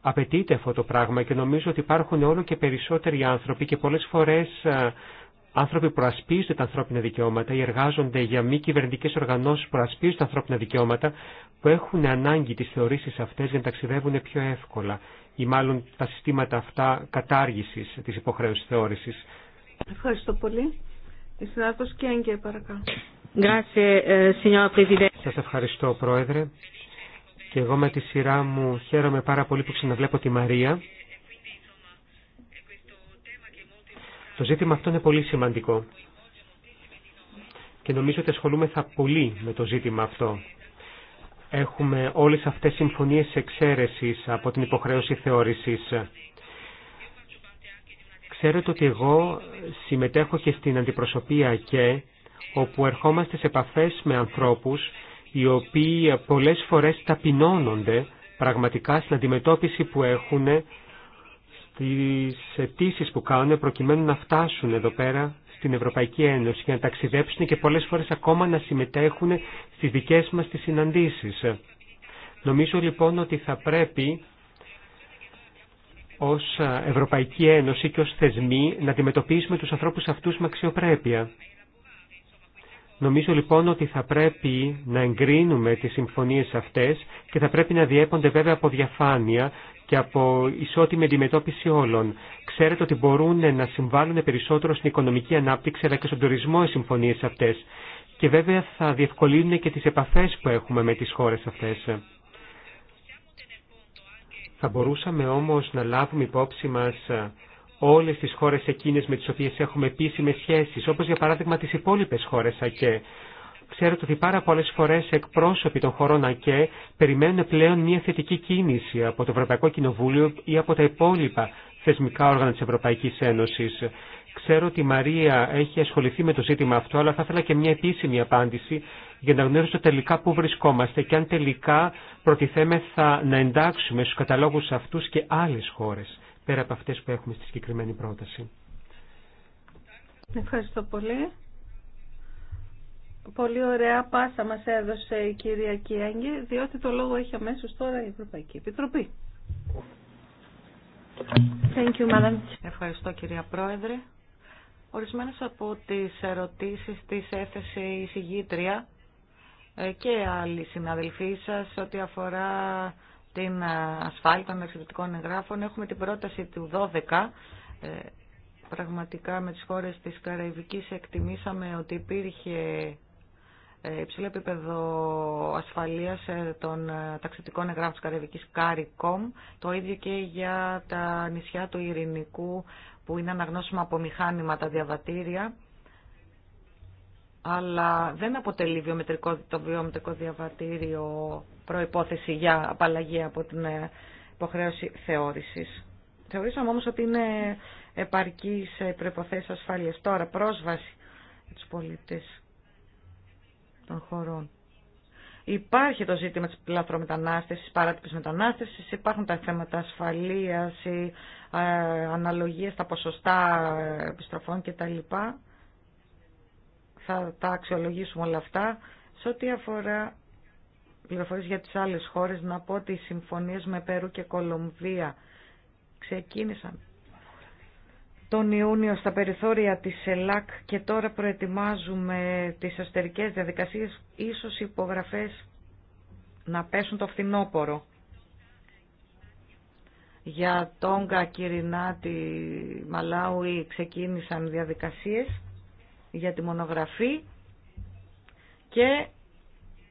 Απαιτείται αυτό το πράγμα και νομίζω ότι υπάρχουν όλο και περισσότεροι άνθρωποι και πολλές φορές άνθρωποι προασπίζονται τα ανθρώπινα δικαιώματα ή εργάζονται για μη κυβερνητικέ οργανώσει που προασπίζουν τα ανθρώπινα δικαιώματα που έχουν ανάγκη τις θεωρήσεις αυτές για να ταξιδεύουν πιο εύκολα ή μάλλον τα συστήματα αυτά κατάργησης της υποχρέωσης θεώρησης. Ευχαριστώ πολύ. Η συνάδελφος Κέγκε, η συναδελφος παρακαλω Σας ευχαριστώ, Πρόεδρε. Και εγώ με τη σειρά μου χαίρομαι πάρα πολύ που ξαναβλέπω τη Μαρία. Το ζήτημα αυτό είναι πολύ σημαντικό. Και νομίζω ότι ασχολούμεθα πολύ με το ζήτημα αυτό έχουμε όλες αυτές τις συμφωνίες εξαίρεσης από την υποχρέωση θεώρησης. Ξέρετε ότι εγώ συμμετέχω και στην αντιπροσωπεία και όπου ερχόμαστε σε επαφές με ανθρώπους οι οποίοι πολλές φορές ταπεινώνονται πραγματικά στην αντιμετώπιση που έχουν στις αιτήσει που κάνουν προκειμένου να φτάσουν εδώ πέρα στην Ευρωπαϊκή Ένωση και να ταξιδέψουν και πολλές φορές ακόμα να συμμετέχουν στις δικές μας τις συναντήσεις. Νομίζω λοιπόν ότι θα πρέπει ως Ευρωπαϊκή Ένωση και ως θεσμοί να αντιμετωπίσουμε τους ανθρώπους αυτούς με αξιοπρέπεια. Νομίζω λοιπόν ότι θα πρέπει να εγκρίνουμε τις συμφωνίες αυτές και θα πρέπει να διέπονται βέβαια από διαφάνεια και από ισότιμη αντιμετώπιση όλων. Ξέρετε ότι μπορούν να συμβάλλουν περισσότερο στην οικονομική ανάπτυξη αλλά και στον τουρισμό οι συμφωνίες αυτές. Και βέβαια θα διευκολύνουν και τις επαφές που έχουμε με τις χώρες αυτές. Θα μπορούσαμε όμως να λάβουμε υπόψη μας όλες τις χώρες εκείνες με τις οποίες έχουμε επίσημες σχέσεις, όπως για παράδειγμα τις υπόλοιπες χώρες ΑΚΕ. Ξέρετε ότι πάρα πολλέ φορέ εκπρόσωποι των χωρών ΑΚΕ περιμένουν πλέον μια θετική κίνηση από το Ευρωπαϊκό Κοινοβούλιο ή από τα υπόλοιπα θεσμικά όργανα τη Ευρωπαϊκή Ένωση. Ξέρω ότι η Μαρία έχει ασχοληθεί με το ζήτημα αυτό, αλλά θα ήθελα και μια επίσημη απάντηση για να γνωρίσω τελικά πού βρισκόμαστε και αν τελικά προτιθέμεθα να εντάξουμε στου καταλόγου αυτούς και άλλες χώρες πέρα από αυτές που έχουμε στη συγκεκριμένη πρόταση. Ευχαριστώ πολύ. Πολύ ωραία πάσα μας έδωσε η κυρία Κιέγγι, διότι το λόγο έχει αμέσω τώρα η Ευρωπαϊκή Επιτροπή. Thank you, Madam. Ευχαριστώ κυρία Πρόεδρε. Ορισμένες από τις ερωτήσεις της έθεσε η συγγήτρια ε, και άλλοι συναδελφοί σας ό,τι αφορά την ε, ασφάλεια των ταξιδιωτικών εγγράφων. Έχουμε την πρόταση του 12. Ε, πραγματικά με τις χώρες της Καραϊβικής εκτιμήσαμε ότι υπήρχε ε, υψηλό επίπεδο ασφαλείας των ταξιτικών εγγράφων της Καραϊβικής Κάρικομ, το ίδιο και για τα νησιά του Ειρηνικού που είναι αναγνώσιμα από μηχάνημα τα διαβατήρια αλλά δεν αποτελεί βιομετρικό, το βιομετρικό διαβατήριο προϋπόθεση για απαλλαγή από την ε, υποχρέωση θεώρησης. Θεωρήσαμε όμως ότι είναι επαρκής ε, προϋποθέσεις ασφάλειας. Τώρα πρόσβαση για πολίτες των χωρών. Υπάρχει το ζήτημα της λαθρομετανάστευσης, παράτυπης μετανάστευσης, υπάρχουν τα θέματα ασφαλείας, ε, αναλογίες, τα ποσοστά ε, επιστροφών κτλ θα τα αξιολογήσουμε όλα αυτά. Σε ό,τι αφορά πληροφορίες για τις άλλες χώρες, να πω ότι οι συμφωνίες με Περού και Κολομβία ξεκίνησαν τον Ιούνιο στα περιθώρια της ΕΛΑΚ και τώρα προετοιμάζουμε τις αστερικές διαδικασίες, ίσως οι υπογραφές να πέσουν το φθινόπωρο. Για Τόγκα, Κυρινάτη, Μαλάουι ξεκίνησαν διαδικασίες για τη μονογραφή και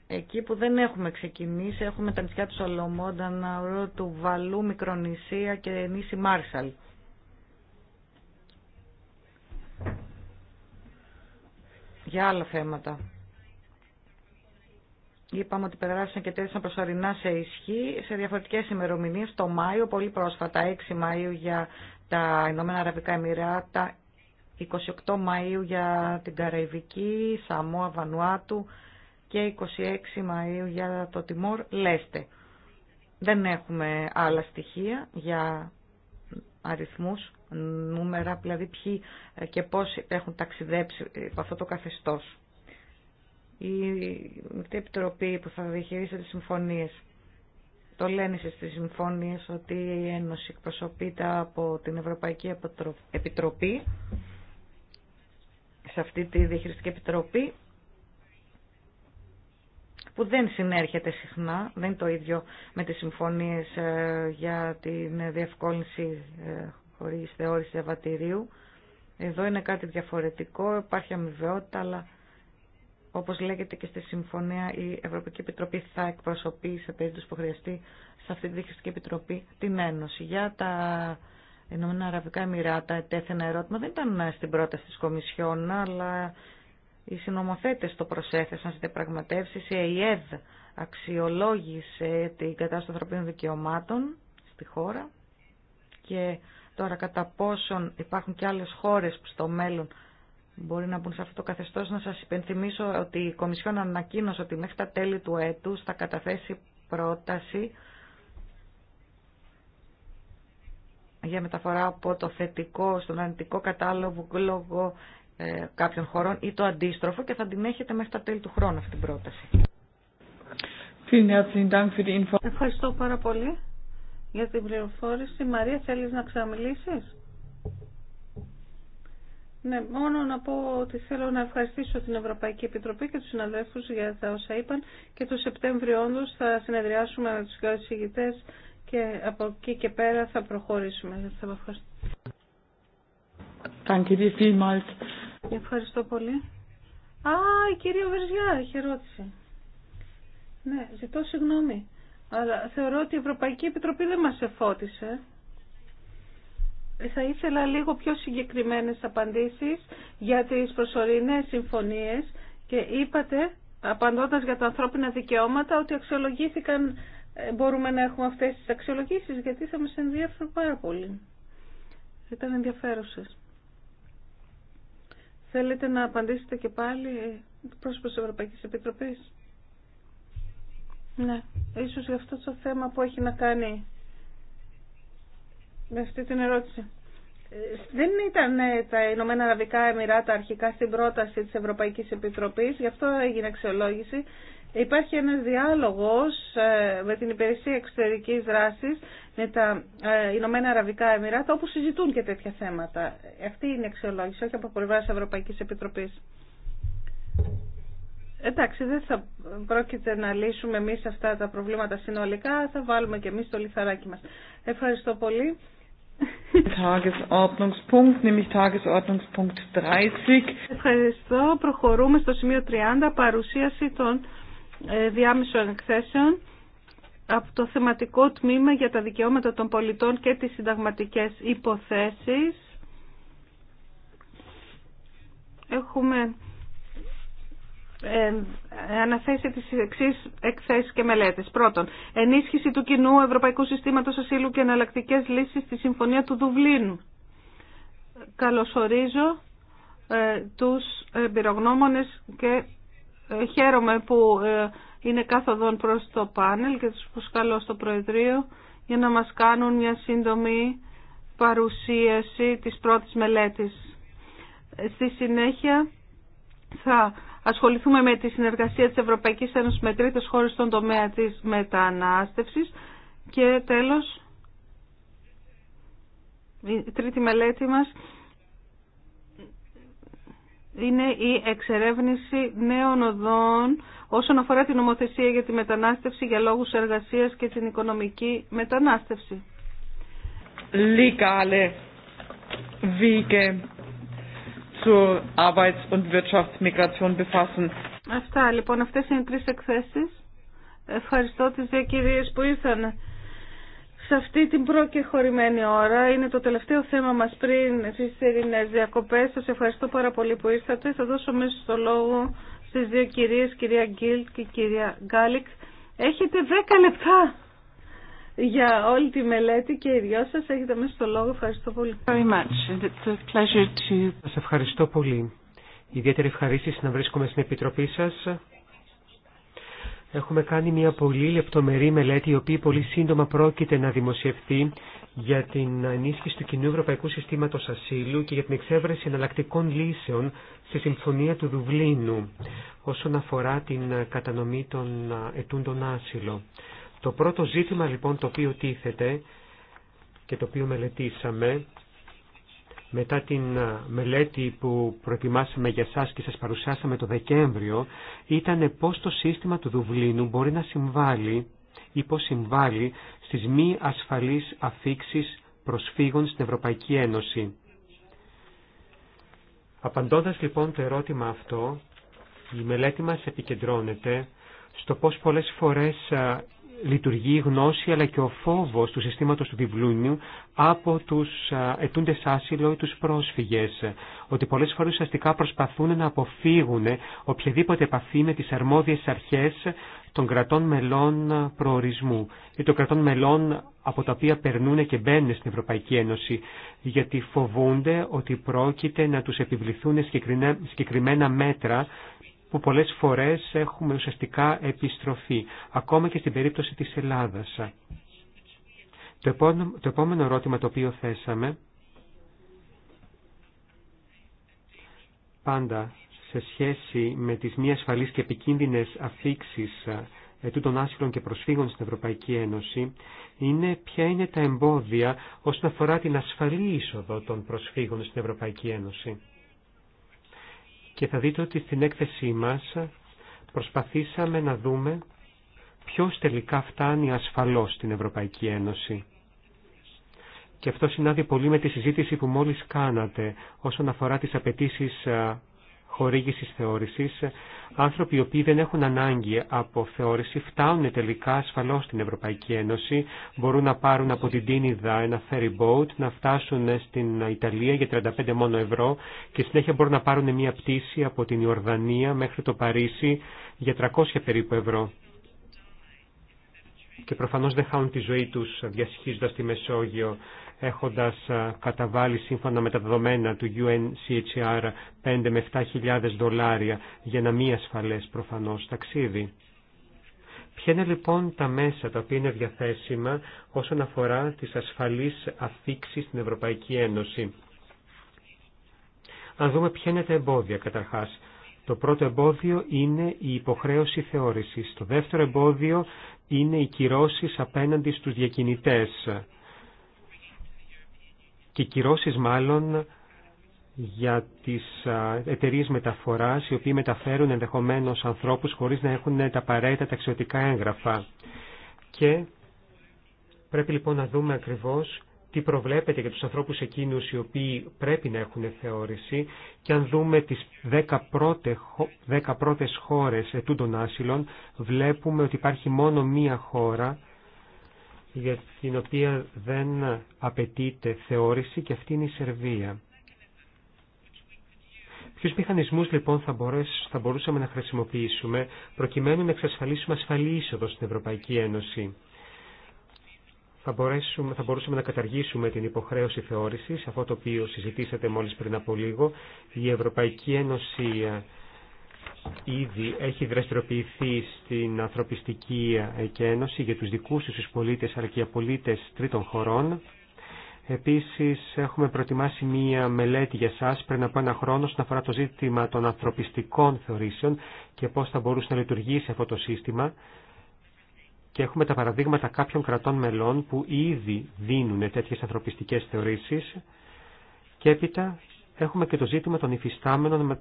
εκεί που δεν έχουμε ξεκινήσει έχουμε τα νησιά του Σολομόντα, Ναουρό, του Βαλού, Μικρονησία και νήσι Μάρσαλ. Για άλλα θέματα. Είπαμε ότι περάσαν και τέθησαν προσωρινά σε ισχύ σε διαφορετικές ημερομηνίες το Μάιο, πολύ πρόσφατα, 6 Μαΐου για τα Ηνωμένα Αραβικά Εμμυράτα, 28 Μαΐου για την Καραϊβική, Σαμόα, Βανουάτου και 26 Μαΐου για το Τιμόρ Λέστε. Δεν έχουμε άλλα στοιχεία για αριθμούς, νούμερα, δηλαδή ποιοι ε, και πώς έχουν ταξιδέψει από αυτό το καθεστώς. Η Επιτροπή που θα διαχειρίζεται τις συμφωνίες. Το λένε στις συμφωνίες ότι η Ένωση εκπροσωπείται από την Ευρωπαϊκή Επιτροπή σε αυτή τη Διεχειριστική Επιτροπή που δεν συνέρχεται συχνά, δεν είναι το ίδιο με τις συμφωνίες ε, για την διευκόλυνση ε, χωρίς θεώρηση διαβατηρίου. Εδώ είναι κάτι διαφορετικό, υπάρχει αμοιβαιότητα, αλλά όπως λέγεται και στη συμφωνία η Ευρωπαϊκή Επιτροπή θα εκπροσωπεί σε περίπτωση που χρειαστεί σε αυτή τη Διεχειριστική Επιτροπή την Ένωση. Για τα Ηνωμένα Αραβικά Εμμυράτα ένα ερώτημα. Δεν ήταν στην πρόταση της Κομισιόν, αλλά οι συνομοθέτες το προσέθεσαν σε διαπραγματεύσεις. Η ΕΕΔ αξιολόγησε την κατάσταση των ανθρωπίνων δικαιωμάτων στη χώρα και τώρα κατά πόσον υπάρχουν και άλλες χώρες που στο μέλλον μπορεί να μπουν σε αυτό το καθεστώς. Να σας υπενθυμίσω ότι η Κομισιόν ανακοίνωσε ότι μέχρι τα τέλη του έτου θα καταθέσει πρόταση για μεταφορά από το θετικό στον αρνητικό κατάλογο λόγω ε, κάποιων χωρών ή το αντίστροφο και θα την έχετε μέχρι τα τέλη του χρόνου αυτή την πρόταση. Ευχαριστώ πάρα πολύ για την πληροφόρηση. Μαρία, θέλεις να ξαναμιλήσεις? Ναι, μόνο να πω ότι θέλω να ευχαριστήσω την Ευρωπαϊκή Επιτροπή και τους συναδέλφους για τα όσα είπαν και το Σεπτέμβριο όντως θα συνεδριάσουμε με τους συγκεκριτές και από εκεί και πέρα θα προχωρήσουμε. Σας ευχαριστώ. Ευχαριστώ πολύ. Α, η κυρία Βερζιά έχει ερώτηση. Ναι, ζητώ συγγνώμη. Αλλά θεωρώ ότι η Ευρωπαϊκή Επιτροπή δεν μας εφώτισε. Θα ήθελα λίγο πιο συγκεκριμένες απαντήσεις για τις προσωρινές συμφωνίες και είπατε, απαντώντας για τα ανθρώπινα δικαιώματα, ότι αξιολογήθηκαν ε, μπορούμε να έχουμε αυτές τις αξιολογήσεις γιατί θα μας ενδιαφέρουν πάρα πολύ. Ήταν ενδιαφέρουσες. Θέλετε να απαντήσετε και πάλι πρόσωπος της Ευρωπαϊκής Επιτροπής. Ναι, ίσως για αυτό το θέμα που έχει να κάνει με αυτή την ερώτηση. Ε, δεν ήταν ε, τα Ηνωμένα Αραβικά Εμμυράτα αρχικά στην πρόταση της Ευρωπαϊκής Επιτροπής, γι' αυτό έγινε αξιολόγηση Υπάρχει ένας διάλογος ε, με την υπηρεσία εξωτερικής δράσης με τα ε, Ηνωμένα Αραβικά Εμμυράτα όπου συζητούν και τέτοια θέματα. Αυτή είναι η αξιολόγηση, όχι από πλευρά Ευρωπαϊκής Επιτροπής. Εντάξει, δεν θα πρόκειται να λύσουμε εμείς αυτά τα προβλήματα συνολικά, θα βάλουμε και εμείς το λιθαράκι μας. Ευχαριστώ πολύ. Tagesordnungspunkt, nämlich Tagesordnungspunkt 30. Ευχαριστώ. Προχωρούμε στο σημείο 30, παρουσίαση των ε, διάμεσων εκθέσεων από το θεματικό τμήμα για τα δικαιώματα των πολιτών και τις συνταγματικές υποθέσεις. Έχουμε ε, αναθέσει τις εξή εκθέσεις και μελέτες. Πρώτον, ενίσχυση του κοινού Ευρωπαϊκού Συστήματος Ασύλου και εναλλακτικέ λύσεις στη Συμφωνία του Δουβλίνου. Καλωσορίζω ε, τους εμπειρογνώμονες και ε, χαίρομαι που ε, είναι κάθοδον προς το πάνελ και τους προσκαλώ στο Προεδρείο για να μας κάνουν μια σύντομη παρουσίαση της πρώτης μελέτης. Ε, στη συνέχεια θα ασχοληθούμε με τη συνεργασία της Ευρωπαϊκής Ένωσης με τρίτες χώρες στον τομέα της μετανάστευσης και τέλος η τρίτη μελέτη μας είναι η εξερεύνηση νέων οδών όσον αφορά την νομοθεσία για τη μετανάστευση για λόγους εργασίας και την οικονομική μετανάστευση. Legale Arbeits- und Wirtschaftsmigration befassen. Αυτά λοιπόν, αυτές είναι τρεις εκθέσεις. Ευχαριστώ τις δύο κυρίες που ήρθαν σε αυτή την προκεχωρημένη ώρα. Είναι το τελευταίο θέμα μας πριν στις ειρηνές διακοπές. Σας ευχαριστώ πάρα πολύ που ήρθατε. Θα δώσω μέσα στο λόγο στις δύο κυρίες, κυρία Γκίλτ και κυρία Γκάλικ. Έχετε 10 λεπτά για όλη τη μελέτη και οι δυο σας. Έχετε μέσα στο λόγο. Ευχαριστώ πολύ. Very Σας ευχαριστώ πολύ. Ιδιαίτερη ευχαρίστηση να βρίσκομαι στην Επιτροπή σας Έχουμε κάνει μια πολύ λεπτομερή μελέτη, η οποία πολύ σύντομα πρόκειται να δημοσιευθεί για την ενίσχυση του κοινού ευρωπαϊκού συστήματος ασύλου και για την εξέβρεση εναλλακτικών λύσεων στη Συμφωνία του Δουβλίνου όσον αφορά την κατανομή των ετούντων άσυλο. Το πρώτο ζήτημα λοιπόν το οποίο τίθεται και το οποίο μελετήσαμε μετά την ε, μελέτη που προετοιμάσαμε για σας και σας παρουσιάσαμε το Δεκέμβριο, ήταν πώς το σύστημα του Δουβλίνου μπορεί να συμβάλλει ή πώς συμβάλλει στις μη ασφαλείς αφήξεις προσφύγων στην Ευρωπαϊκή Ένωση. Απαντώντας λοιπόν το ερώτημα αυτό, η μελέτη μας επικεντρώνεται στο πώς πολλές φορές ε, λειτουργεί η γνώση αλλά και ο φόβος του συστήματος του διβλούνιου από τους ετούντες άσυλο ή τους πρόσφυγες, ότι πολλές φορές ουσιαστικά προσπαθούν να αποφύγουν οποιαδήποτε επαφή με τις αρμόδιες αρχές των κρατών μελών προορισμού ή των κρατών μελών από τα οποία περνούν και μπαίνουν στην Ευρωπαϊκή Ένωση, γιατί φοβούνται ότι πρόκειται να τους επιβληθούν συγκεκριμένα μέτρα που πολλές φορές έχουμε ουσιαστικά επιστροφή, ακόμα και στην περίπτωση της Ελλάδας. Το επόμενο, το ερώτημα το οποίο θέσαμε, πάντα σε σχέση με τις μη ασφαλείς και επικίνδυνες αφήξεις ε, των άσυλων και προσφύγων στην Ευρωπαϊκή Ένωση είναι ποια είναι τα εμπόδια όσον αφορά την ασφαλή είσοδο των προσφύγων στην Ευρωπαϊκή Ένωση και θα δείτε ότι στην έκθεσή μας προσπαθήσαμε να δούμε ποιος τελικά φτάνει ασφαλώς στην Ευρωπαϊκή Ένωση. Και αυτό συνάδει πολύ με τη συζήτηση που μόλις κάνατε όσον αφορά τις απαιτήσει χορήγηση θεώρηση. άνθρωποι οι οποίοι δεν έχουν ανάγκη από θεώρηση φτάνουν τελικά ασφαλώς στην Ευρωπαϊκή Ένωση, μπορούν να πάρουν από την Τίνιδα ένα ferry boat, να φτάσουν στην Ιταλία για 35 μόνο ευρώ και συνέχεια μπορούν να πάρουν μια πτήση από την Ιορδανία μέχρι το Παρίσι για 300 περίπου ευρώ. Και προφανώς δεν χάνουν τη ζωή τους διασχίζοντας τη Μεσόγειο έχοντας ε, καταβάλει σύμφωνα με τα δεδομένα του UNCHR 5 με 7.000 δολάρια για να μη ασφαλές προφανώς ταξίδι. Ποια είναι λοιπόν τα μέσα τα οποία είναι διαθέσιμα όσον αφορά τις ασφαλείς αφήξεις στην Ευρωπαϊκή Ένωση. Αν δούμε ποια είναι τα εμπόδια καταρχάς. Το πρώτο εμπόδιο είναι η υποχρέωση θεώρησης. Το δεύτερο εμπόδιο είναι οι κυρώσεις απέναντι στους διακινητές και κυρώσει μάλλον για τις εταιρείε μεταφοράς οι οποίοι μεταφέρουν ενδεχομένως ανθρώπους χωρίς να έχουν τα απαραίτητα ταξιωτικά έγγραφα. Και πρέπει λοιπόν να δούμε ακριβώς τι προβλέπεται για τους ανθρώπους εκείνους οι οποίοι πρέπει να έχουν θεώρηση και αν δούμε τις δέκα πρώτε, χώρε πρώτες χώρες ετούντων άσυλων βλέπουμε ότι υπάρχει μόνο μία χώρα για την οποία δεν απαιτείται θεώρηση και αυτή είναι η Σερβία. Ποιους μηχανισμούς λοιπόν θα, μπορέσ, θα μπορούσαμε να χρησιμοποιήσουμε προκειμένου να εξασφαλίσουμε ασφαλή είσοδο στην Ευρωπαϊκή Ένωση. Θα, μπορέσουμε, θα μπορούσαμε να καταργήσουμε την υποχρέωση θεώρησης, αυτό το οποίο συζητήσατε μόλις πριν από λίγο. Η Ευρωπαϊκή Ένωση ήδη έχει δραστηριοποιηθεί στην Ανθρωπιστική Εκένωση για τους δικούς τους πολίτες αλλά και για πολίτες τρίτων χωρών. Επίσης έχουμε προετοιμάσει μία μελέτη για σας πριν από ένα χρόνο σχετικά αφορά το ζήτημα των ανθρωπιστικών θεωρήσεων και πώς θα μπορούσε να λειτουργήσει αυτό το σύστημα. Και έχουμε τα παραδείγματα κάποιων κρατών μελών που ήδη δίνουν τέτοιες ανθρωπιστικές θεωρήσεις. Και έπειτα Έχουμε και το ζήτημα των υφιστάμενων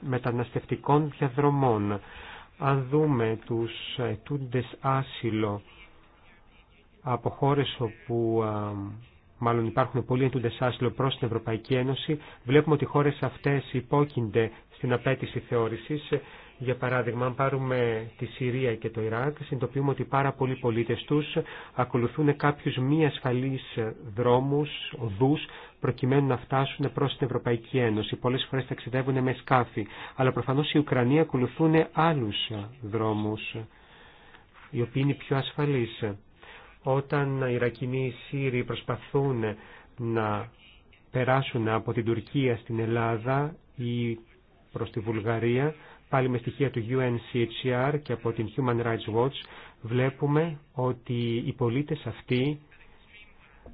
μεταναστευτικών διαδρομών. Αν δούμε τους ετούντες άσυλο από χώρες όπου μάλλον υπάρχουν πολλοί ετούντες άσυλο προς την Ευρωπαϊκή Ένωση, βλέπουμε ότι οι χώρες αυτές υπόκεινται στην απέτηση θεώρησης. Για παράδειγμα, αν πάρουμε τη Συρία και το Ιράκ, συνειδητοποιούμε ότι πάρα πολλοί πολίτες τους ακολουθούν κάποιους μη ασφαλείς δρόμους, οδούς, προκειμένου να φτάσουν προς την Ευρωπαϊκή Ένωση. Πολλές φορές ταξιδεύουν με σκάφη, αλλά προφανώς οι Ουκρανοί ακολουθούν άλλους δρόμους, οι οποίοι είναι πιο ασφαλείς. Όταν οι Ρακινοί οι Σύριοι προσπαθούν να περάσουν από την Τουρκία στην Ελλάδα ή προς τη Βουλγαρία, πάλι με στοιχεία του UNCHR και από την Human Rights Watch, βλέπουμε ότι οι πολίτες αυτοί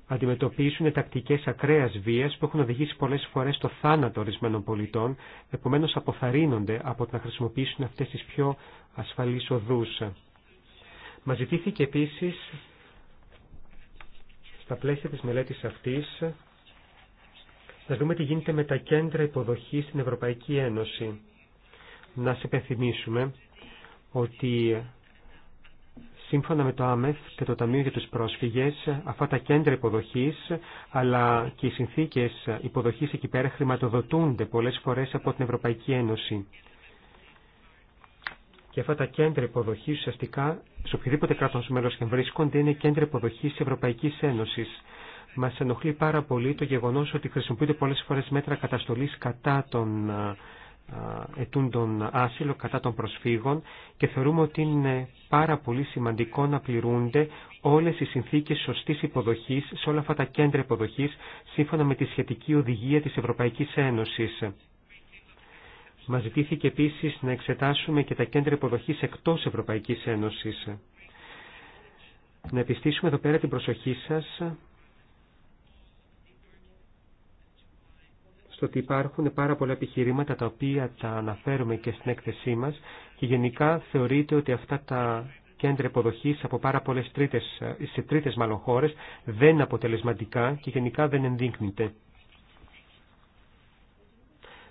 αντιμετωπίσουν τακτικές ακραίας βίας που έχουν οδηγήσει πολλές φορές στο θάνατο ορισμένων πολιτών, επομένω αποθαρρύνονται από το να χρησιμοποιήσουν αυτές τις πιο ασφαλεί οδού. Μα ζητήθηκε επίσης στα πλαίσια της μελέτης αυτής να δούμε τι γίνεται με τα κέντρα υποδοχή στην Ευρωπαϊκή Ένωση. Να σε υπενθυμίσουμε ότι Σύμφωνα με το Άμεθ και το Ταμείο για τους Πρόσφυγες, αυτά τα κέντρα υποδοχής αλλά και οι συνθήκες υποδοχής εκεί πέρα χρηματοδοτούνται πολλές φορές από την Ευρωπαϊκή Ένωση. Και αυτά τα κέντρα υποδοχής ουσιαστικά σε οποιοδήποτε κράτος μέλος και βρίσκονται είναι κέντρα υποδοχής της Ευρωπαϊκής Ένωσης. Μας ενοχλεί πάρα πολύ το γεγονός ότι χρησιμοποιούνται πολλές φορές μέτρα καταστολής κατά των ε, ετούν τον άσυλο κατά των προσφύγων και θεωρούμε ότι είναι πάρα πολύ σημαντικό να πληρούνται όλες οι συνθήκες σωστής υποδοχής σε όλα αυτά τα κέντρα υποδοχής σύμφωνα με τη σχετική οδηγία της Ευρωπαϊκής Ένωσης. Μα ζητήθηκε επίσης να εξετάσουμε και τα κέντρα υποδοχής εκτός Ευρωπαϊκής Ένωσης. Να επιστήσουμε εδώ πέρα την προσοχή σας στο ότι υπάρχουν πάρα πολλά επιχειρήματα τα οποία τα αναφέρουμε και στην έκθεσή μας και γενικά θεωρείται ότι αυτά τα κέντρα υποδοχής από πάρα πολλές τρίτες σε τρίτε μάλλον χώρε, δεν είναι αποτελεσματικά και γενικά δεν ενδείκνυται.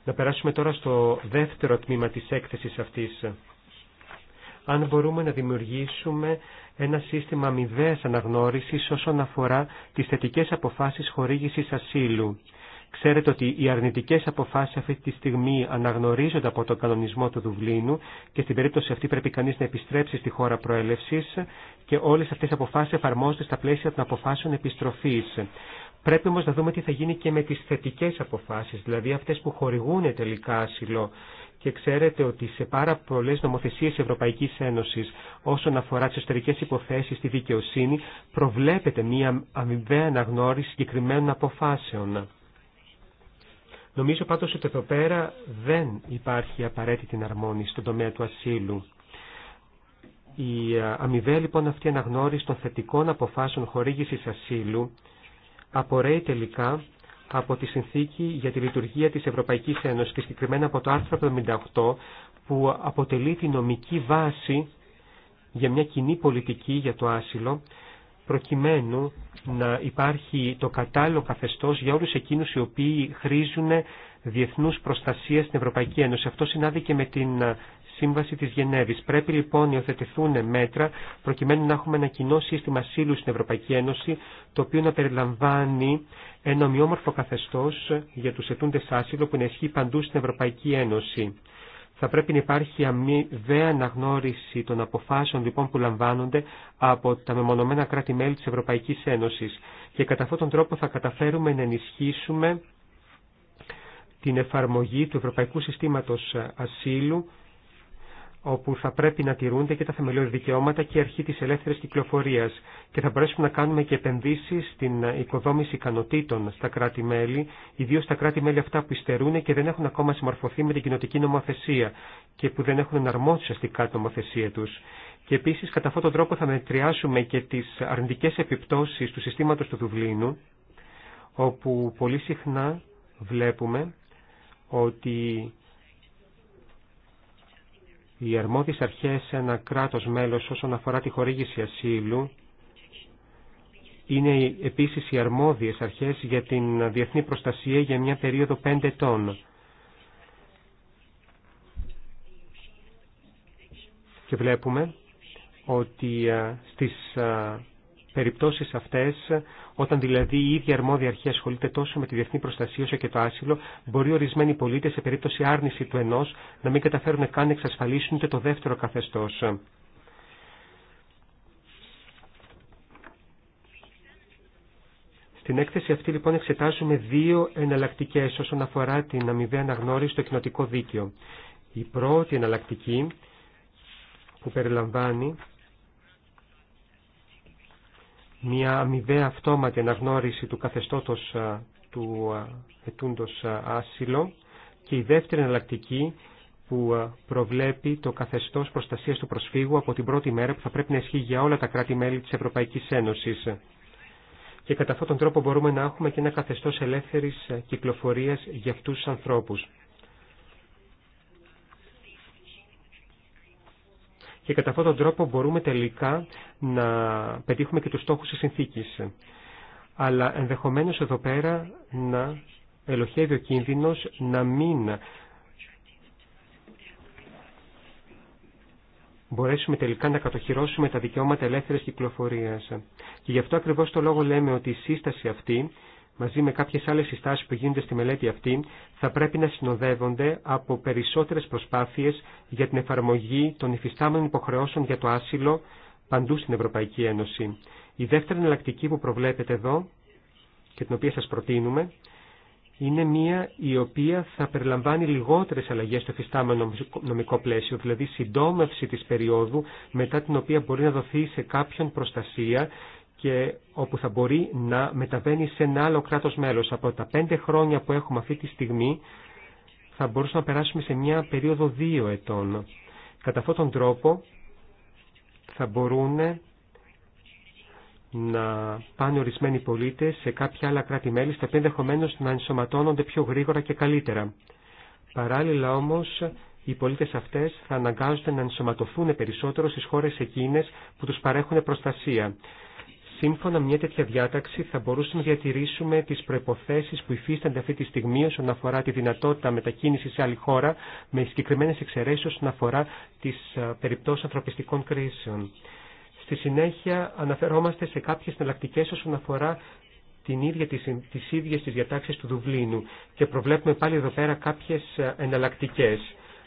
Να περάσουμε τώρα στο δεύτερο τμήμα της έκθεσης αυτής. Αν μπορούμε να δημιουργήσουμε ένα σύστημα αμοιβαίας αναγνώρισης όσον αφορά τις θετικές αποφάσεις χορήγησης ασύλου. Ξέρετε ότι οι αρνητικές αποφάσεις αυτή τη στιγμή αναγνωρίζονται από τον κανονισμό του Δουβλίνου και στην περίπτωση αυτή πρέπει κανείς να επιστρέψει στη χώρα προέλευσης και όλες αυτές οι αποφάσεις εφαρμόζονται στα πλαίσια των αποφάσεων επιστροφής. Πρέπει όμως να δούμε τι θα γίνει και με τις θετικές αποφάσεις, δηλαδή αυτές που χορηγούν τελικά άσυλο. Και ξέρετε ότι σε πάρα πολλέ νομοθεσίε Ευρωπαϊκή Ένωση όσον αφορά τι εσωτερικέ υποθέσει στη δικαιοσύνη προβλέπεται μια αμοιβαία αναγνώριση συγκεκριμένων αποφάσεων. Νομίζω πάντως ότι εδώ πέρα δεν υπάρχει απαραίτητη εναρμόνιση στον τομέα του ασύλου. Η ε, αμοιβαία λοιπόν αυτή αναγνώριση των θετικών αποφάσεων χορήγησης ασύλου απορρέει τελικά από τη Συνθήκη για τη Λειτουργία τη Ευρωπαϊκής Ένωση και συγκεκριμένα από το άρθρο 78 που αποτελεί τη νομική βάση για μια κοινή πολιτική για το άσυλο προκειμένου να υπάρχει το κατάλληλο καθεστώς για όλους εκείνους οι οποίοι χρήζουν διεθνούς προστασία στην Ευρωπαϊκή Ένωση. Αυτό συνάδει και με την ε, Σύμβαση της Γενέβης. Πρέπει λοιπόν να υιοθετηθούν μέτρα προκειμένου να έχουμε ένα κοινό σύστημα ασύλου στην Ευρωπαϊκή Ένωση, το οποίο να περιλαμβάνει ένα ομοιόμορφο καθεστώς για τους ετούντες άσυλο που να παντού στην Ευρωπαϊκή Ένωση. Θα πρέπει να υπάρχει αμοιβαία αναγνώριση των αποφάσεων λοιπόν που λαμβάνονται από τα μεμονωμένα κράτη-μέλη της Ευρωπαϊκής Ένωσης και κατά αυτόν τον τρόπο θα καταφέρουμε να ενισχύσουμε την εφαρμογή του Ευρωπαϊκού Συστήματος Ασύλου όπου θα πρέπει να τηρούνται και τα θεμελιώδη δικαιώματα και η αρχή της ελεύθερης κυκλοφορίας και θα μπορέσουμε να κάνουμε και επενδύσεις στην οικοδόμηση ικανοτήτων στα κράτη-μέλη, ιδίως στα κράτη-μέλη αυτά που υστερούν και δεν έχουν ακόμα συμμορφωθεί με την κοινοτική νομοθεσία και που δεν έχουν εναρμόσει ουσιαστικά την νομοθεσία τους. Και επίσης κατά αυτόν τον τρόπο θα μετριάσουμε και τις αρνητικές επιπτώσεις του συστήματος του Δουβλίνου, όπου πολύ συχνά βλέπουμε ότι οι αρμόδιες αρχές σε ένα κράτος μέλος όσον αφορά τη χορήγηση ασύλου είναι επίσης οι αρμόδιες αρχές για την διεθνή προστασία για μια περίοδο πέντε ετών. Και βλέπουμε ότι ε, στις ε, περιπτώσεις αυτές, όταν δηλαδή η ίδια αρμόδια αρχή ασχολείται τόσο με τη διεθνή προστασία όσο και το άσυλο, μπορεί ορισμένοι πολίτες σε περίπτωση άρνηση του ενός να μην καταφέρουν καν να εξασφαλίσουν ούτε το δεύτερο καθεστώς. Στην έκθεση αυτή λοιπόν εξετάζουμε δύο εναλλακτικέ όσον αφορά την αμοιβαία αναγνώριση στο κοινοτικό δίκαιο. Η πρώτη εναλλακτική που περιλαμβάνει μια αμοιβαία αυτόματη αναγνώριση του καθεστώτος του ετούντος άσυλο και η δεύτερη εναλλακτική που προβλέπει το καθεστώς προστασίας του προσφύγου από την πρώτη μέρα που θα πρέπει να ισχύει για όλα τα κράτη-μέλη της Ευρωπαϊκής Ένωσης. Και κατά αυτόν τον τρόπο μπορούμε να έχουμε και ένα καθεστώς ελεύθερης ε, κυκλοφορίας για αυτούς τους ανθρώπους. και κατά αυτόν τον τρόπο μπορούμε τελικά να πετύχουμε και τους στόχους της συνθήκης. Αλλά ενδεχομένως εδώ πέρα να ελοχεύει ο κίνδυνος να μην μπορέσουμε τελικά να κατοχυρώσουμε τα δικαιώματα ελεύθερης κυκλοφορίας. Και γι' αυτό ακριβώς το λόγο λέμε ότι η σύσταση αυτή μαζί με κάποιες άλλες συστάσεις που γίνονται στη μελέτη αυτή, θα πρέπει να συνοδεύονται από περισσότερες προσπάθειες για την εφαρμογή των υφιστάμενων υποχρεώσεων για το άσυλο παντού στην Ευρωπαϊκή Ένωση. Η δεύτερη εναλλακτική που προβλέπετε εδώ και την οποία σας προτείνουμε, είναι μία η οποία θα περιλαμβάνει λιγότερες αλλαγές στο φυστάμενο νομικό πλαίσιο, δηλαδή συντόμευση της περίοδου μετά την οποία μπορεί να δοθεί σε κάποιον προστασία και όπου θα μπορεί να μεταβαίνει σε ένα άλλο κράτος μέλος. Από τα πέντε χρόνια που έχουμε αυτή τη στιγμή θα μπορούσαμε να περάσουμε σε μια περίοδο δύο ετών. Κατά αυτόν τον τρόπο θα μπορούν να πάνε ορισμένοι πολίτες σε κάποια άλλα κράτη-μέλη, στα οποία ενδεχομένω να ενσωματώνονται πιο γρήγορα και καλύτερα. Παράλληλα όμως, οι πολίτες αυτές θα αναγκάζονται να ενσωματωθούν περισσότερο στις χώρες εκείνες που τους παρέχουν προστασία. Σύμφωνα με μια τέτοια διάταξη θα μπορούσαμε να διατηρήσουμε τις προϋποθέσεις που υφίστανται αυτή τη στιγμή όσον αφορά τη δυνατότητα μετακίνησης σε άλλη χώρα με συγκεκριμένε εξαιρέσεις όσον αφορά τις ε, περιπτώσεις ανθρωπιστικών κρίσεων. Στη συνέχεια αναφερόμαστε σε κάποιες εναλλακτικέ όσον αφορά την ίδια τις, τις ίδιες τις διατάξεις του Δουβλίνου και προβλέπουμε πάλι εδώ πέρα κάποιες ε, εναλλακτικέ.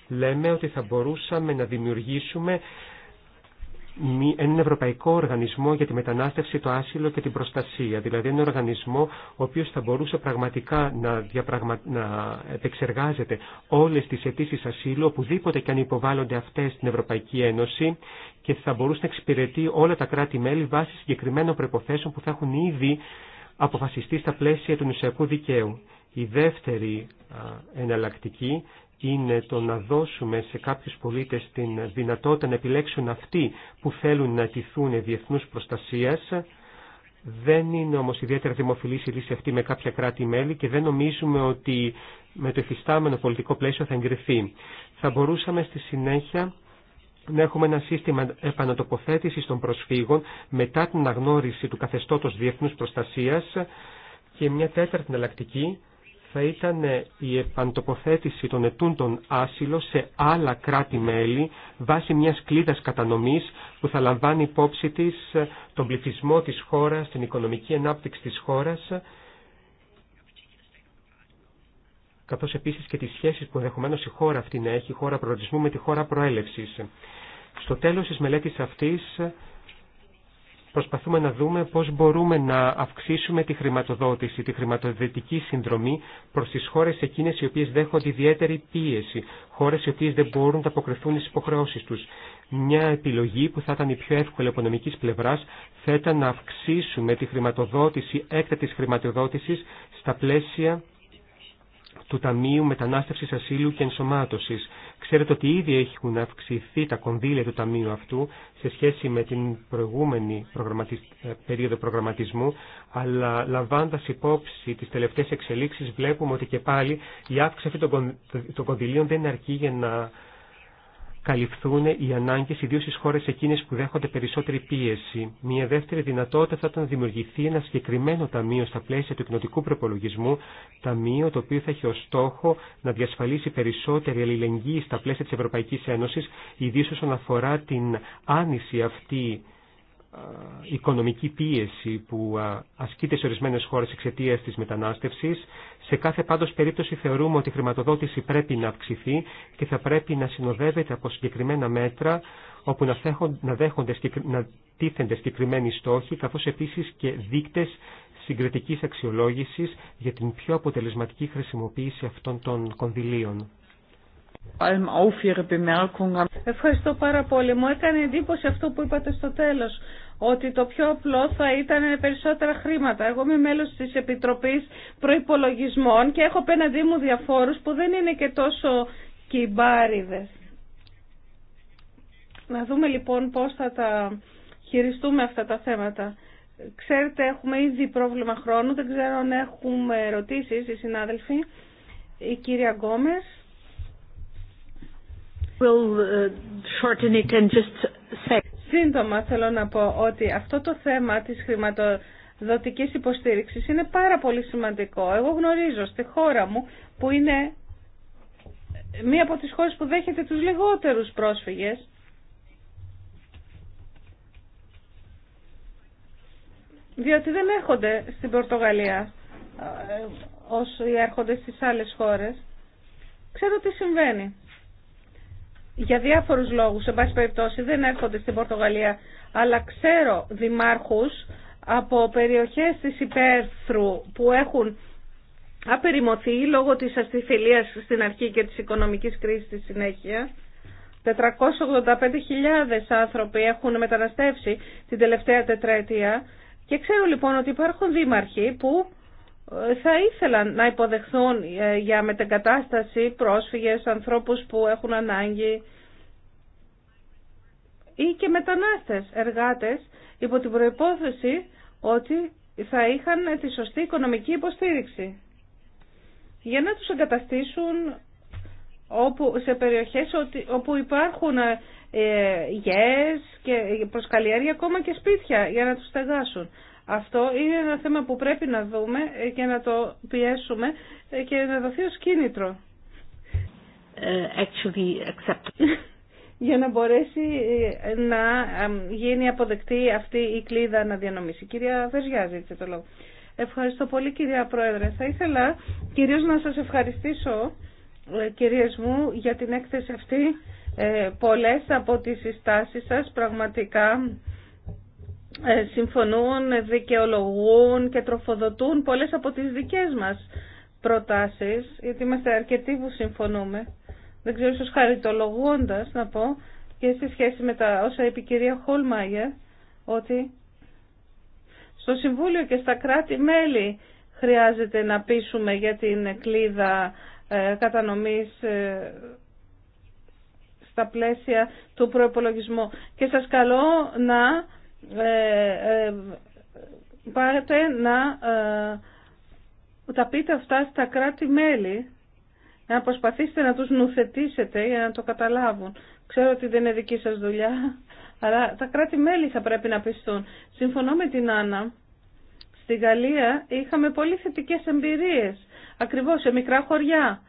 Λέμε ότι θα μπορούσαμε να δημιουργήσουμε ένα ευρωπαϊκό οργανισμό για τη μετανάστευση, το άσυλο και την προστασία. Δηλαδή ένα οργανισμό ο οποίος θα μπορούσε πραγματικά να, να επεξεργάζεται όλες τις αιτήσει ασύλου, οπουδήποτε και αν υποβάλλονται αυτές στην Ευρωπαϊκή Ένωση και θα μπορούσε να εξυπηρετεί όλα τα κράτη-μέλη βάσει συγκεκριμένων προποθέσεων που θα έχουν ήδη αποφασιστεί στα πλαίσια του νησιακού δικαίου. Η δεύτερη εναλλακτική είναι το να δώσουμε σε κάποιους πολίτες την δυνατότητα να επιλέξουν αυτοί που θέλουν να τηθούν διεθνούς προστασίας. Δεν είναι όμως ιδιαίτερα δημοφιλής η λύση αυτή με κάποια κράτη-μέλη και δεν νομίζουμε ότι με το εφιστάμενο πολιτικό πλαίσιο θα εγκριθεί. Θα μπορούσαμε στη συνέχεια να έχουμε ένα σύστημα επανατοποθέτησης των προσφύγων μετά την αναγνώριση του καθεστώτος διεθνούς προστασίας και μια τέταρτη εναλλακτική θα ήταν η επαντοποθέτηση των ετούντων άσυλο σε άλλα κράτη-μέλη βάσει μιας κλίδας κατανομής που θα λαμβάνει υπόψη της ε, τον πληθυσμό της χώρας, την οικονομική ανάπτυξη της χώρας καθώς επίσης και τις σχέσεις που ενδεχομένω η χώρα αυτή να έχει, η χώρα προορισμού με τη χώρα προέλευσης. Στο τέλος της μελέτης αυτής προσπαθούμε να δούμε πώς μπορούμε να αυξήσουμε τη χρηματοδότηση, τη χρηματοδοτική συνδρομή προς τις χώρες εκείνες οι οποίες δέχονται ιδιαίτερη πίεση, χώρες οι οποίες δεν μπορούν να αποκριθούν τις υποχρεώσεις τους. Μια επιλογή που θα ήταν η πιο εύκολη από νομικής πλευράς θα ήταν να αυξήσουμε τη χρηματοδότηση, της χρηματοδότησης στα πλαίσια του Ταμείου Μετανάστευσης Ασύλου και ενσωμάτωση. Ξέρετε ότι ήδη έχουν αυξηθεί τα κονδύλια του Ταμείου αυτού σε σχέση με την προηγούμενη ε, περίοδο προγραμματισμού, αλλά λαμβάντα υπόψη τις τελευταίες εξελίξεις βλέπουμε ότι και πάλι η αύξηση των κονδυλίων δεν αρκεί για να καλυφθούν οι ανάγκες, ιδίως στις χώρες εκείνες που δέχονται περισσότερη πίεση. Μία δεύτερη δυνατότητα θα ήταν να δημιουργηθεί ένα συγκεκριμένο ταμείο στα πλαίσια του κοινοτικού προπολογισμού, ταμείο το οποίο θα έχει ως στόχο να διασφαλίσει περισσότερη αλληλεγγύη στα πλαίσια της Ευρωπαϊκής Ένωσης, ιδίως όσον αφορά την άνηση αυτή ε, οικονομική πίεση που ε, ασκείται σε ορισμένε χώρες εξαιτία τη μετανάστευση. Σε κάθε πάντω περίπτωση θεωρούμε ότι η χρηματοδότηση πρέπει να αυξηθεί και θα πρέπει να συνοδεύεται από συγκεκριμένα μέτρα όπου να, να, δέχονται, να τίθενται συγκεκριμένοι στόχοι καθώς επίσης και δείκτες συγκριτική αξιολόγηση για την πιο αποτελεσματική χρησιμοποίηση αυτών των κονδυλίων. Ευχαριστώ πάρα πολύ. Μου έκανε εντύπωση αυτό που είπατε στο τέλος, ότι το πιο απλό θα ήταν περισσότερα χρήματα. Εγώ είμαι μέλο τη επιτροπή προπολογισμών και έχω απέναντί μου διαφόρου που δεν είναι και τόσο κυμπάριδε. Να δούμε λοιπόν πώ θα τα χειριστούμε αυτά τα θέματα. Ξέρετε, έχουμε ήδη πρόβλημα χρόνου, δεν ξέρω αν έχουμε ερωτήσει, οι συνάδελφοι. Η κυρία Γκόμες. Uh, Σύντομα θέλω να πω ότι αυτό το θέμα της χρηματοδοτικής υποστήριξης είναι πάρα πολύ σημαντικό. Εγώ γνωρίζω στη χώρα μου που είναι μία από τις χώρες που δέχεται τους λιγότερους πρόσφυγες διότι δεν έρχονται στην Πορτογαλία ε, όσοι έρχονται στις άλλες χώρες. Ξέρω τι συμβαίνει για διάφορους λόγους, σε πάση περιπτώσει, δεν έρχονται στην Πορτογαλία, αλλά ξέρω δημάρχους από περιοχές της υπέρθρου που έχουν απεριμωθεί λόγω της αστιφιλίας στην αρχή και της οικονομικής κρίσης στη συνέχεια. 485.000 άνθρωποι έχουν μεταναστεύσει την τελευταία τετραετία και ξέρω λοιπόν ότι υπάρχουν δήμαρχοι που θα ήθελαν να υποδεχθούν ε, για μετεγκατάσταση πρόσφυγες, ανθρώπους που έχουν ανάγκη ή και μετανάστες, εργάτες, υπό την προϋπόθεση ότι θα είχαν τη σωστή οικονομική υποστήριξη για να τους εγκαταστήσουν όπου, σε περιοχές όπου υπάρχουν ε, ε και προς ακόμα και σπίτια για να τους στεγάσουν. Αυτό είναι ένα θέμα που πρέπει να δούμε και να το πιέσουμε και να δοθεί ως κίνητρο. Ε, actually, accept. για να μπορέσει ε, να ε, γίνει αποδεκτή αυτή η κλίδα να διανομήσει. κυρία Βεζιά ζήτησε το λόγο. Ευχαριστώ πολύ κυρία Πρόεδρε. Θα ήθελα κυρίως να σας ευχαριστήσω κυρίες μου για την έκθεση αυτή. πολλές από τις συστάσεις σας πραγματικά ε, συμφωνούν, δικαιολογούν και τροφοδοτούν πολλές από τις δικές μας προτάσεις, γιατί είμαστε αρκετοί που συμφωνούμε. Δεν ξέρω, ίσως χαριτολογώντας να πω και στη σχέση με τα όσα είπε η κυρία Χολμάγερ, ότι στο Συμβούλιο και στα κράτη-μέλη χρειάζεται να πείσουμε για την κλίδα ε, κατανομής ε, στα πλαίσια του προϋπολογισμού. Και σας καλώ να ε, ε, πάρετε να ε, τα πείτε αυτά στα κράτη-μέλη, να προσπαθήσετε να τους νουθετήσετε για να το καταλάβουν. Ξέρω ότι δεν είναι δική σας δουλειά, αλλά τα κράτη-μέλη θα πρέπει να πιστούν. Συμφωνώ με την Άννα. Στη Γαλλία είχαμε πολύ θετικές εμπειρίες, ακριβώς σε μικρά χωριά.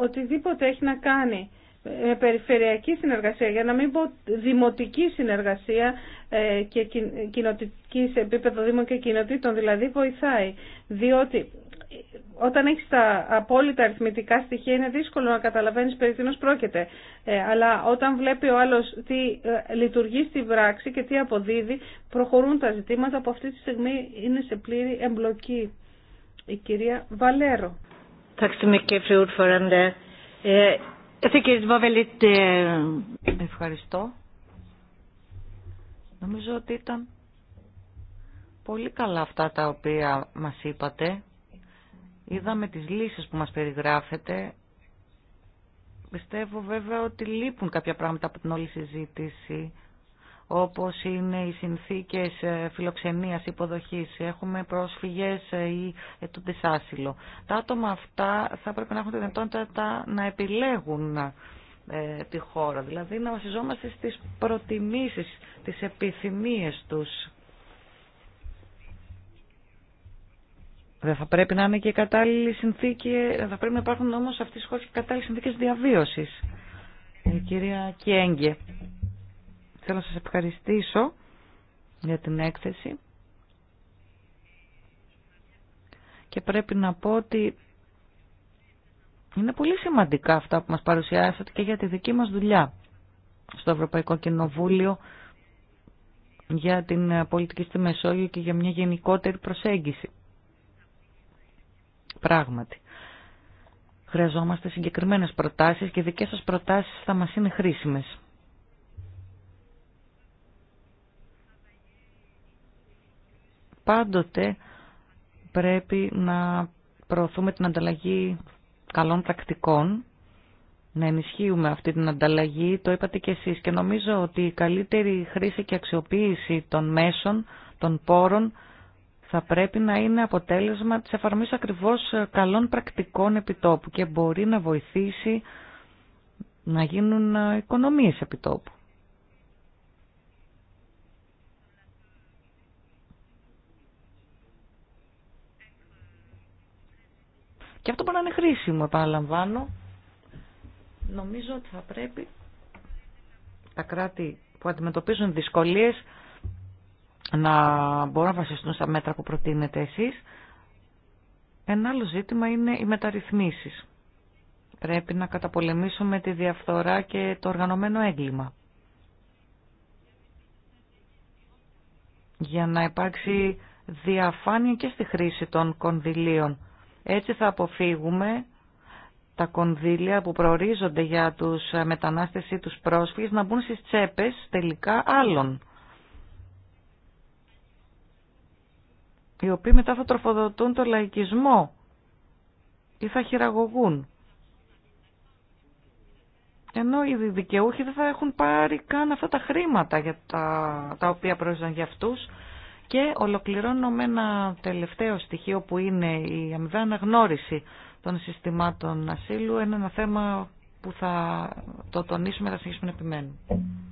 Οτιδήποτε έχει να κάνει με περιφερειακή συνεργασία, για να μην πω δημοτική συνεργασία ε, και κοινοτική σε επίπεδο δήμων και κοινοτήτων, δηλαδή βοηθάει. Διότι ε, όταν έχεις τα απόλυτα αριθμητικά στοιχεία είναι δύσκολο να καταλαβαίνεις περί τίνος πρόκειται. Ε, αλλά όταν βλέπει ο άλλος τι λειτουργεί στη πράξη και τι αποδίδει, προχωρούν τα ζητήματα που αυτή τη στιγμή είναι σε πλήρη εμπλοκή. Η κυρία Βαλέρο. Øh, Ευχαριστώ. Νομίζω ότι ήταν πολύ καλά αυτά τα οποία μας είπατε. Είδαμε τις λύσεις που μας περιγράφετε. Πιστεύω βέβαια ότι λείπουν κάποια πράγματα από την όλη συζήτηση όπως είναι οι συνθήκες ε, φιλοξενίας υποδοχής. Έχουμε πρόσφυγες ε, ή του άσυλο. Τα άτομα αυτά θα πρέπει να έχουν τη δυνατότητα να επιλέγουν ε, τη χώρα. Δηλαδή να βασιζόμαστε στις προτιμήσεις, τις επιθυμίες τους. Δεν θα πρέπει να είναι και κατάλληλη συνθήκη, θα πρέπει να υπάρχουν όμως αυτές τις χώρες κατάλληλες συνθήκες διαβίωσης. κυρία Κιέγγε. Θέλω να σας ευχαριστήσω για την έκθεση και πρέπει να πω ότι είναι πολύ σημαντικά αυτά που μας παρουσιάσατε και για τη δική μας δουλειά στο Ευρωπαϊκό Κοινοβούλιο για την πολιτική στη Μεσόγειο και για μια γενικότερη προσέγγιση. Πράγματι. Χρειαζόμαστε συγκεκριμένες προτάσεις και δικές σας προτάσεις θα μας είναι χρήσιμες. πάντοτε πρέπει να προωθούμε την ανταλλαγή καλών πρακτικών, να ενισχύουμε αυτή την ανταλλαγή, το είπατε και εσείς και νομίζω ότι η καλύτερη χρήση και αξιοποίηση των μέσων, των πόρων θα πρέπει να είναι αποτέλεσμα της εφαρμής ακριβώς καλών πρακτικών επιτόπου και μπορεί να βοηθήσει να γίνουν οικονομίες επιτόπου. Και αυτό μπορεί να είναι χρήσιμο, επαναλαμβάνω. Νομίζω ότι θα πρέπει τα κράτη που αντιμετωπίζουν δυσκολίες να μπορούν να βασιστούν στα μέτρα που προτείνετε εσείς. Ένα άλλο ζήτημα είναι οι μεταρρυθμίσεις. Πρέπει να καταπολεμήσουμε τη διαφθορά και το οργανωμένο έγκλημα. Για να υπάρξει διαφάνεια και στη χρήση των κονδυλίων έτσι θα αποφύγουμε τα κονδύλια που προορίζονται για τους ε, μετανάστες ή τους πρόσφυγες να μπουν στις τσέπες τελικά άλλων. Οι οποίοι μετά θα τροφοδοτούν το λαϊκισμό ή θα χειραγωγούν. Ενώ οι δικαιούχοι δεν θα έχουν πάρει καν αυτά τα χρήματα για τα, τα οποία προορίζονται για αυτούς και ολοκληρώνω με ένα τελευταίο στοιχείο που είναι η αμοιβαία αναγνώριση των συστημάτων ασύλου. Είναι ένα θέμα που θα το τονίσουμε, θα συνεχίσουμε να επιμένουμε.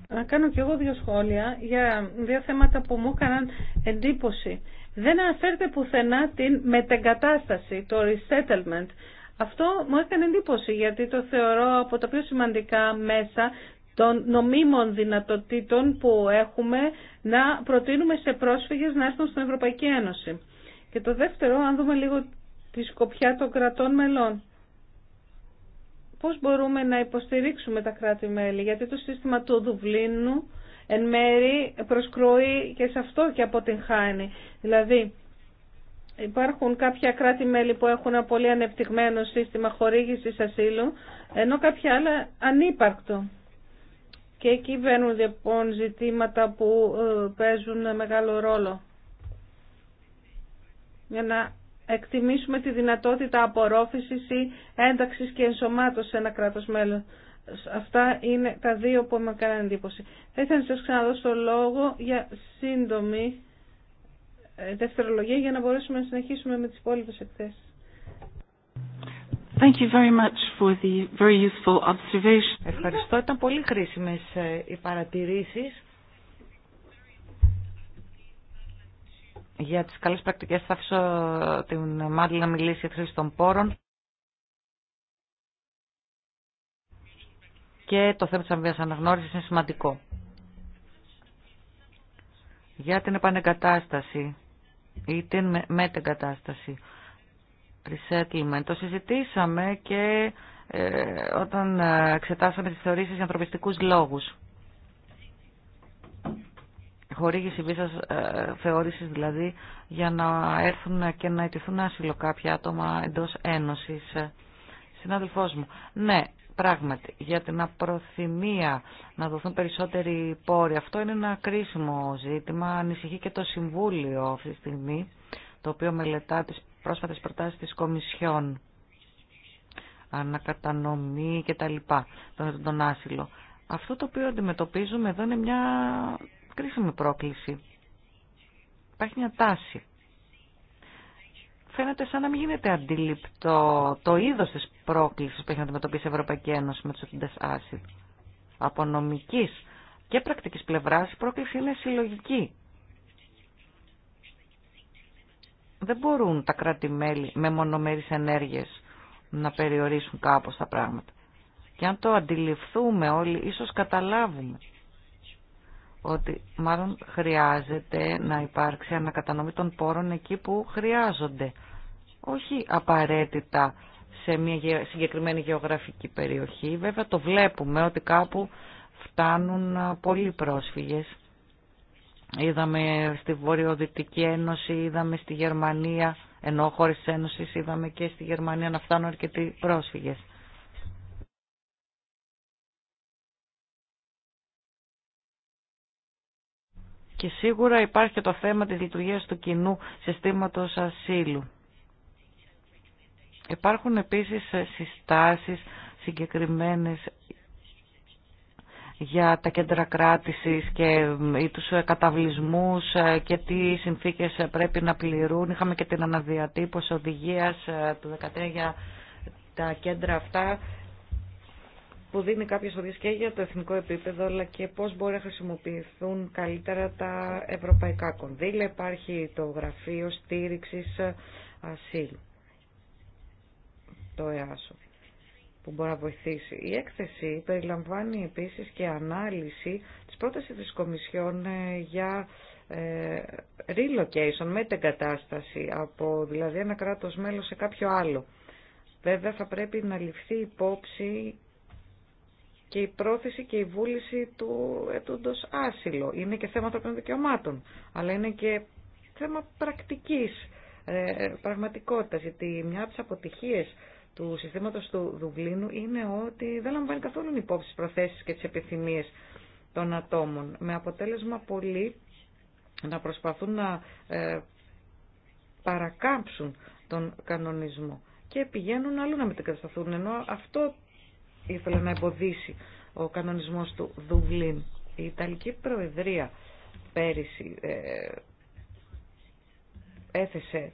Να κάνω κι εγώ δύο σχόλια για δύο θέματα που μου έκαναν εντύπωση. Δεν αναφέρεται πουθενά την μετεγκατάσταση, το resettlement. Αυτό μου έκανε εντύπωση γιατί το θεωρώ από τα πιο σημαντικά μέσα των νομίμων δυνατοτήτων που έχουμε να προτείνουμε σε πρόσφυγες να έρθουν στην Ευρωπαϊκή Ένωση. Και το δεύτερο, αν δούμε λίγο τη σκοπιά των κρατών μελών. Πώς μπορούμε να υποστηρίξουμε τα κράτη-μέλη, γιατί το σύστημα του Δουβλίνου εν μέρη προσκρούει και σε αυτό και από την δηλαδη Δηλαδή, υπάρχουν κάποια κράτη-μέλη που έχουν ένα πολύ ανεπτυγμένο σύστημα χορήγησης ασύλου, ενώ κάποια άλλα ανύπαρκτο. Και εκεί βαίνουν, λοιπόν ζητήματα που ε, παίζουν μεγάλο ρόλο. Για να εκτιμήσουμε τη δυνατότητα απορρόφησης ή ένταξης και ενσωμάτωσης σε ένα κράτος μέλλον. Αυτά είναι τα δύο που με έκαναν εντύπωση. Θα ήθελα να σας ξαναδώσω το λόγο για σύντομη ε, δευτερολογία για να μπορέσουμε να συνεχίσουμε με τις υπόλοιπες εκθέσεις. Thank you Ευχαριστώ, ήταν πολύ χρήσιμες ε, οι παρατηρήσεις. Για τις καλές πρακτικές θα αφήσω την Μάντλη να μιλήσει για χρήση των πόρων. Και το θέμα της αμοιβίας αναγνώριση είναι σημαντικό. Για την επανεγκατάσταση ή την μετεγκατάσταση. Το συζητήσαμε και ε, όταν ε, εξετάσαμε τις θεωρήσεις για ανθρωπιστικούς λόγους. Χορήγηση βίσας ε, θεώρησης δηλαδή για να έρθουν και να αιτηθούν άσυλο κάποια άτομα εντός ένωσης. Συνάδελφός μου, ναι, πράγματι, για την απροθυμία να δοθούν περισσότεροι πόροι. Αυτό είναι ένα κρίσιμο ζήτημα, ανησυχεί και το Συμβούλιο αυτή τη στιγμή, το οποίο μελετά τις πρόσφατες προτάσεις της Κομισιόν, ανακατανομή κτλ. Τον, τον άσυλο. Αυτό το οποίο αντιμετωπίζουμε εδώ είναι μια κρίσιμη πρόκληση. Υπάρχει μια τάση. Φαίνεται σαν να μην γίνεται αντιληπτό το είδος της πρόκλησης που έχει να αντιμετωπίσει η Ευρωπαϊκή Ένωση με τους ευθυντές άσυλ. Από νομικής και πρακτικής πλευράς η πρόκληση είναι συλλογική. δεν μπορούν τα κράτη-μέλη με μονομερείς ενέργειες να περιορίσουν κάπως τα πράγματα. Και αν το αντιληφθούμε όλοι, ίσως καταλάβουμε ότι μάλλον χρειάζεται να υπάρξει ανακατανομή των πόρων εκεί που χρειάζονται. Όχι απαραίτητα σε μια συγκεκριμένη γεωγραφική περιοχή. Βέβαια το βλέπουμε ότι κάπου φτάνουν πολλοί πρόσφυγες Είδαμε στη Βορειοδυτική Ένωση, είδαμε στη Γερμανία, ενώ χώρες της Ένωσης είδαμε και στη Γερμανία να φτάνουν αρκετοί πρόσφυγες. Και σίγουρα υπάρχει και το θέμα της λειτουργίας του κοινού συστήματος ασύλου. Υπάρχουν επίσης συστάσεις συγκεκριμένες για τα κέντρα κράτησης και τους ε, καταβλισμούς ε, και τι συνθήκες ε, πρέπει να πληρούν. Είχαμε και την αναδιατύπωση οδηγίας του 2013 για τα κέντρα αυτά που δίνει κάποιες οδηγίες και για το εθνικό επίπεδο αλλά και πώς μπορεί να χρησιμοποιηθούν καλύτερα τα ευρωπαϊκά κονδύλια. Υπάρχει το γραφείο στήριξης ασύλου, το ΕΑΣΟ που μπορεί να βοηθήσει. Η έκθεση περιλαμβάνει επίσης και ανάλυση της πρότασης της Κομισιόν ε, για ε, relocation, κατάσταση, από δηλαδή ένα κράτος μέλος σε κάποιο άλλο. Βέβαια θα πρέπει να ληφθεί υπόψη και η πρόθεση και η βούληση του ετούντος άσυλο. Είναι και θέμα των δικαιωμάτων, αλλά είναι και θέμα πρακτικής, ε, πραγματικότητας, γιατί μια από τις αποτυχίες του συστήματο του Δουβλίνου είναι ότι δεν λαμβάνει καθόλου υπόψη τι προθέσεις και τις επιθυμίες των ατόμων, με αποτέλεσμα πολλοί να προσπαθούν να ε, παρακάμψουν τον κανονισμό και πηγαίνουν αλλού να μετεγκατασταθούν, ενώ αυτό ήθελε να εμποδίσει ο κανονισμός του Δουβλίν. Η Ιταλική Προεδρία πέρυσι ε, έθεσε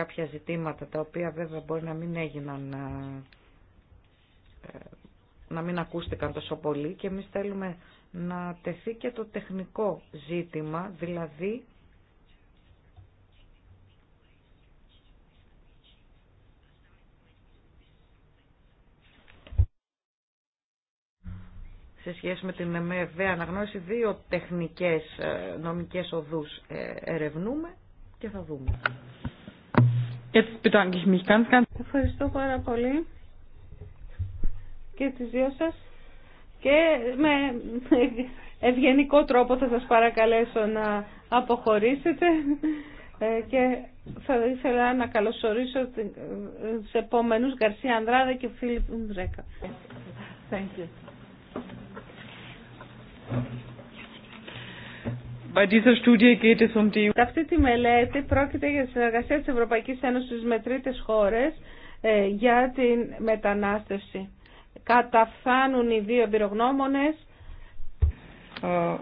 κάποια ζητήματα τα οποία βέβαια μπορεί να μην έγιναν ε, ε, να μην ακούστηκαν τόσο πολύ και εμεί θέλουμε να τεθεί και το τεχνικό ζήτημα, δηλαδή σε σχέση με την ΕΜΕΒΕ αναγνώριση δύο τεχνικές ε, νομικές οδούς ερευνούμε και θα δούμε. Ευχαριστώ πάρα πολύ και τις δύο σας και με ευγενικό τρόπο θα σας παρακαλέσω να αποχωρήσετε ε, και θα ήθελα να καλωσορίσω ε, τους επόμενους Γκαρσία Ανδράδα και Φίλιπ Μπρέκα. Thank Um Σε αυτή τη μελέτη πρόκειται για τη συνεργασία της Ευρωπαϊκής Ένωσης με τρίτες χώρες ε, για την μετανάστευση. Καταφθάνουν οι δύο εμπειρογνώμονες uh,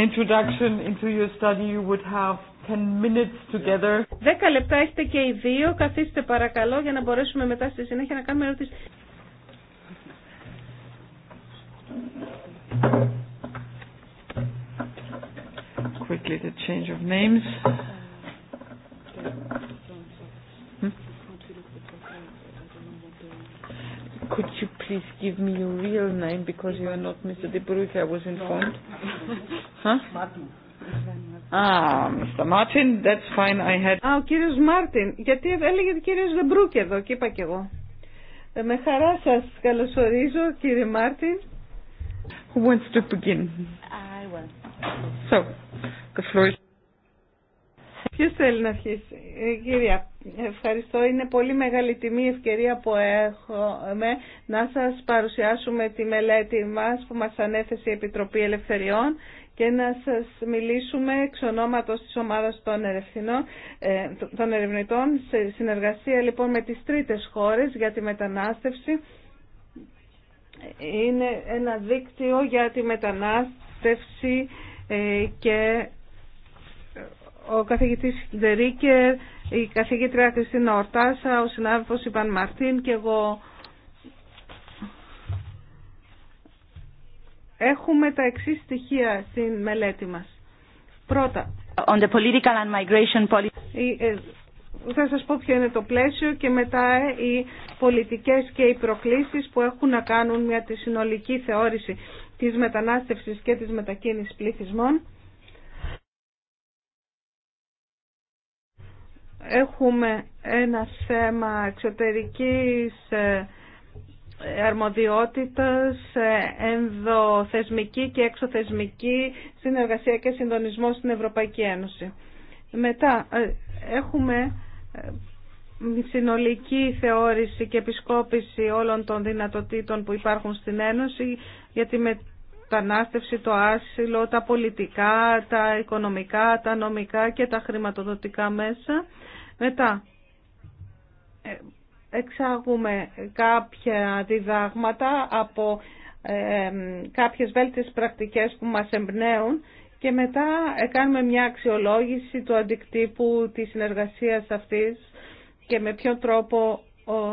10 λεπτά έχετε και οι δύο. Καθίστε παρακαλώ για να μπορέσουμε μετά στη συνέχεια να κάνουμε ερωτήσεις. exactly the change of names. Could you please give me your real name because you are not Mr. De Bruyke, I was informed. huh? Martin. Ah, Mr. Martin, that's fine, I had... Α, ο κύριος Μάρτιν, γιατί έλεγε ο κύριος Δεμπρούκ εδώ και είπα και εγώ. Ε, με χαρά σας καλωσορίζω, κύριε Μάρτιν. Who wants to begin? I will. So, Ποιο θέλει να αρχίσει. Ε, κυρία, ευχαριστώ. Είναι πολύ μεγάλη τιμή η ευκαιρία που έχουμε να σας παρουσιάσουμε τη μελέτη μας που μας ανέθεσε η Επιτροπή Ελευθεριών και να σας μιλήσουμε εξ ονόματος της ομάδας των, ε, των ερευνητών σε συνεργασία λοιπόν με τις τρίτες χώρες για τη μετανάστευση. Είναι ένα δίκτυο για τη μετανάστευση ε, και ο καθηγητής Ντερίκερ, η καθηγήτρια Χριστίνα Ορτάσα, ο συνάδελφος Ιβάν Μαρτίν και εγώ έχουμε τα εξή στοιχεία στην μελέτη μας. Πρώτα, ε, θα σας πω ποιο είναι το πλαίσιο και μετά ε, οι πολιτικές και οι προκλήσεις που έχουν να κάνουν μια τη συνολική θεώρηση της μετανάστευσης και της μετακίνησης πληθυσμών. έχουμε ένα θέμα εξωτερικής ε, αρμοδιότητας, ε, ενδοθεσμική και εξωθεσμική συνεργασία και συντονισμό στην Ευρωπαϊκή Ένωση. Μετά ε, έχουμε συνολική θεώρηση και επισκόπηση όλων των δυνατοτήτων που υπάρχουν στην Ένωση για τη μετανάστευση, το άσυλο, τα πολιτικά, τα οικονομικά, τα νομικά και τα χρηματοδοτικά μέσα. Μετά, ε, εξάγουμε κάποια διδάγματα από ε, κάποιες βέλτιες πρακτικές που μας εμπνέουν και μετά ε, κάνουμε μια αξιολόγηση του αντικτύπου της συνεργασίας αυτής και με ποιον τρόπο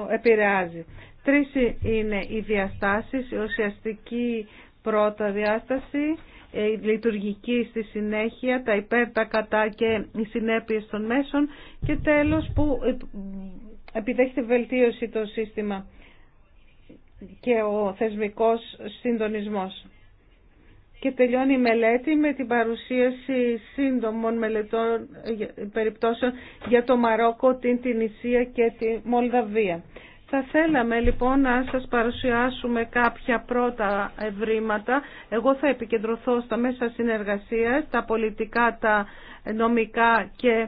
επηρεάζει. Τρεις είναι οι διαστάσεις, η ουσιαστική πρώτα διάσταση, ε, λειτουργική στη συνέχεια, τα υπέρτα κατά και οι συνέπειες των μέσων και τέλος που ε, επιδέχεται βελτίωση το σύστημα και ο θεσμικός συντονισμός. Και τελειώνει η μελέτη με την παρουσίαση σύντομων μελετών ε, περιπτώσεων για το Μαρόκο, την Τινησία και τη Μολδαβία. Θα θέλαμε λοιπόν να σας παρουσιάσουμε κάποια πρώτα ευρήματα. Εγώ θα επικεντρωθώ στα μέσα συνεργασίας, τα πολιτικά, τα νομικά και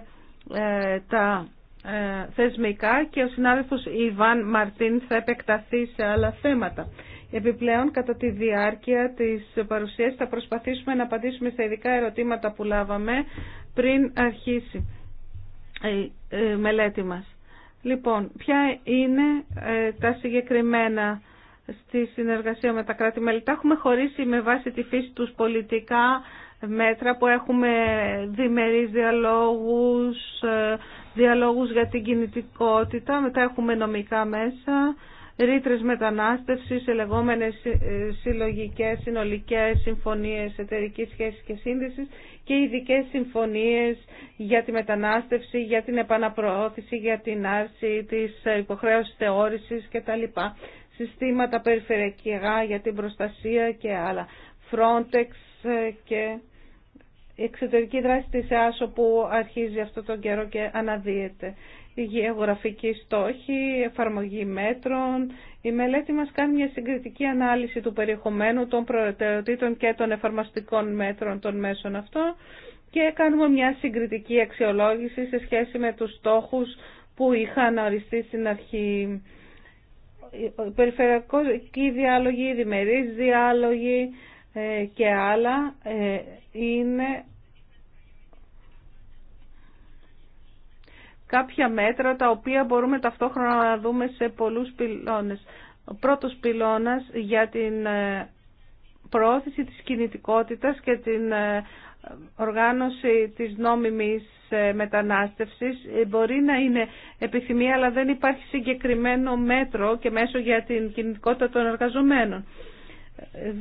ε, τα ε, θεσμικά και ο συνάδελφος Ιβάν Μαρτίν θα επεκταθεί σε άλλα θέματα. Επιπλέον, κατά τη διάρκεια της παρουσίας θα προσπαθήσουμε να απαντήσουμε στα ειδικά ερωτήματα που λάβαμε πριν αρχίσει η ε, μελέτη μας. Λοιπόν, ποια είναι ε, τα συγκεκριμένα στη συνεργασία με τα κράτη-μέλη. Τα έχουμε χωρίσει με βάση τη φύση τους πολιτικά μέτρα που έχουμε διμερείς διαλόγους, ε, διαλόγους για την κινητικότητα, μετά έχουμε νομικά μέσα, ρήτρες μετανάστευσης, λεγόμενες ε, συλλογικές, συνολικές συμφωνίες εταιρικής σχέσης και σύνδεσης και ειδικέ συμφωνίες για τη μετανάστευση, για την επαναπροώθηση, για την άρση της υποχρέωσης θεώρησης κτλ. Συστήματα περιφερειακά για την προστασία και άλλα. Frontex ε, και εξωτερική δράση της ΕΑΣΟ που αρχίζει αυτό τον καιρό και αναδύεται γεωγραφικοί στόχοι, εφαρμογή μέτρων. Η μελέτη μας κάνει μια συγκριτική ανάλυση του περιεχομένου των προτεραιοτήτων και των εφαρμοστικών μέτρων των μέσων αυτών και κάνουμε μια συγκριτική αξιολόγηση σε σχέση με τους στόχους που είχαν οριστεί στην αρχή. Περιφερειακοί διάλογοι, διμερείς διάλογοι ε, και άλλα ε, είναι κάποια μέτρα τα οποία μπορούμε ταυτόχρονα να δούμε σε πολλούς πυλώνες. Ο πρώτος πυλώνας για την ε, προώθηση της κινητικότητας και την ε, οργάνωση της νόμιμης ε, μετανάστευσης μπορεί να είναι επιθυμία αλλά δεν υπάρχει συγκεκριμένο μέτρο και μέσο για την κινητικότητα των εργαζομένων.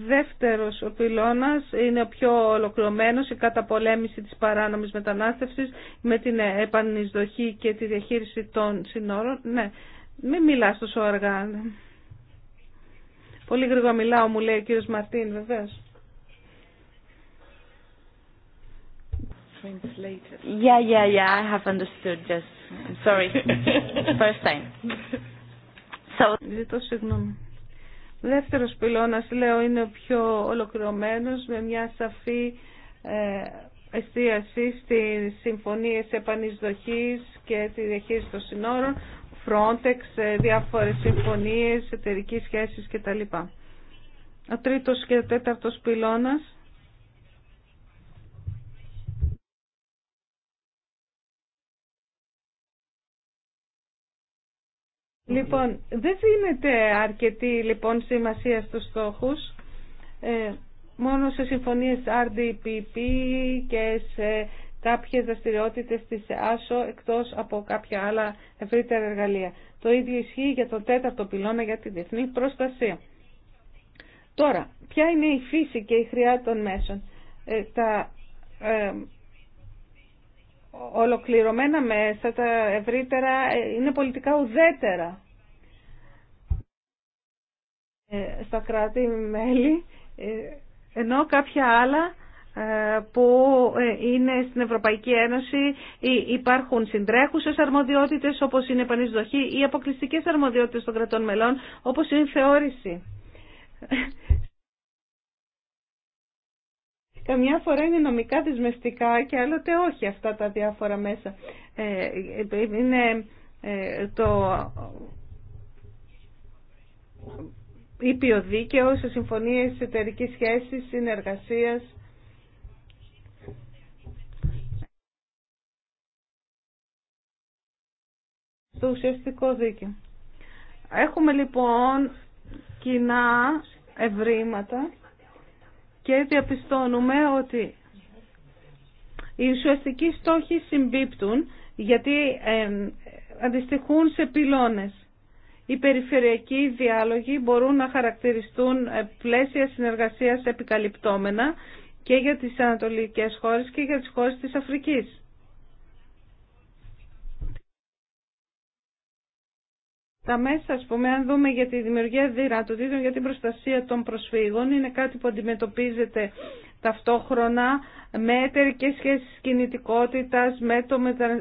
Δεύτερος ο πυλώνας είναι ο πιο ολοκληρωμένος, η καταπολέμηση της παράνομης μετανάστευσης με την επανεισδοχή και τη διαχείριση των συνόρων. Ναι, μην μιλάς τόσο αργά. Πολύ γρήγορα μιλάω, μου λέει ο κύριος Μαρτίν, βεβαίως. Yeah, yeah, yeah, I have understood just, sorry, first time. So... Ζητώ συγγνώμη δεύτερος πυλώνας, λέω, είναι ο πιο ολοκληρωμένος με μια σαφή ε, εστίαση στις συμφωνίες επανεισδοχής και τη διαχείριση των συνόρων, Frontex, ε, διάφορες συμφωνίες, εταιρικές σχέσεις κτλ. Ο τρίτος και ο τέταρτος πυλώνας Λοιπόν, δεν δίνεται αρκετή λοιπόν σημασία στους στόχους, ε, μόνο σε συμφωνίες RDPP και σε κάποιες δραστηριότητες της ΕΑΣΟ εκτός από κάποια άλλα ευρύτερα εργαλεία. Το ίδιο ισχύει για το τέταρτο πυλώνα για τη διεθνή προστασία. Τώρα, ποια είναι η φύση και η χρειά των μέσων. Ε, τα ε, ολοκληρωμένα μέσα, τα ευρύτερα, ε, είναι πολιτικά ουδέτερα ε, στα κράτη-μέλη, ε, ενώ κάποια άλλα που είναι στην Ευρωπαϊκή Ένωση υπάρχουν συντρέχουσες αρμοδιότητες όπως είναι η επανεισδοχή ή αποκλειστικές αρμοδιότητες των κρατών μελών όπως είναι η θεώρηση. Καμιά φορά είναι νομικά δεσμευτικά και άλλοτε όχι αυτά τα διάφορα μέσα. Ε, είναι ε, το ήπιο δίκαιο σε συμφωνίες εταιρικής σχέσης, συνεργασίας. Στο ουσιαστικό δίκαιο. Έχουμε λοιπόν κοινά ευρήματα και διαπιστώνουμε ότι οι ουσιαστικοί στόχοι συμπίπτουν γιατί αντιστοιχούν σε πυλώνες. Οι περιφερειακοί διάλογοι μπορούν να χαρακτηριστούν ε, πλαίσια συνεργασίας επικαλυπτόμενα και για τις ανατολικές χώρες και για τις χώρες της Αφρικής. Τα μέσα, ας πούμε, αν δούμε για τη δημιουργία δυνατοτήτων για την προστασία των προσφύγων, είναι κάτι που αντιμετωπίζεται ταυτόχρονα με εταιρικέ σχέσεις κινητικότητας, με το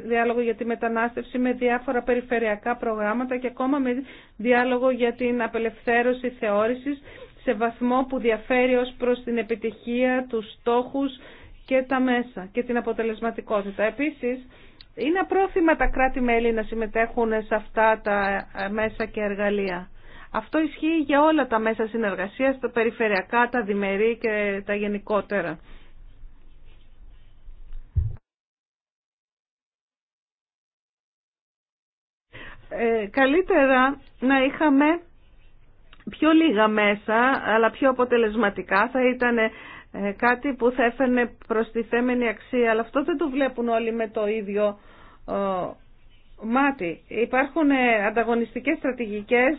διάλογο για τη μετανάστευση, με διάφορα περιφερειακά προγράμματα και ακόμα με διάλογο για την απελευθέρωση θεώρηση σε βαθμό που διαφέρει ως προς την επιτυχία, τους στόχους και τα μέσα και την αποτελεσματικότητα. Επίσης, είναι απρόθυμα τα κράτη-μέλη να συμμετέχουν σε αυτά τα ε, μέσα και εργαλεία. Αυτό ισχύει για όλα τα μέσα συνεργασίας, τα περιφερειακά, τα διμερή και τα γενικότερα. Ε, καλύτερα να είχαμε πιο λίγα μέσα, αλλά πιο αποτελεσματικά θα ήταν ε, κάτι που θα έφερνε θέμενη αξία, αλλά αυτό δεν το βλέπουν όλοι με το ίδιο ε, μάτι. Υπάρχουν ε, ανταγωνιστικές στρατηγικές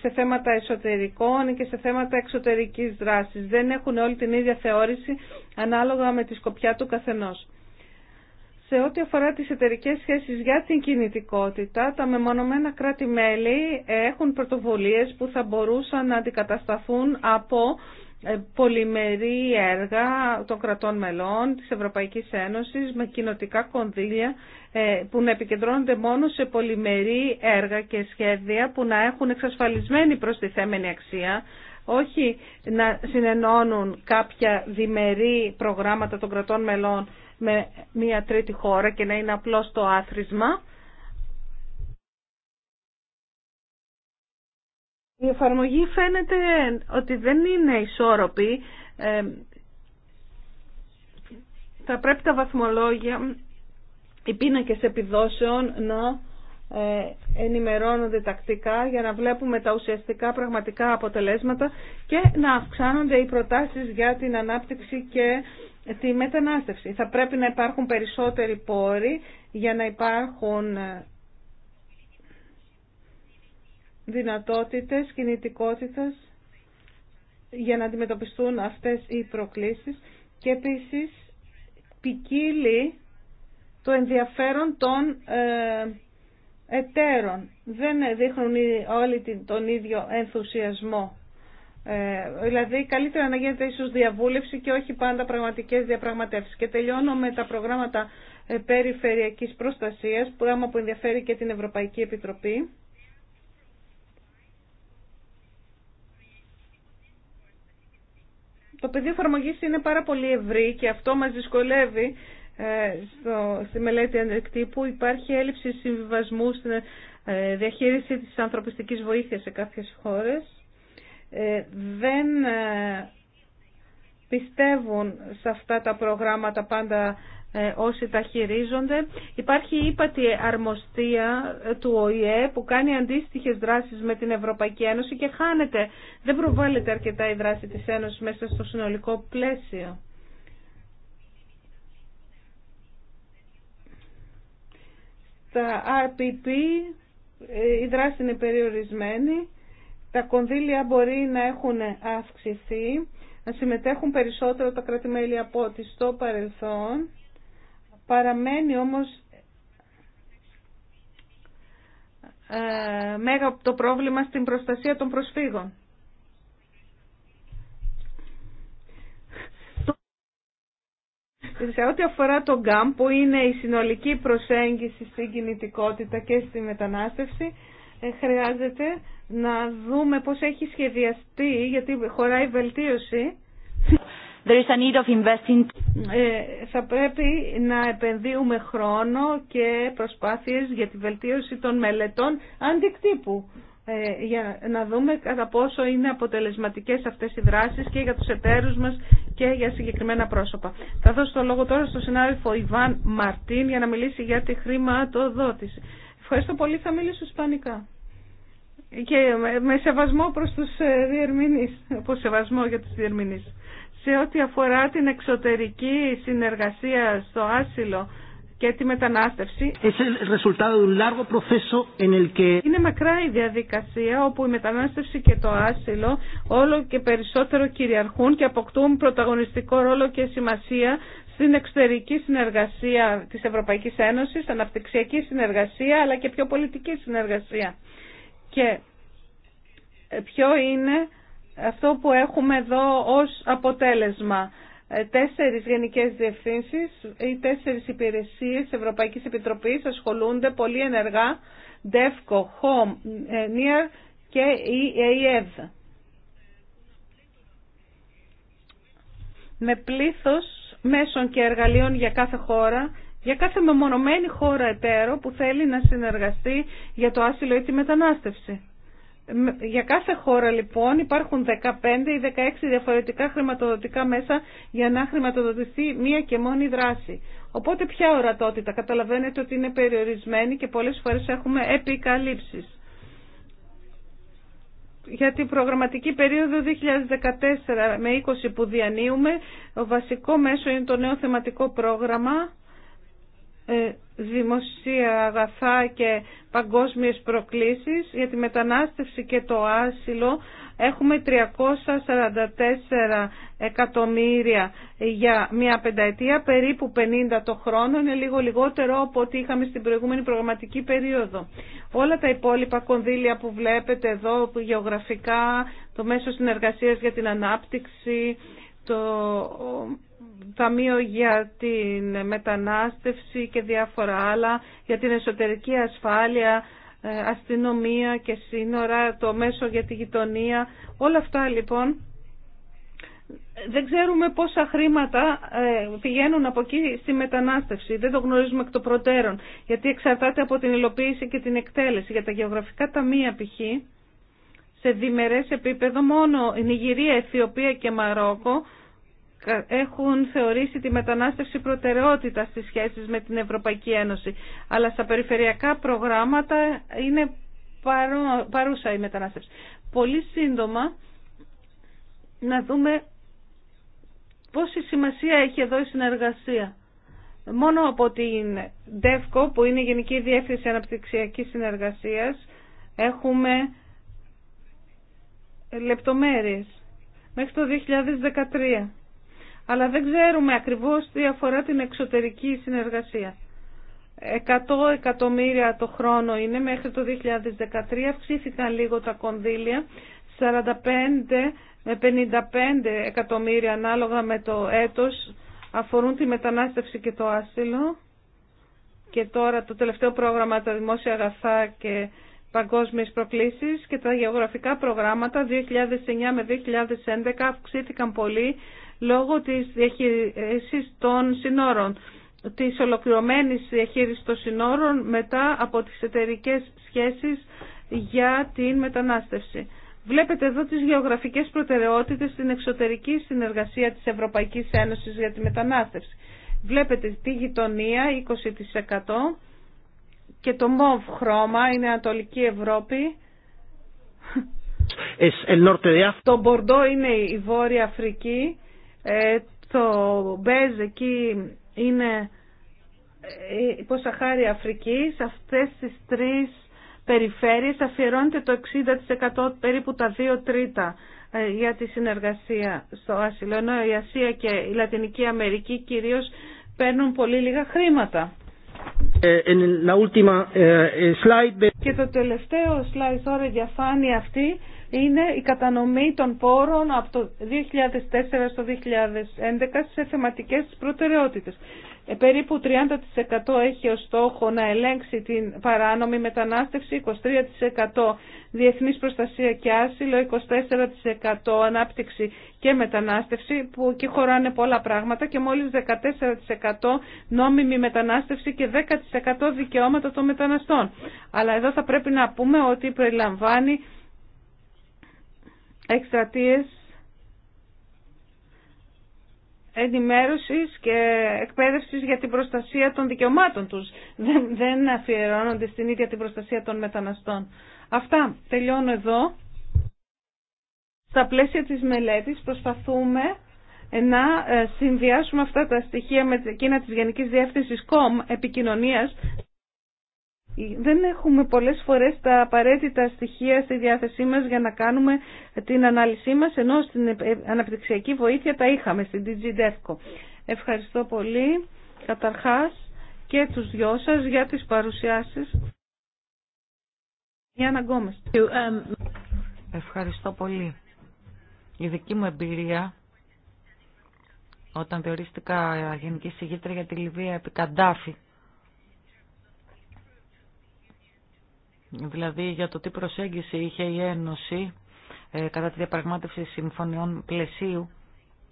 σε θέματα εσωτερικών και σε θέματα εξωτερικής δράσης. Δεν έχουν όλη την ίδια θεώρηση ανάλογα με τη σκοπιά του καθενός. Σε ό,τι αφορά τις εταιρικές σχέσεις για την κινητικότητα, τα μεμονωμένα κράτη-μέλη έχουν πρωτοβουλίες που θα μπορούσαν να αντικατασταθούν από ε, πολυμερή έργα των κρατών μελών της Ευρωπαϊκής Ένωσης με κοινοτικά κονδύλια ε, που να επικεντρώνονται μόνο σε πολυμερή έργα και σχέδια που να έχουν εξασφαλισμένη προστιθέμενη αξία όχι να συνενώνουν κάποια διμερή προγράμματα των κρατών μελών με μια τρίτη χώρα και να είναι απλώς το άθροισμα Η εφαρμογή φαίνεται ότι δεν είναι ισόρροπη. Ε, θα πρέπει τα βαθμολόγια, οι πίνακες επιδόσεων να ε, ενημερώνονται τακτικά για να βλέπουμε τα ουσιαστικά πραγματικά αποτελέσματα και να αυξάνονται οι προτάσεις για την ανάπτυξη και τη μετανάστευση. Θα πρέπει να υπάρχουν περισσότεροι πόροι για να υπάρχουν ε, δυνατότητες κινητικότητας για να αντιμετωπιστούν αυτές οι προκλήσεις και επίσης ποικίλει το ενδιαφέρον των ε, εταίρων. Δεν δείχνουν όλοι τον ίδιο ενθουσιασμό. Ε, δηλαδή καλύτερα να γίνεται ίσως διαβούλευση και όχι πάντα πραγματικές διαπραγματεύσεις. Και τελειώνω με τα προγράμματα ε, περιφερειακής προστασίας, πράγμα που ενδιαφέρει και την Ευρωπαϊκή Επιτροπή. το πεδίο εφαρμογή είναι πάρα πολύ ευρύ και αυτό μας δυσκολεύει ε, στο, στη μελέτη αντικτύπου. Υπάρχει έλλειψη συμβιβασμού στην ε, διαχείριση της ανθρωπιστικής βοήθειας σε κάποιες χώρες. Ε, δεν πιστεύουν σε αυτά τα προγράμματα πάντα ε, όσοι τα χειρίζονται. Υπάρχει η ύπατη αρμοστία του ΟΗΕ που κάνει αντίστοιχες δράσεις με την Ευρωπαϊκή Ένωση και χάνεται. Δεν προβάλλεται αρκετά η δράση της Ένωσης μέσα στο συνολικό πλαίσιο. Τα RPP, ε, η δράση είναι περιορισμένη. Τα κονδύλια μπορεί να έχουν αυξηθεί, να συμμετέχουν περισσότερο τα κράτη-μέλη από ό,τι στο παρελθόν Παραμένει όμως ε, μέγα το πρόβλημα στην προστασία των προσφύγων. Σε ό,τι αφορά το γκάμ που είναι η συνολική προσέγγιση στην κινητικότητα και στη μετανάστευση ε, χρειάζεται να δούμε πώς έχει σχεδιαστεί γιατί χωράει βελτίωση ε, θα πρέπει να επενδύουμε χρόνο και προσπάθειες για τη βελτίωση των μελετών αντικτύπου ε, για να δούμε κατά πόσο είναι αποτελεσματικές αυτές οι δράσεις και για τους εταίρους μας και για συγκεκριμένα πρόσωπα. Θα δώσω το λόγο τώρα στον συνάδελφο Ιβάν Μαρτίν για να μιλήσει για τη χρηματοδότηση. Ευχαριστώ πολύ, θα μιλήσω ισπανικά. Και με σεβασμό προς τους ε, διερμηνείς, σεβασμό για τους διερμηνείς σε ό,τι αφορά την εξωτερική συνεργασία στο άσυλο και τη μετανάστευση είναι μακρά η διαδικασία όπου η μετανάστευση και το άσυλο όλο και περισσότερο κυριαρχούν και αποκτούν πρωταγωνιστικό ρόλο και σημασία στην εξωτερική συνεργασία της Ευρωπαϊκής Ένωσης, αναπτυξιακή συνεργασία αλλά και πιο πολιτική συνεργασία. Και ποιο είναι αυτό που έχουμε εδώ ως αποτέλεσμα. Ε, τέσσερις γενικές διευθύνσεις ή τέσσερις υπηρεσίες Ευρωπαϊκής Επιτροπής ασχολούνται πολύ ενεργά DEFCO, HOME, ε, NEAR και EAEV. Με πλήθος μέσων και εργαλείων για κάθε χώρα, για κάθε μεμονωμένη χώρα εταίρο που θέλει να συνεργαστεί για το άσυλο ή τη μετανάστευση. Για κάθε χώρα λοιπόν υπάρχουν 15 ή 16 διαφορετικά χρηματοδοτικά μέσα για να χρηματοδοτηθεί μία και μόνη δράση. Οπότε ποια ορατότητα. Καταλαβαίνετε ότι είναι περιορισμένη και πολλές φορές έχουμε επικαλύψεις. Για την προγραμματική περίοδο 2014 με 20 που διανύουμε, ο βασικό μέσο είναι το νέο θεματικό πρόγραμμα ε, δημοσία αγαθά και παγκόσμιες προκλήσεις για τη μετανάστευση και το άσυλο έχουμε 344 εκατομμύρια για μια πενταετία περίπου 50 το χρόνο είναι λίγο λιγότερο από ό,τι είχαμε στην προηγούμενη προγραμματική περίοδο όλα τα υπόλοιπα κονδύλια που βλέπετε εδώ γεωγραφικά το μέσο συνεργασίας για την ανάπτυξη το Ταμείο για την μετανάστευση και διάφορα άλλα, για την εσωτερική ασφάλεια, ε, αστυνομία και σύνορα, το μέσο για τη γειτονία. Όλα αυτά λοιπόν δεν ξέρουμε πόσα χρήματα ε, πηγαίνουν από εκεί στη μετανάστευση. Δεν το γνωρίζουμε εκ των προτέρων, γιατί εξαρτάται από την υλοποίηση και την εκτέλεση. Για τα γεωγραφικά ταμεία π.χ. σε διμερές επίπεδο μόνο η Νιγηρία, Αιθιοπία και Μαρόκο έχουν θεωρήσει τη μετανάστευση προτεραιότητα στις σχέσεις με την Ευρωπαϊκή Ένωση. Αλλά στα περιφερειακά προγράμματα είναι παρούσα η μετανάστευση. Πολύ σύντομα να δούμε πόση σημασία έχει εδώ η συνεργασία. Μόνο από την ΔΕΦΚΟ που είναι η Γενική Διεύθυνση Αναπτυξιακής Συνεργασίας έχουμε λεπτομέρειες μέχρι το 2013 αλλά δεν ξέρουμε ακριβώς τι αφορά την εξωτερική συνεργασία. 100 εκατομμύρια το χρόνο είναι μέχρι το 2013, αυξήθηκαν λίγο τα κονδύλια, 45 με 55 εκατομμύρια ανάλογα με το έτος αφορούν τη μετανάστευση και το άσυλο και τώρα το τελευταίο πρόγραμμα τα δημόσια αγαθά και παγκόσμιες προκλήσεις και τα γεωγραφικά προγράμματα 2009 με 2011 αυξήθηκαν πολύ λόγω της διαχείρισης των συνόρων, της ολοκληρωμένης διαχείρισης των συνόρων μετά από τις εταιρικέ σχέσεις για την μετανάστευση. Βλέπετε εδώ τις γεωγραφικές προτεραιότητες στην εξωτερική συνεργασία της Ευρωπαϊκής Ένωσης για τη μετανάστευση. Βλέπετε τη γειτονία 20%, και το μοβ χρώμα είναι Ανατολική Ευρώπη. Το Μπορντό είναι η Βόρεια Αφρική. Ε, το Μπέζ εκεί είναι η ε, Ποσαχάρη Αφρική. Σε αυτές τις τρεις περιφέρειες αφιερώνεται το 60% περίπου τα δύο τρίτα ε, για τη συνεργασία στο άσυλο. Ενώ η Ασία και η Λατινική Αμερική κυρίως παίρνουν πολύ λίγα χρήματα. Ε, ε, ε, Και το τελευταίο slide τώρα διαφάνεια αυτή είναι η κατανομή των πόρων από το 2004 στο 2011 σε θεματικές προτεραιότητες. Ε, περίπου 30% έχει ως στόχο να ελέγξει την παράνομη μετανάστευση, 23% διεθνής προστασία και άσυλο, 24% ανάπτυξη και μετανάστευση που εκεί χωράνε πολλά πράγματα και μόλις 14% νόμιμη μετανάστευση και 10% δικαιώματα των μεταναστών. Αλλά εδώ θα πρέπει να πούμε ότι περιλαμβάνει εκστρατείες ενημέρωσης και εκπαίδευσης για την προστασία των δικαιωμάτων τους. Δεν, αφιερώνονται στην ίδια την προστασία των μεταναστών. Αυτά. Τελειώνω εδώ. Στα πλαίσια της μελέτης προσπαθούμε ε, να ε, συνδυάσουμε αυτά τα στοιχεία με εκείνα της Γενικής Διεύθυνσης ΚΟΜ επικοινωνίας δεν έχουμε πολλές φορές τα απαραίτητα στοιχεία στη διάθεσή μας για να κάνουμε την ανάλυσή μας, ενώ στην ε, αναπτυξιακή βοήθεια τα είχαμε στην DG DEFCO. Ευχαριστώ πολύ καταρχάς και τους δυο σας για τις παρουσιάσεις. Ευχαριστώ πολύ. Η δική μου εμπειρία όταν διορίστηκα γενική συγγήτρια για τη Λιβύα επί Καντάφη δηλαδή για το τι προσέγγιση είχε η Ένωση ε, κατά τη διαπραγμάτευση συμφωνιών πλαισίου,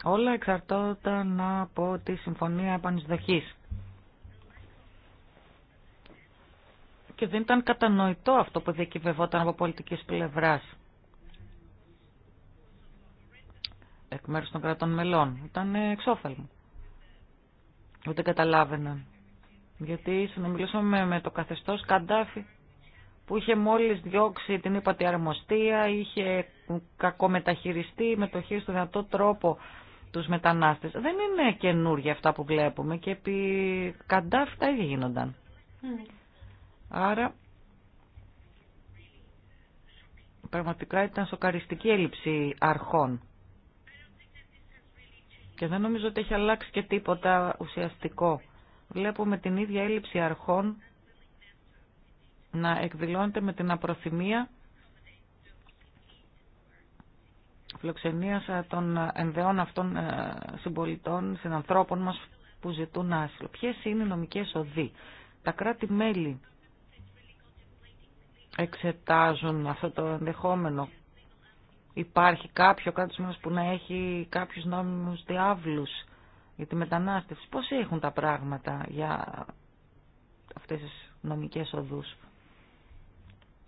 όλα εξαρτώταν από τη Συμφωνία Επανεισδοχής. Και δεν ήταν κατανοητό αυτό που διακυβευόταν από πολιτικής πλευράς. εκ μέρους των κρατών μελών. Ήταν εξόφελμο. Ούτε καταλάβαιναν. Γιατί συνομιλούσαμε με το καθεστώς Καντάφη που είχε μόλις διώξει την υπατιαρμοστία, αρμοστία, είχε κακομεταχειριστεί με το στο δυνατό τρόπο τους μετανάστες. Δεν είναι καινούργια αυτά που βλέπουμε και επί αυτά τα γίνονταν. Mm. Άρα πραγματικά ήταν σοκαριστική έλλειψη αρχών. Και δεν νομίζω ότι έχει αλλάξει και τίποτα ουσιαστικό. Βλέπουμε την ίδια έλλειψη αρχών να εκδηλώνεται με την απροθυμία φιλοξενίας ε, των ε, ενδεών αυτών ε, συμπολιτών, συνανθρώπων μας που ζητούν άσυλο. Ποιες είναι οι νομικές οδοί. Τα κράτη-μέλη εξετάζουν αυτό το ενδεχόμενο. Υπάρχει κάποιο κράτος μας που να έχει κάποιους νόμιμους διάβλους για τη μετανάστευση. Πώς έχουν τα πράγματα για αυτές τις νομικές οδούς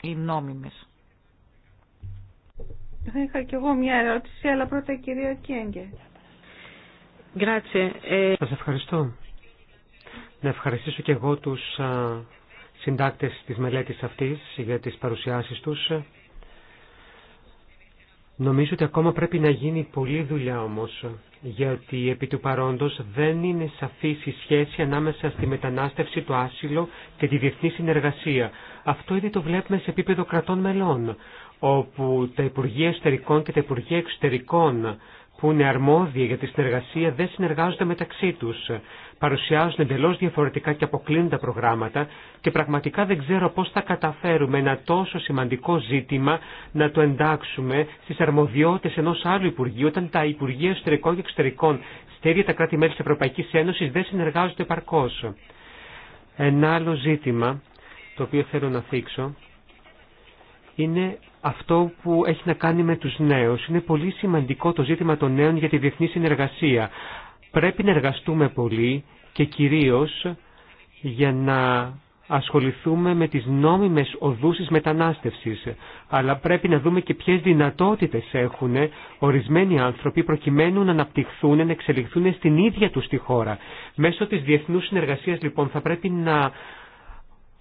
οι νόμιμες. Είχα κι εγώ μια ερώτηση, αλλά πρώτα η κυρία Κιέγκε. Ε, Σας ευχαριστώ. Να ευχαριστήσω και εγώ τους συντάκτες της μελέτης αυτής για τις παρουσιάσεις τους. Νομίζω ότι ακόμα πρέπει να γίνει πολλή δουλειά όμως, γιατί επί του παρόντος δεν είναι σαφής η σχέση ανάμεσα στη μετανάστευση, το άσυλο και τη διεθνή συνεργασία. Αυτό ήδη το βλέπουμε σε επίπεδο κρατών μελών, όπου τα Υπουργεία Εστερικών και τα Υπουργεία Εξωτερικών που είναι αρμόδια για τη συνεργασία δεν συνεργάζονται μεταξύ τους. Παρουσιάζουν εντελώς διαφορετικά και αποκλίνοντα προγράμματα και πραγματικά δεν ξέρω πώς θα καταφέρουμε ένα τόσο σημαντικό ζήτημα να το εντάξουμε στις αρμοδιότητες ενός άλλου Υπουργείου όταν τα Υπουργεία Εσωτερικών και Εξωτερικών στα τα κράτη-μέλη της Ευρωπαϊκής Ένωσης δεν συνεργάζονται επαρκώς. Ένα άλλο ζήτημα το οποίο θέλω να θίξω είναι αυτό που έχει να κάνει με τους νέους. Είναι πολύ σημαντικό το ζήτημα των νέων για τη διεθνή συνεργασία. Πρέπει να εργαστούμε πολύ και κυρίως για να ασχοληθούμε με τις νόμιμες οδούς της μετανάστευσης, αλλά πρέπει να δούμε και ποιες δυνατότητες έχουν ορισμένοι άνθρωποι προκειμένου να αναπτυχθούν, να εξελιχθούν στην ίδια τους τη χώρα. Μέσω της διεθνούς συνεργασίας λοιπόν θα πρέπει να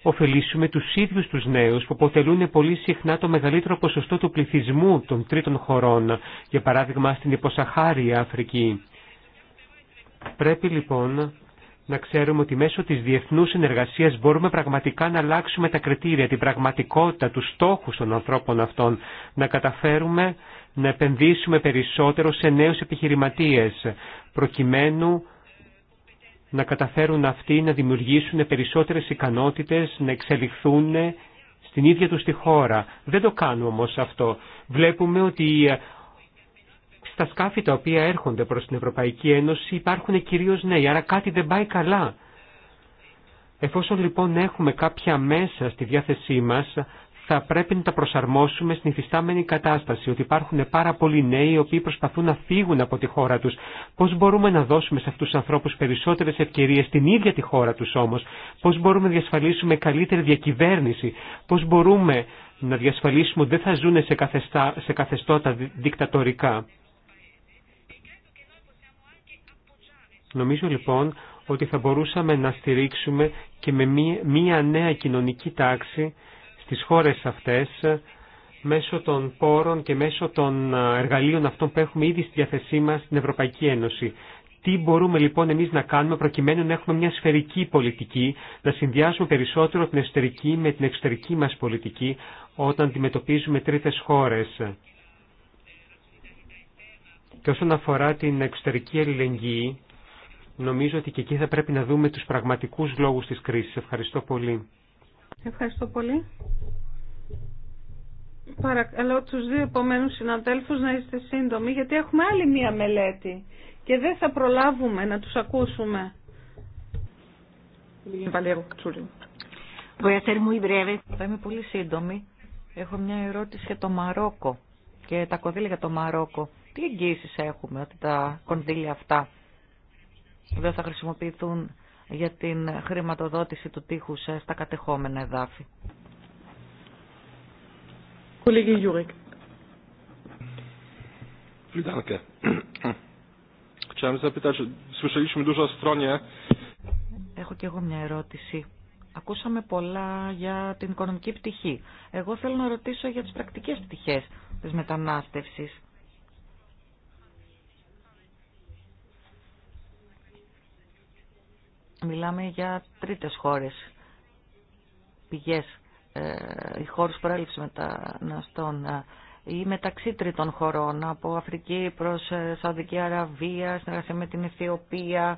ωφελήσουμε τους ίδιους τους νέους που αποτελούν πολύ συχνά το μεγαλύτερο ποσοστό του πληθυσμού των τρίτων χωρών, για παράδειγμα στην υποσαχάρια Αφρική. Πρέπει λοιπόν να ξέρουμε ότι μέσω της διεθνούς συνεργασίας μπορούμε πραγματικά να αλλάξουμε τα κριτήρια, την πραγματικότητα, του στόχου των ανθρώπων αυτών, να καταφέρουμε να επενδύσουμε περισσότερο σε νέους επιχειρηματίες, προκειμένου να καταφέρουν αυτοί να δημιουργήσουν περισσότερες ικανότητες, να εξελιχθούν στην ίδια τους τη χώρα. Δεν το κάνουμε όμως αυτό. Βλέπουμε ότι ε, στα σκάφη τα οποία έρχονται προς την Ευρωπαϊκή Ένωση υπάρχουν κυρίως νέοι, άρα κάτι δεν πάει καλά. Εφόσον λοιπόν έχουμε κάποια μέσα στη διάθεσή μας, θα πρέπει να τα προσαρμόσουμε στην υφιστάμενη κατάσταση, ότι υπάρχουν πάρα πολλοί νέοι οι οποίοι προσπαθούν να φύγουν από τη χώρα τους. Πώς μπορούμε να δώσουμε σε αυτούς τους ανθρώπους περισσότερες ευκαιρίες στην ίδια τη χώρα τους όμως, πώς μπορούμε να διασφαλίσουμε καλύτερη διακυβέρνηση, πώς μπορούμε να διασφαλίσουμε ότι δεν θα ζουν σε, σε καθεστώτα δικτατορικά. Νομίζω λοιπόν ότι θα μπορούσαμε να στηρίξουμε και με μία νέα κοινωνική τάξη στις χώρες αυτές μέσω των πόρων και μέσω των ε, εργαλείων αυτών που έχουμε ήδη στη διαθεσή μας στην Ευρωπαϊκή Ένωση. Τι μπορούμε λοιπόν εμείς να κάνουμε προκειμένου να έχουμε μια σφαιρική πολιτική, να συνδυάσουμε περισσότερο την εσωτερική με την εξωτερική μας πολιτική όταν αντιμετωπίζουμε τρίτες χώρες. Και όσον αφορά την εξωτερική αλληλεγγύη, νομίζω ότι και εκεί θα πρέπει να δούμε τους πραγματικούς λόγους της κρίσης. Ευχαριστώ πολύ. Ευχαριστώ πολύ. Παρακαλώ τους δύο επόμενους συναδέλφους να είστε σύντομοι, γιατί έχουμε άλλη μία μελέτη και δεν θα προλάβουμε να τους ακούσουμε. Θα είμαι πολύ σύντομη. Έχω μια ερώτηση για το Μαρόκο και τα κονδύλια για το Μαρόκο. Τι εγγύησεις έχουμε ότι τα κονδύλια αυτά δεν θα χρησιμοποιηθούν για την χρηματοδότηση του τείχους ε, στα κατεχόμενα εδάφη. Έχω και εγώ μια ερώτηση. Ακούσαμε πολλά για την οικονομική πτυχή. Εγώ θέλω να ρωτήσω για τις πρακτικές πτυχές της μετανάστευσης. Μιλάμε για τρίτες χώρες, πηγές, ε, οι χώρες προέλευση μεταναστών ε, ή μεταξύ τρίτων χωρών, από Αφρική προς ε, Σαουδική Αραβία, συνεργασία με την Αιθιοπία.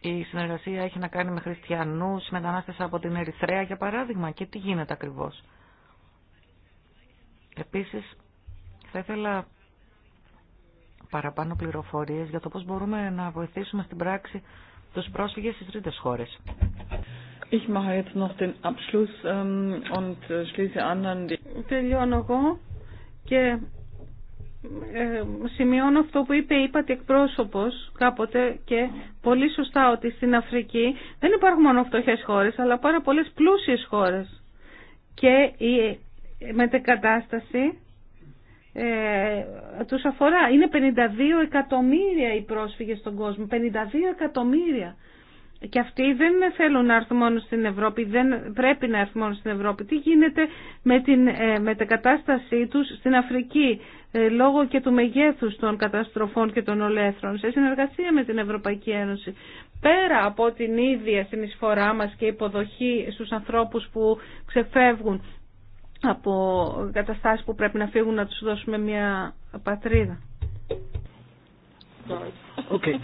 Η συνεργασία έχει να κάνει με χριστιανούς, μετανάστες από την Ερυθρέα για παράδειγμα και τι γίνεται ακριβώς. Επίσης, θα ήθελα παραπάνω πληροφορίες για το πώς μπορούμε να βοηθήσουμε στην πράξη τους πρόσφυγες στις τρίτες χώρες. Ich Τελειώνω εγώ και ε, σημειώνω αυτό που είπε είπατε εκπρόσωπο, κάποτε και πολύ σωστά ότι στην Αφρική δεν υπάρχουν μόνο φτωχές χώρες αλλά πάρα πολλές πλούσιες χώρες και η μετεκατάσταση ε, τους αφορά. Είναι 52 εκατομμύρια οι πρόσφυγες στον κόσμο. 52 εκατομμύρια. Και αυτοί δεν θέλουν να έρθουν μόνο στην Ευρώπη, δεν πρέπει να έρθουν μόνο στην Ευρώπη. Τι γίνεται με την ε, μετεκατάστασή τους στην Αφρική, ε, λόγω και του μεγέθους των καταστροφών και των ολέθρων, σε συνεργασία με την Ευρωπαϊκή Ένωση. Πέρα από την ίδια συνεισφορά μας και υποδοχή στους ανθρώπους που ξεφεύγουν, από καταστάσεις που πρέπει να φύγουν να τους δώσουμε μια πατρίδα. Okay.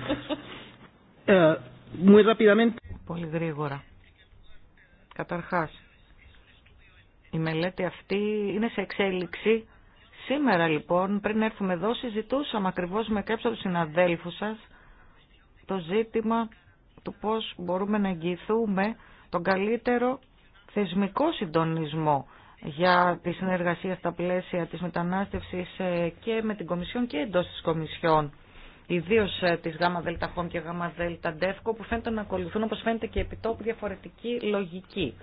Uh, Πολύ γρήγορα. Καταρχάς, η μελέτη αυτή είναι σε εξέλιξη. Σήμερα λοιπόν, πριν έρθουμε εδώ, συζητούσαμε ακριβώς με κάποιους από τους συναδέλφους σας το ζήτημα του πώς μπορούμε να εγγυηθούμε τον καλύτερο θεσμικό συντονισμό για τη συνεργασία στα πλαίσια της μετανάστευσης ε, και με την Κομισιόν και εντός της Κομισιόν. Ιδίω ε, τη ΓΔΧ και ΓΔΔΕΦΚΟ που φαίνεται να ακολουθούν όπως φαίνεται και επιτόπου διαφορετική λογική.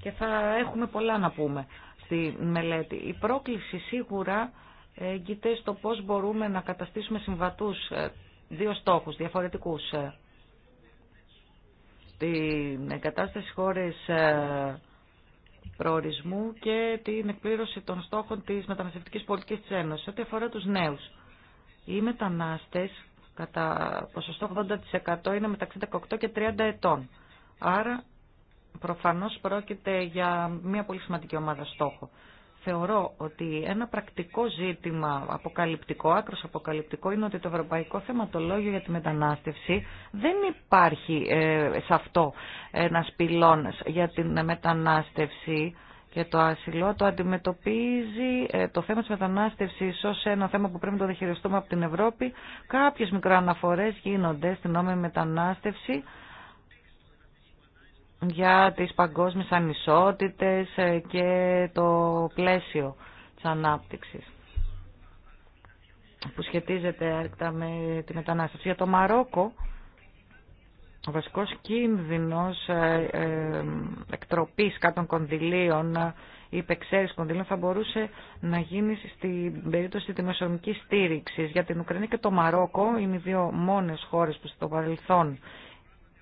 Και θα έχουμε πολλά να πούμε στη μελέτη. Η πρόκληση σίγουρα έγκυται στο πώς μπορούμε να καταστήσουμε συμβατούς ε, δύο στόχους διαφορετικούς. Την εγκατάσταση χώρες προορισμού και την εκπλήρωση των στόχων της μεταναστευτικής πολιτικής της Ένωσης. Ό,τι αφορά τους νέους, οι μετανάστες κατά ποσοστό 80% είναι μεταξύ 18 και 30 ετών. Άρα προφανώς πρόκειται για μια πολύ σημαντική ομάδα στόχο θεωρώ ότι ένα πρακτικό ζήτημα αποκαλυπτικό, άκρος αποκαλυπτικό, είναι ότι το ευρωπαϊκό θεματολόγιο για τη μετανάστευση δεν υπάρχει σε αυτό ένα πυλώνας για την μετανάστευση και το άσυλο το αντιμετωπίζει ε, το θέμα της μετανάστευσης ως ένα θέμα που πρέπει να το διαχειριστούμε από την Ευρώπη. Κάποιες μικροαναφορές γίνονται στην νόμιμη μετανάστευση για τις παγκόσμιες ανισότητες ε, και το πλαίσιο της ανάπτυξης που σχετίζεται άρρηκτα με τη μετανάστευση. Για το Μαρόκο, ο βασικός κίνδυνος ε, ε, εκτροπής κάποιων κονδυλίων ή υπεξαίρεση κονδυλίων θα μπορούσε να γίνει στην περίπτωση της μεσονική στήριξης. Για την Ουκρανία και το Μαρόκο είναι οι δύο μόνες χώρες που στο παρελθόν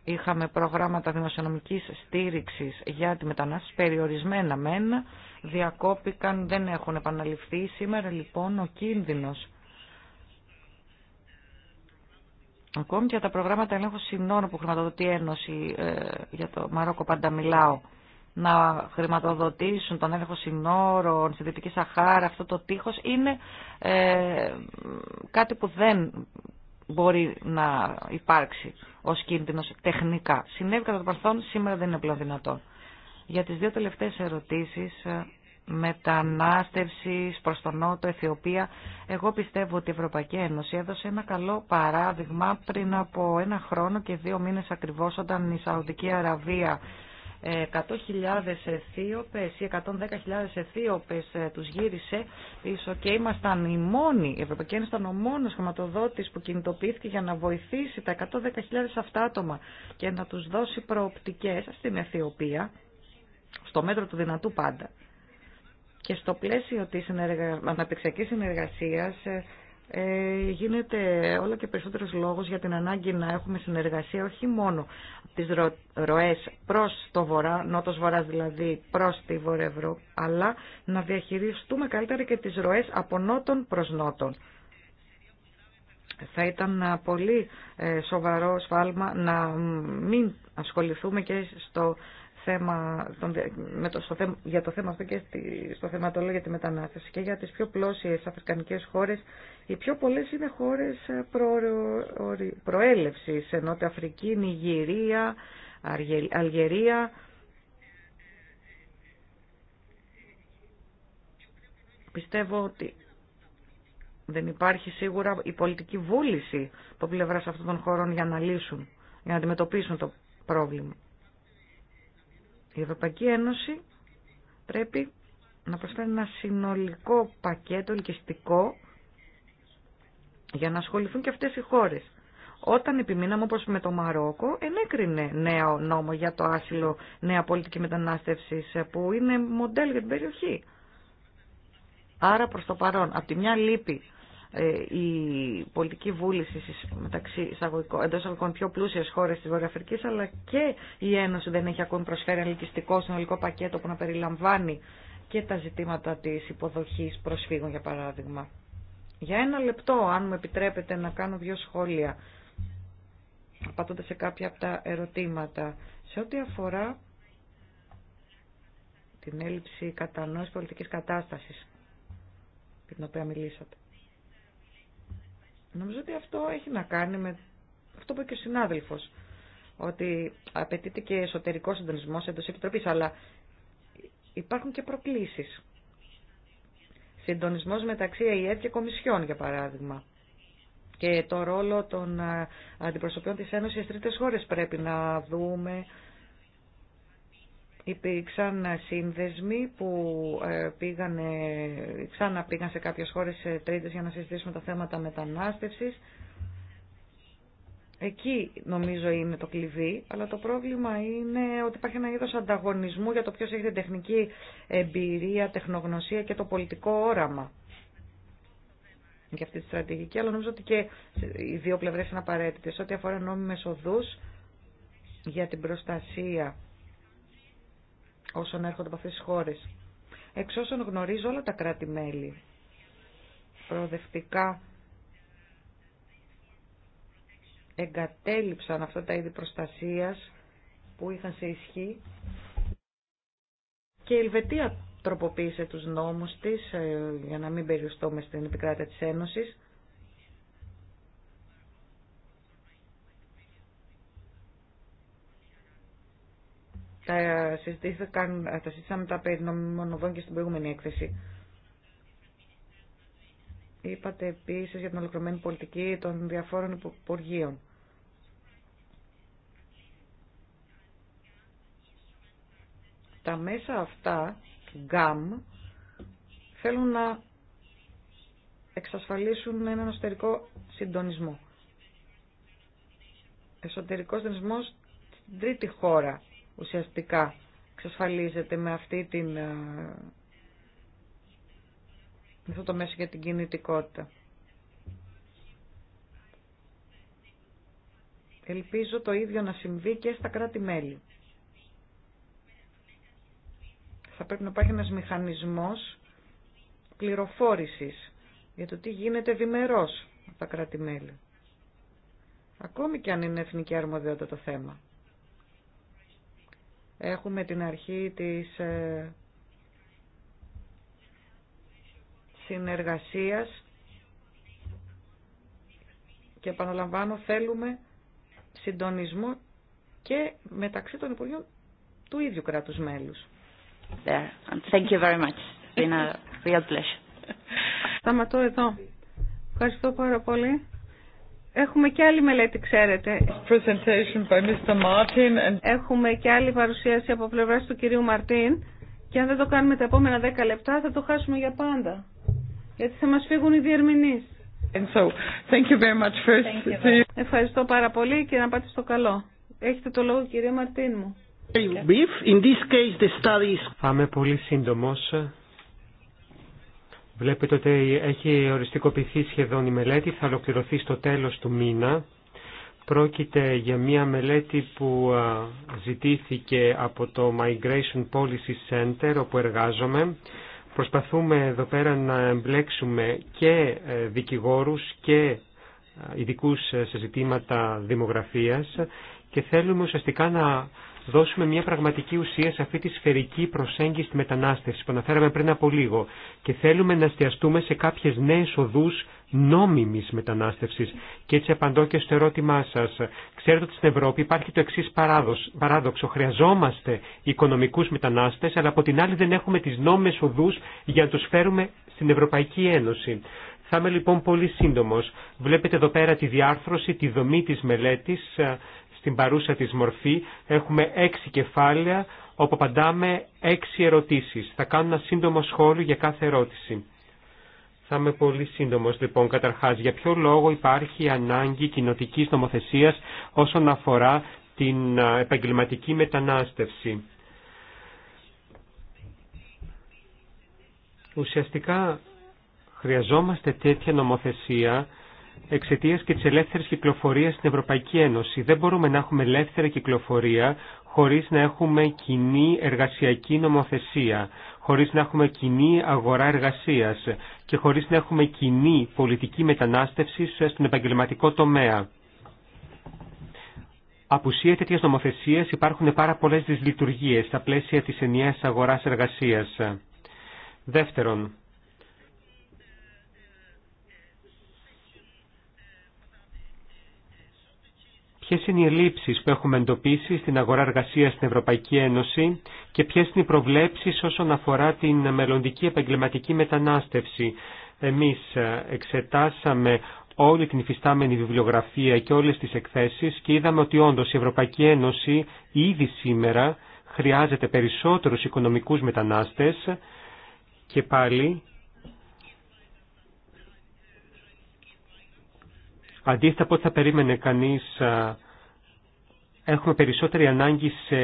Είχαμε προγράμματα δημοσιονομικής στήριξης για τη μετανάστευση περιορισμένα μεν, διακόπηκαν, δεν έχουν επαναληφθεί. Σήμερα λοιπόν ο κίνδυνος Ακόμη και τα προγράμματα ελέγχου συνόρων που χρηματοδοτεί η Ένωση, ε, για το Μαρόκο πάντα μιλάω, να χρηματοδοτήσουν τον έλεγχο συνόρων στη Δυτική Σαχάρα, αυτό το τείχος, είναι ε, κάτι που δεν μπορεί να υπάρξει ω κίνδυνο τεχνικά. Συνέβη κατά το παρελθόν, σήμερα δεν είναι πλέον δυνατόν. Για τι δύο τελευταίε ερωτήσει ε, μετανάστευση προ τον Νότο, Αιθιοπία, εγώ πιστεύω ότι η Ευρωπαϊκή Ένωση έδωσε ένα καλό παράδειγμα πριν από ένα χρόνο και δύο μήνε ακριβώ όταν η Σαουδική Αραβία 100.000 Αιθίωπες ή 110.000 Αιθίωπες ε, τους γύρισε πίσω και ήμασταν οι μόνοι, η Ευρωπαϊκή Ένωση ήταν ο μόνος χρηματοδότης που κινητοποιήθηκε για να βοηθήσει τα 110.000 αυτά άτομα και να τους δώσει προοπτικές στην Αιθιοπία, στο μέτρο του δυνατού πάντα. Και στο πλαίσιο της αναπτυξιακής συνεργασίας ε, ε, γίνεται όλο και περισσότερος λόγος για την ανάγκη να έχουμε συνεργασία όχι μόνο τις ρο, προς το βορρά, νότος βορράς δηλαδή προς τη Βορευρώπη, αλλά να διαχειριστούμε καλύτερα και τις ροές από νότον προς νότον. Θα ήταν πολύ ε, σοβαρό σφάλμα να μην ασχοληθούμε και στο θέμα, με το, θέμα, για το θέμα αυτό και στη, στο θεματολόγιο για τη μετανάστευση και για τις πιο πλώσιες αφρικανικές χώρες. Οι πιο πολλές είναι χώρες ε, προ, ενώ Νότια Αφρική, Νιγηρία, Αλγερία. Πιστεύω ότι δεν υπάρχει σίγουρα η πολιτική βούληση από πλευράς αυτών των χωρών για να λύσουν, για να αντιμετωπίσουν το πρόβλημα. Η Ευρωπαϊκή Ένωση πρέπει να προσφέρει ένα συνολικό πακέτο ελκυστικό για να ασχοληθούν και αυτές οι χώρες. Όταν επιμείναμε όπως με το Μαρόκο, ενέκρινε νέο νόμο για το άσυλο νέα πολιτική μετανάστευση που είναι μοντέλο για την περιοχή. Άρα προς το παρόν, από τη μια λύπη ε, η πολιτική βούληση μεταξύ εντό αγωγικών πιο πλούσιες χώρες τη Βορειοαφρική, αλλά και η Ένωση δεν έχει ακόμη προσφέρει ένα ελκυστικό συνολικό πακέτο που να περιλαμβάνει και τα ζητήματα της υποδοχής προσφύγων, για παράδειγμα. Για ένα λεπτό, αν μου επιτρέπετε να κάνω δύο σχόλια, απαντώντα σε κάποια από τα ερωτήματα. Σε ό,τι αφορά την έλλειψη κατανόηση πολιτικής κατάστασης, την οποία μιλήσατε. Νομίζω ότι αυτό έχει να κάνει με αυτό που είπε και ο συνάδελφο: ότι απαιτείται και εσωτερικό συντονισμό εντός Επιτροπής, αλλά υπάρχουν και προκλήσεις. Συντονισμό μεταξύ ΕΕ και Κομισιόν, για παράδειγμα. Και το ρόλο των ε, αντιπροσωπιών της Ένωσης στις τρίτες χώρες πρέπει να δούμε υπήρξαν σύνδεσμοι που ε, πήγαν, ξανά πήγαν σε κάποιες χώρες τρίτες για να συζητήσουμε τα θέματα μετανάστευσης. Εκεί νομίζω είναι το κλειδί, αλλά το πρόβλημα είναι ότι υπάρχει ένα είδος ανταγωνισμού για το ποιος έχει την τεχνική εμπειρία, τεχνογνωσία και το πολιτικό όραμα για αυτή τη στρατηγική, αλλά νομίζω ότι και οι δύο πλευρές είναι απαραίτητες. Ό,τι αφορά νόμιμες οδούς για την προστασία όσων έρχονται από αυτές τις χώρες. Εξ όσων γνωρίζω όλα τα κράτη-μέλη προοδευτικά εγκατέλειψαν αυτά τα είδη προστασίας που είχαν σε ισχύ και η Ελβετία τροποποίησε τους νόμους της ε, για να μην περιουστούμε στην επικράτεια της Ένωσης Τα, συζητήθηκαν, ε, τα συζητήσαμε τα περί και στην προηγούμενη έκθεση. Είπατε επίσης για την ολοκληρωμένη πολιτική των διαφόρων υπουργείων. Τα μέσα αυτά, ΓΑΜ, θέλουν να εξασφαλίσουν έναν εσωτερικό συντονισμό. Εσωτερικός συντονισμός στην τρίτη χώρα ουσιαστικά εξασφαλίζεται με αυτή την, ε, με αυτό το μέσο για την κινητικότητα. Ελπίζω το ίδιο να συμβεί και στα κράτη-μέλη. Θα πρέπει να υπάρχει ένας μηχανισμός πληροφόρησης για το τι γίνεται διμερός από τα κράτη-μέλη. Ακόμη και αν είναι εθνική αρμοδιότητα το θέμα. Έχουμε την αρχή της ε, συνεργασίας και επαναλαμβάνω θέλουμε συντονισμό και μεταξύ των Υπουργείων του ίδιου κράτους μέλους. Σταματώ εδώ. Ευχαριστώ πάρα πολύ. Έχουμε και άλλη μελέτη, ξέρετε. Έχουμε και άλλη παρουσίαση από πλευράς του κυρίου Μαρτίν και αν δεν το κάνουμε τα επόμενα δέκα λεπτά θα το χάσουμε για πάντα. Γιατί θα μας φύγουν οι διερμηνείς. so, Ευχαριστώ πάρα πολύ και να πάτε στο καλό. Έχετε το λόγο κύριε Μαρτίν μου. Θα είμαι πολύ σύντομος. Βλέπετε ότι έχει οριστικοποιηθεί σχεδόν η μελέτη, θα ολοκληρωθεί στο τέλος του μήνα. Πρόκειται για μια μελέτη που ζητήθηκε από το Migration Policy Center όπου εργάζομαι. Προσπαθούμε εδώ πέρα να εμπλέξουμε και ε, δικηγόρους και ειδικού ε, σε ζητήματα δημογραφίας και θέλουμε ουσιαστικά να δώσουμε μια πραγματική ουσία σε αυτή τη σφαιρική προσέγγιση στη μετανάστευση που αναφέραμε πριν από λίγο και θέλουμε να εστιαστούμε σε κάποιες νέες οδούς νόμιμης μετανάστευσης. Και έτσι απαντώ και στο ερώτημά σας. Ξέρετε ότι στην Ευρώπη υπάρχει το εξής παράδοξο. Χρειαζόμαστε οικονομικούς μετανάστες, αλλά από την άλλη δεν έχουμε τις νόμιμες οδούς για να τους φέρουμε στην Ευρωπαϊκή Ένωση. Θα είμαι λοιπόν πολύ σύντομος. Βλέπετε εδώ πέρα τη διάρθρωση, τη δομή της μελέτης στην παρούσα της μορφή έχουμε έξι κεφάλαια όπου απαντάμε έξι ερωτήσεις. Θα κάνω ένα σύντομο σχόλιο για κάθε ερώτηση. Θα είμαι πολύ σύντομος λοιπόν καταρχάς. Για ποιο λόγο υπάρχει ανάγκη κοινοτική νομοθεσίας όσον αφορά την επαγγελματική μετανάστευση. Ουσιαστικά χρειαζόμαστε τέτοια νομοθεσία εξαιτία και τη ελεύθερη κυκλοφορία στην Ευρωπαϊκή Ένωση. Δεν μπορούμε να έχουμε ελεύθερη κυκλοφορία χωρί να έχουμε κοινή εργασιακή νομοθεσία, χωρί να έχουμε κοινή αγορά εργασία και χωρί να έχουμε κοινή πολιτική μετανάστευση στον επαγγελματικό τομέα. Απουσία τέτοια νομοθεσία υπάρχουν πάρα πολλέ δυσλειτουργίε στα πλαίσια τη ενιαία αγορά εργασία. Δεύτερον, Ποιε είναι οι ελλείψει που έχουμε εντοπίσει στην αγορά εργασία στην Ευρωπαϊκή Ένωση και ποιε είναι οι προβλέψει όσον αφορά την μελλοντική επαγγελματική μετανάστευση. Εμεί ε, εξετάσαμε όλη την υφιστάμενη βιβλιογραφία και όλε τι εκθέσει και είδαμε ότι όντω η Ευρωπαϊκή Ένωση ήδη σήμερα χρειάζεται περισσότερου οικονομικού μετανάστε και πάλι Αντίθετα από ό,τι θα περίμενε κανείς, έχουμε περισσότερη ανάγκη σε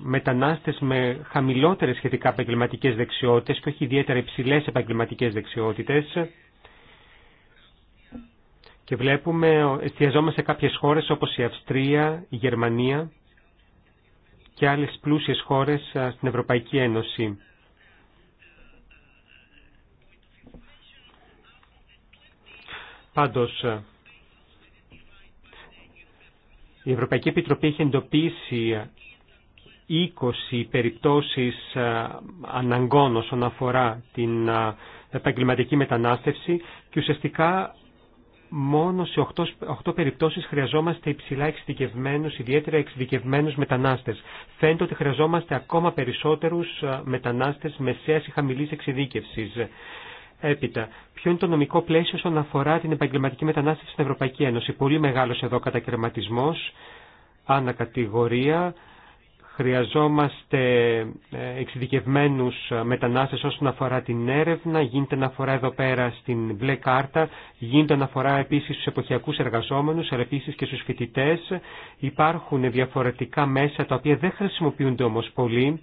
μετανάστες με χαμηλότερες σχετικά επαγγελματικέ δεξιότητες και όχι ιδιαίτερα υψηλές επαγγελματικέ δεξιότητες. Και βλέπουμε, εστιαζόμαστε σε κάποιες χώρες όπως η Αυστρία, η Γερμανία και άλλες πλούσιες χώρες στην Ευρωπαϊκή Ένωση. Πάντως, η Ευρωπαϊκή Επιτροπή έχει εντοπίσει 20 περιπτώσεις ε, αναγκών όσον αφορά την ε, επαγγελματική μετανάστευση και ουσιαστικά μόνο σε 8, 8 περιπτώσεις χρειαζόμαστε υψηλά εξειδικευμένους, ιδιαίτερα εξειδικευμένους μετανάστες. Φαίνεται ότι χρειαζόμαστε ακόμα περισσότερους ε, μετανάστες μεσαίας ή χαμηλής εξειδίκευσης. Έπειτα, ποιο είναι το νομικό πλαίσιο όσον αφορά την επαγγελματική μετανάστευση στην Ευρωπαϊκή Ένωση. Πολύ μεγάλο εδώ κατακαιρματισμό, ανακατηγορία, χρειαζόμαστε ε, εξειδικευμένου ε, μετανάστες όσον αφορά την έρευνα, γίνεται αναφορά εδώ πέρα στην μπλε κάρτα, γίνεται αναφορά επίσης στους εποχιακούς εργαζόμενου, αλλά επίση και στου φοιτητέ. Υπάρχουν διαφορετικά μέσα τα οποία δεν χρησιμοποιούνται όμω πολύ.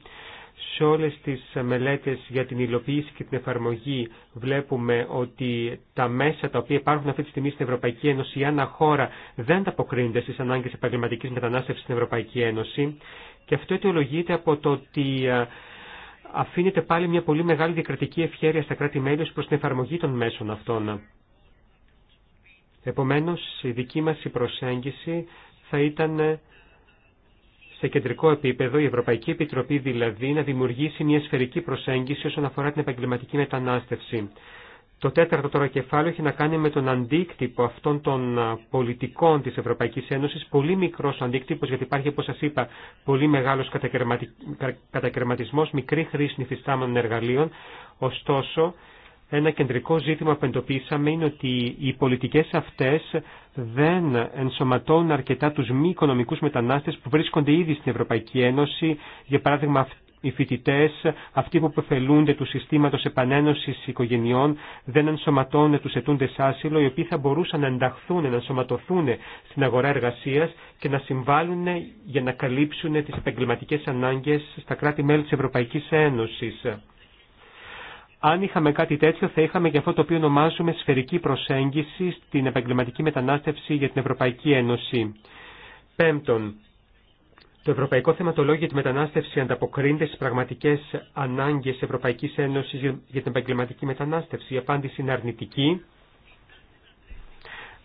Σε όλες τις μελέτες για την υλοποίηση και την εφαρμογή βλέπουμε ότι τα μέσα τα οποία υπάρχουν αυτή τη στιγμή στην Ευρωπαϊκή Ένωση ή ανά χώρα δεν τα αποκρίνονται στις ανάγκες επαγγελματικής μετανάστευσης στην Ευρωπαϊκή Ένωση και αυτό αιτιολογείται από το ότι ε, αφήνεται πάλι μια πολύ μεγάλη διακρατική ευχέρεια στα κράτη-μέλη προς την εφαρμογή των μέσων αυτών. Επομένως, η δική μας προσέγγιση θα ήταν σε κεντρικό επίπεδο η Ευρωπαϊκή Επιτροπή δηλαδή να δημιουργήσει μια σφαιρική προσέγγιση όσον αφορά την επαγγελματική μετανάστευση. Το τέταρτο τώρα κεφάλαιο έχει να κάνει με τον αντίκτυπο αυτών των πολιτικών της Ευρωπαϊκής Ένωσης, πολύ μικρός αντίκτυπος γιατί υπάρχει όπως σας είπα πολύ μεγάλος κατακαιρματισμός, μικρή χρήση νηφιστάμενων εργαλείων, ωστόσο ένα κεντρικό ζήτημα που εντοπίσαμε είναι ότι οι πολιτικές αυτές δεν ενσωματώνουν αρκετά τους μη οικονομικούς μετανάστες που βρίσκονται ήδη στην Ευρωπαϊκή Ένωση, για παράδειγμα οι φοιτητέ, αυτοί που υποφελούνται του συστήματο επανένωση οικογενειών, δεν ενσωματώνουν του ετούντε άσυλο, οι οποίοι θα μπορούσαν να ενταχθούν, να ενσωματωθούν στην αγορά εργασία και να συμβάλλουν για να καλύψουν τι επαγγελματικέ ανάγκε στα κράτη-μέλη τη Ευρωπαϊκή Ένωση. Αν είχαμε κάτι τέτοιο, θα είχαμε και αυτό το οποίο ονομάζουμε σφαιρική προσέγγιση στην επαγγελματική μετανάστευση για την Ευρωπαϊκή Ένωση. Πέμπτον, το Ευρωπαϊκό Θεματολόγιο για τη Μετανάστευση ανταποκρίνεται στι πραγματικέ ανάγκε Ευρωπαϊκή Ένωση για την επαγγελματική μετανάστευση. Η απάντηση είναι αρνητική.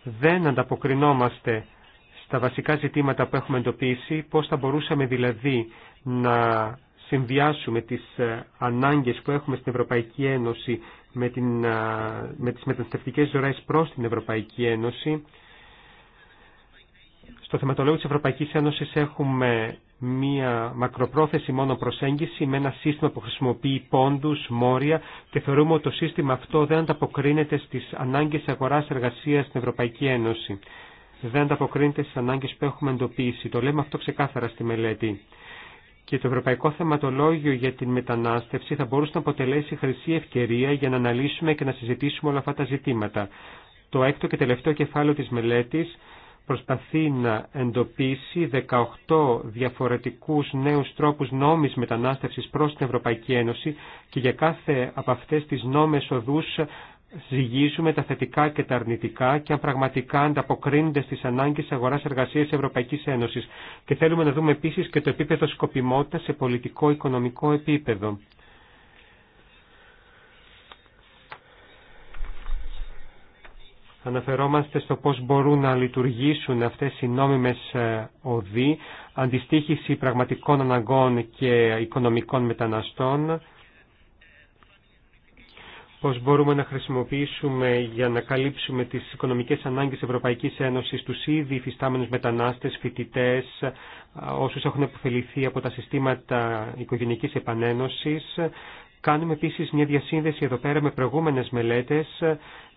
Δεν ανταποκρινόμαστε στα βασικά ζητήματα που έχουμε εντοπίσει, πώς θα μπορούσαμε δηλαδή να συνδυάσουμε τις ε, ανάγκες που έχουμε στην Ευρωπαϊκή Ένωση με, την, ε, με τις μεταναστευτικές ζωές προς την Ευρωπαϊκή Ένωση. Στο θεματολόγιο της Ευρωπαϊκής Ένωσης έχουμε μία μακροπρόθεση μόνο προσέγγιση με ένα σύστημα που χρησιμοποιεί πόντους, μόρια και θεωρούμε ότι το σύστημα αυτό δεν ανταποκρίνεται στις ανάγκες αγοράς εργασίας στην Ευρωπαϊκή Ένωση. Δεν ανταποκρίνεται στις ανάγκες που έχουμε εντοπίσει. Το λέμε αυτό ξεκάθαρα στη μελέτη και το Ευρωπαϊκό Θεματολόγιο για την Μετανάστευση θα μπορούσε να αποτελέσει χρυσή ευκαιρία για να αναλύσουμε και να συζητήσουμε όλα αυτά τα ζητήματα. Το έκτο και τελευταίο κεφάλαιο της μελέτης προσπαθεί να εντοπίσει 18 διαφορετικούς νέους τρόπους νόμης μετανάστευσης προς την Ευρωπαϊκή Ένωση και για κάθε από αυτές τις νόμες οδούς ζυγίζουμε τα θετικά και τα αρνητικά και αν πραγματικά ανταποκρίνονται στις ανάγκες αγοράς εργασίας Ευρωπαϊκής Ένωσης. Και θέλουμε να δούμε επίσης και το επίπεδο σκοπιμότητας σε πολιτικό-οικονομικό επίπεδο. Αναφερόμαστε στο πώς μπορούν να λειτουργήσουν αυτές οι νόμιμες ε, οδοί, αντιστοίχηση πραγματικών αναγκών και οικονομικών μεταναστών, πώς μπορούμε να χρησιμοποιήσουμε για να καλύψουμε τις οικονομικές ανάγκες Ευρωπαϊκής Ένωσης τους ήδη υφιστάμενους μετανάστες, φοιτητές, όσους έχουν επωφεληθεί από τα συστήματα οικογενικής επανένωσης. Κάνουμε επίσης μια διασύνδεση εδώ πέρα με προηγούμενες μελέτες.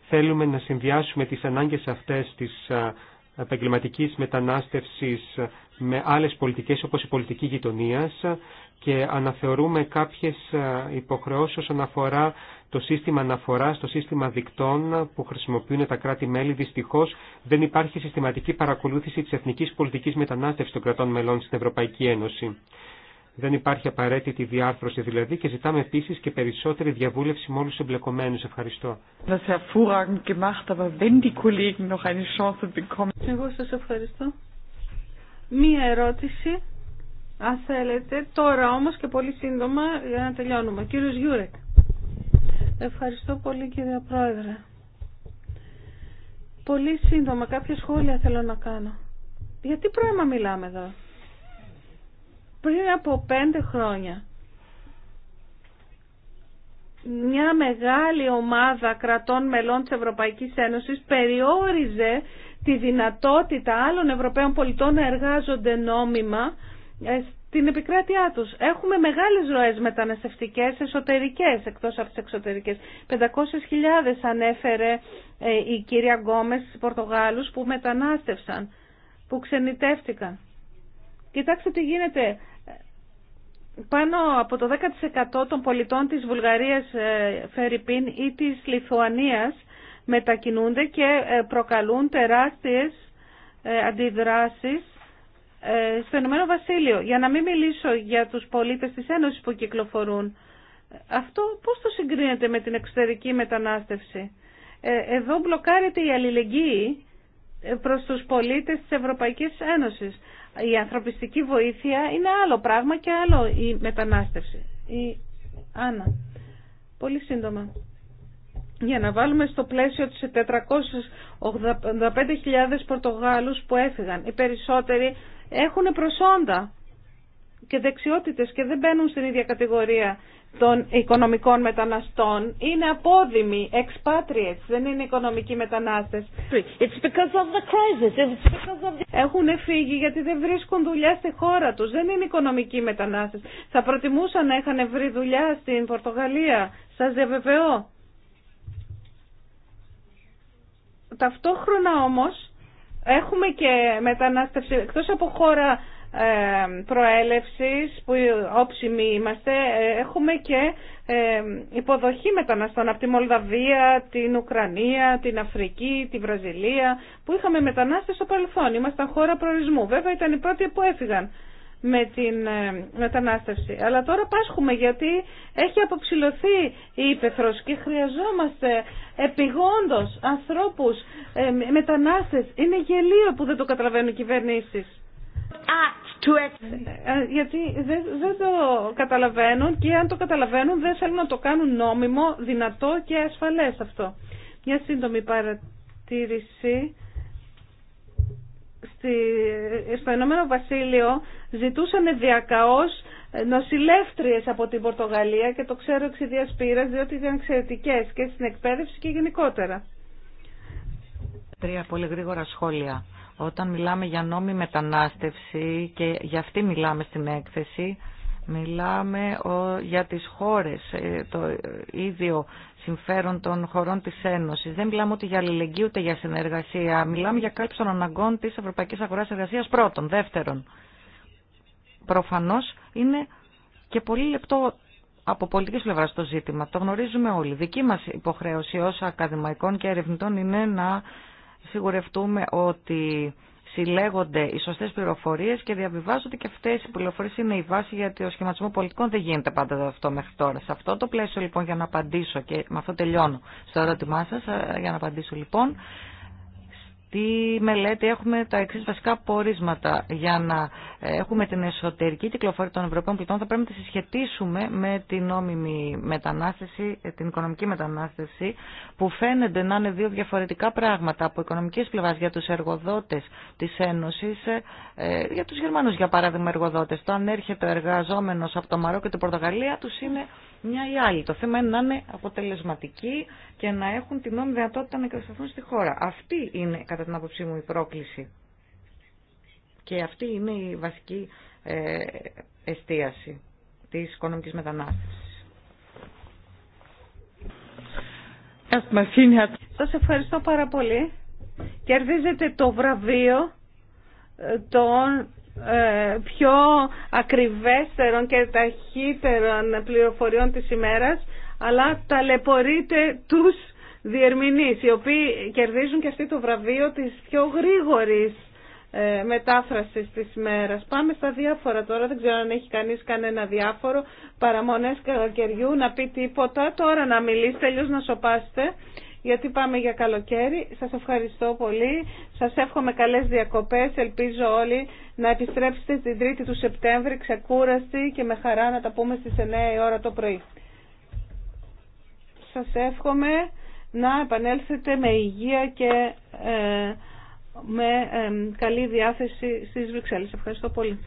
Θέλουμε να συνδυάσουμε τις ανάγκες αυτές της επαγγελματική μετανάστευσης με άλλες πολιτικές όπως η πολιτική γειτονίας και αναθεωρούμε κάποιες ε, υποχρεώσεις όσον αφορά το σύστημα αναφοράς, το σύστημα δικτών που χρησιμοποιούν τα κράτη-μέλη. Δυστυχώς δεν υπάρχει συστηματική παρακολούθηση της εθνικής πολιτικής μετανάστευσης των κρατών μελών στην Ευρωπαϊκή Ένωση. Δεν υπάρχει απαραίτητη διάρθρωση δηλαδή και ζητάμε επίση και περισσότερη διαβούλευση με όλου του εμπλεκομένου. Ευχαριστώ. Εγώ σα ευχαριστώ. Μία ερώτηση, αν θέλετε, τώρα όμως και πολύ σύντομα για να τελειώνουμε. Κύριος Γιούρεκ. Ευχαριστώ πολύ κύριε Πρόεδρε. Πολύ σύντομα κάποια σχόλια θέλω να κάνω. Για τι πράγμα μιλάμε εδώ. Πριν από πέντε χρόνια μια μεγάλη ομάδα κρατών μελών της Ευρωπαϊκής Ένωσης περιόριζε τη δυνατότητα άλλων Ευρωπαίων πολιτών να εργάζονται νόμιμα ε, στην επικράτειά τους. Έχουμε μεγάλες ροές μεταναστευτικές, εσωτερικές, εκτός από τις εξωτερικές. 500.000 ανέφερε ε, η κυρία Γκόμες στις Πορτογάλους που μετανάστευσαν, που ξενιτεύτηκαν. Κοιτάξτε τι γίνεται. Πάνω από το 10% των πολιτών της Βουλγαρίας, ε, Φερρυπίν, ή της Λιθουανίας μετακινούνται και ε, προκαλούν τεράστιες ε, αντιδράσεις ε, στο Ηνωμένο Βασίλειο. Για να μην μιλήσω για τους πολίτες της Ένωσης που κυκλοφορούν. Αυτό πώς το συγκρίνεται με την εξωτερική μετανάστευση. Εδώ μπλοκάρεται η αλληλεγγύη προς τους πολίτες της Ευρωπαϊκής Ένωσης. Η ανθρωπιστική βοήθεια είναι άλλο πράγμα και άλλο η μετανάστευση. Η Άννα, πολύ σύντομα για να βάλουμε στο πλαίσιο τις 485.000 Πορτογάλους που έφυγαν. Οι περισσότεροι έχουν προσόντα και δεξιότητες και δεν μπαίνουν στην ίδια κατηγορία των οικονομικών μεταναστών. Είναι απόδημοι, expatriates, δεν είναι οικονομικοί μετανάστες. because of the crisis. Έχουν φύγει γιατί δεν βρίσκουν δουλειά στη χώρα τους. Δεν είναι οικονομικοί μετανάστες. Θα προτιμούσαν να είχαν βρει δουλειά στην Πορτογαλία. Σας διαβεβαιώ. Ταυτόχρονα όμως έχουμε και μετανάστευση εκτός από χώρα ε, προέλευσης που όψιμοι είμαστε ε, έχουμε και ε, υποδοχή μεταναστών από τη Μολδαβία, την Ουκρανία, την Αφρική, τη Βραζιλία που είχαμε μετανάστες στο παρελθόν. Ήμασταν χώρα προορισμού. Βέβαια ήταν οι πρώτοι που έφυγαν με την ε, μετανάστευση. Αλλά τώρα πάσχουμε γιατί έχει αποψηλωθεί η ύπεθρος και χρειαζόμαστε επιγόντως ανθρώπους, ε, μετανάστες. Είναι γελίο που δεν το καταλαβαίνουν οι κυβερνήσεις. Ε, γιατί δεν, δεν το καταλαβαίνουν και αν το καταλαβαίνουν δεν θέλουν να το κάνουν νόμιμο, δυνατό και ασφαλές αυτό. Μια σύντομη παρατήρηση στο Ηνωμένο Βασίλειο ζητούσαν διακαώς νοσηλεύτριες από την Πορτογαλία και το ξέρω εξαιτίας πείρας διότι ήταν εξαιρετικέ και στην εκπαίδευση και γενικότερα. Τρία πολύ γρήγορα σχόλια. Όταν μιλάμε για νόμη μετανάστευση και για αυτή μιλάμε στην έκθεση, μιλάμε για τις χώρες. Ε, το ίδιο συμφέρον των χωρών της Ένωσης. Δεν μιλάμε ούτε για αλληλεγγύη ούτε για συνεργασία. Μιλάμε για κάλυψη των αναγκών της Ευρωπαϊκής Αγοράς Εργασίας πρώτον. Δεύτερον, προφανώς είναι και πολύ λεπτό από πολιτική πλευρά το ζήτημα. Το γνωρίζουμε όλοι. Δική μας υποχρέωση ως ακαδημαϊκών και ερευνητών είναι να σιγουρευτούμε ότι συλλέγονται οι σωστές πληροφορίες και διαβιβάζονται και αυτές οι πληροφορίες είναι η βάση γιατί ο σχηματισμό πολιτικών δεν γίνεται πάντα αυτό μέχρι τώρα. Σε αυτό το πλαίσιο λοιπόν για να απαντήσω και με αυτό τελειώνω στο ερώτημά σας, ε, για να απαντήσω λοιπόν, τι μελέτη έχουμε τα εξή βασικά πορίσματα. Για να ε, έχουμε την εσωτερική κυκλοφορία των Ευρωπαίων πληθών θα πρέπει να τη συσχετίσουμε με την νόμιμη μετανάστευση, ε, την οικονομική μετανάστευση, που φαίνεται να είναι δύο διαφορετικά πράγματα από οικονομική πλευρά για του εργοδότε τη Ένωση, ε, για του Γερμανού για παράδειγμα εργοδότε. Το αν έρχεται ο εργαζόμενο από το Μαρόκο και την Πορτογαλία του είναι μια ή άλλη. Το θέμα είναι να είναι αποτελεσματικοί και να έχουν την νόμη δυνατότητα να εγκατασταθούν στη χώρα. Αυτή είναι, κατά την άποψή μου, η πρόκληση. Και αυτή είναι η βασική ε, εστίαση της οικονομικής μετανάστευσης. Σα ευχαριστώ πάρα πολύ. Κερδίζετε το βραβείο ε, των ε, πιο ακριβέστερων και ταχύτερων πληροφοριών της ημέρας, αλλά ταλαιπωρείται τους διερμηνείς, οι οποίοι κερδίζουν και αυτοί το βραβείο της πιο γρήγορης ε, μετάφρασης της ημέρας. Πάμε στα διάφορα τώρα, δεν ξέρω αν έχει κανείς κανένα διάφορο, παραμονές καλοκαιριού, να πει τίποτα, τώρα να μιλήσει, τελείως να σοπάστε γιατί πάμε για καλοκαίρι. Σας ευχαριστώ πολύ. Σας εύχομαι καλές διακοπές. Ελπίζω όλοι να επιστρέψετε την 3η του Σεπτέμβρη ξεκούραστοι και με χαρά να τα πούμε στις 9 η ώρα το πρωί. Σας εύχομαι να επανέλθετε με υγεία και ε, με ε, καλή διάθεση στις Βρυξέλλες. Ευχαριστώ πολύ.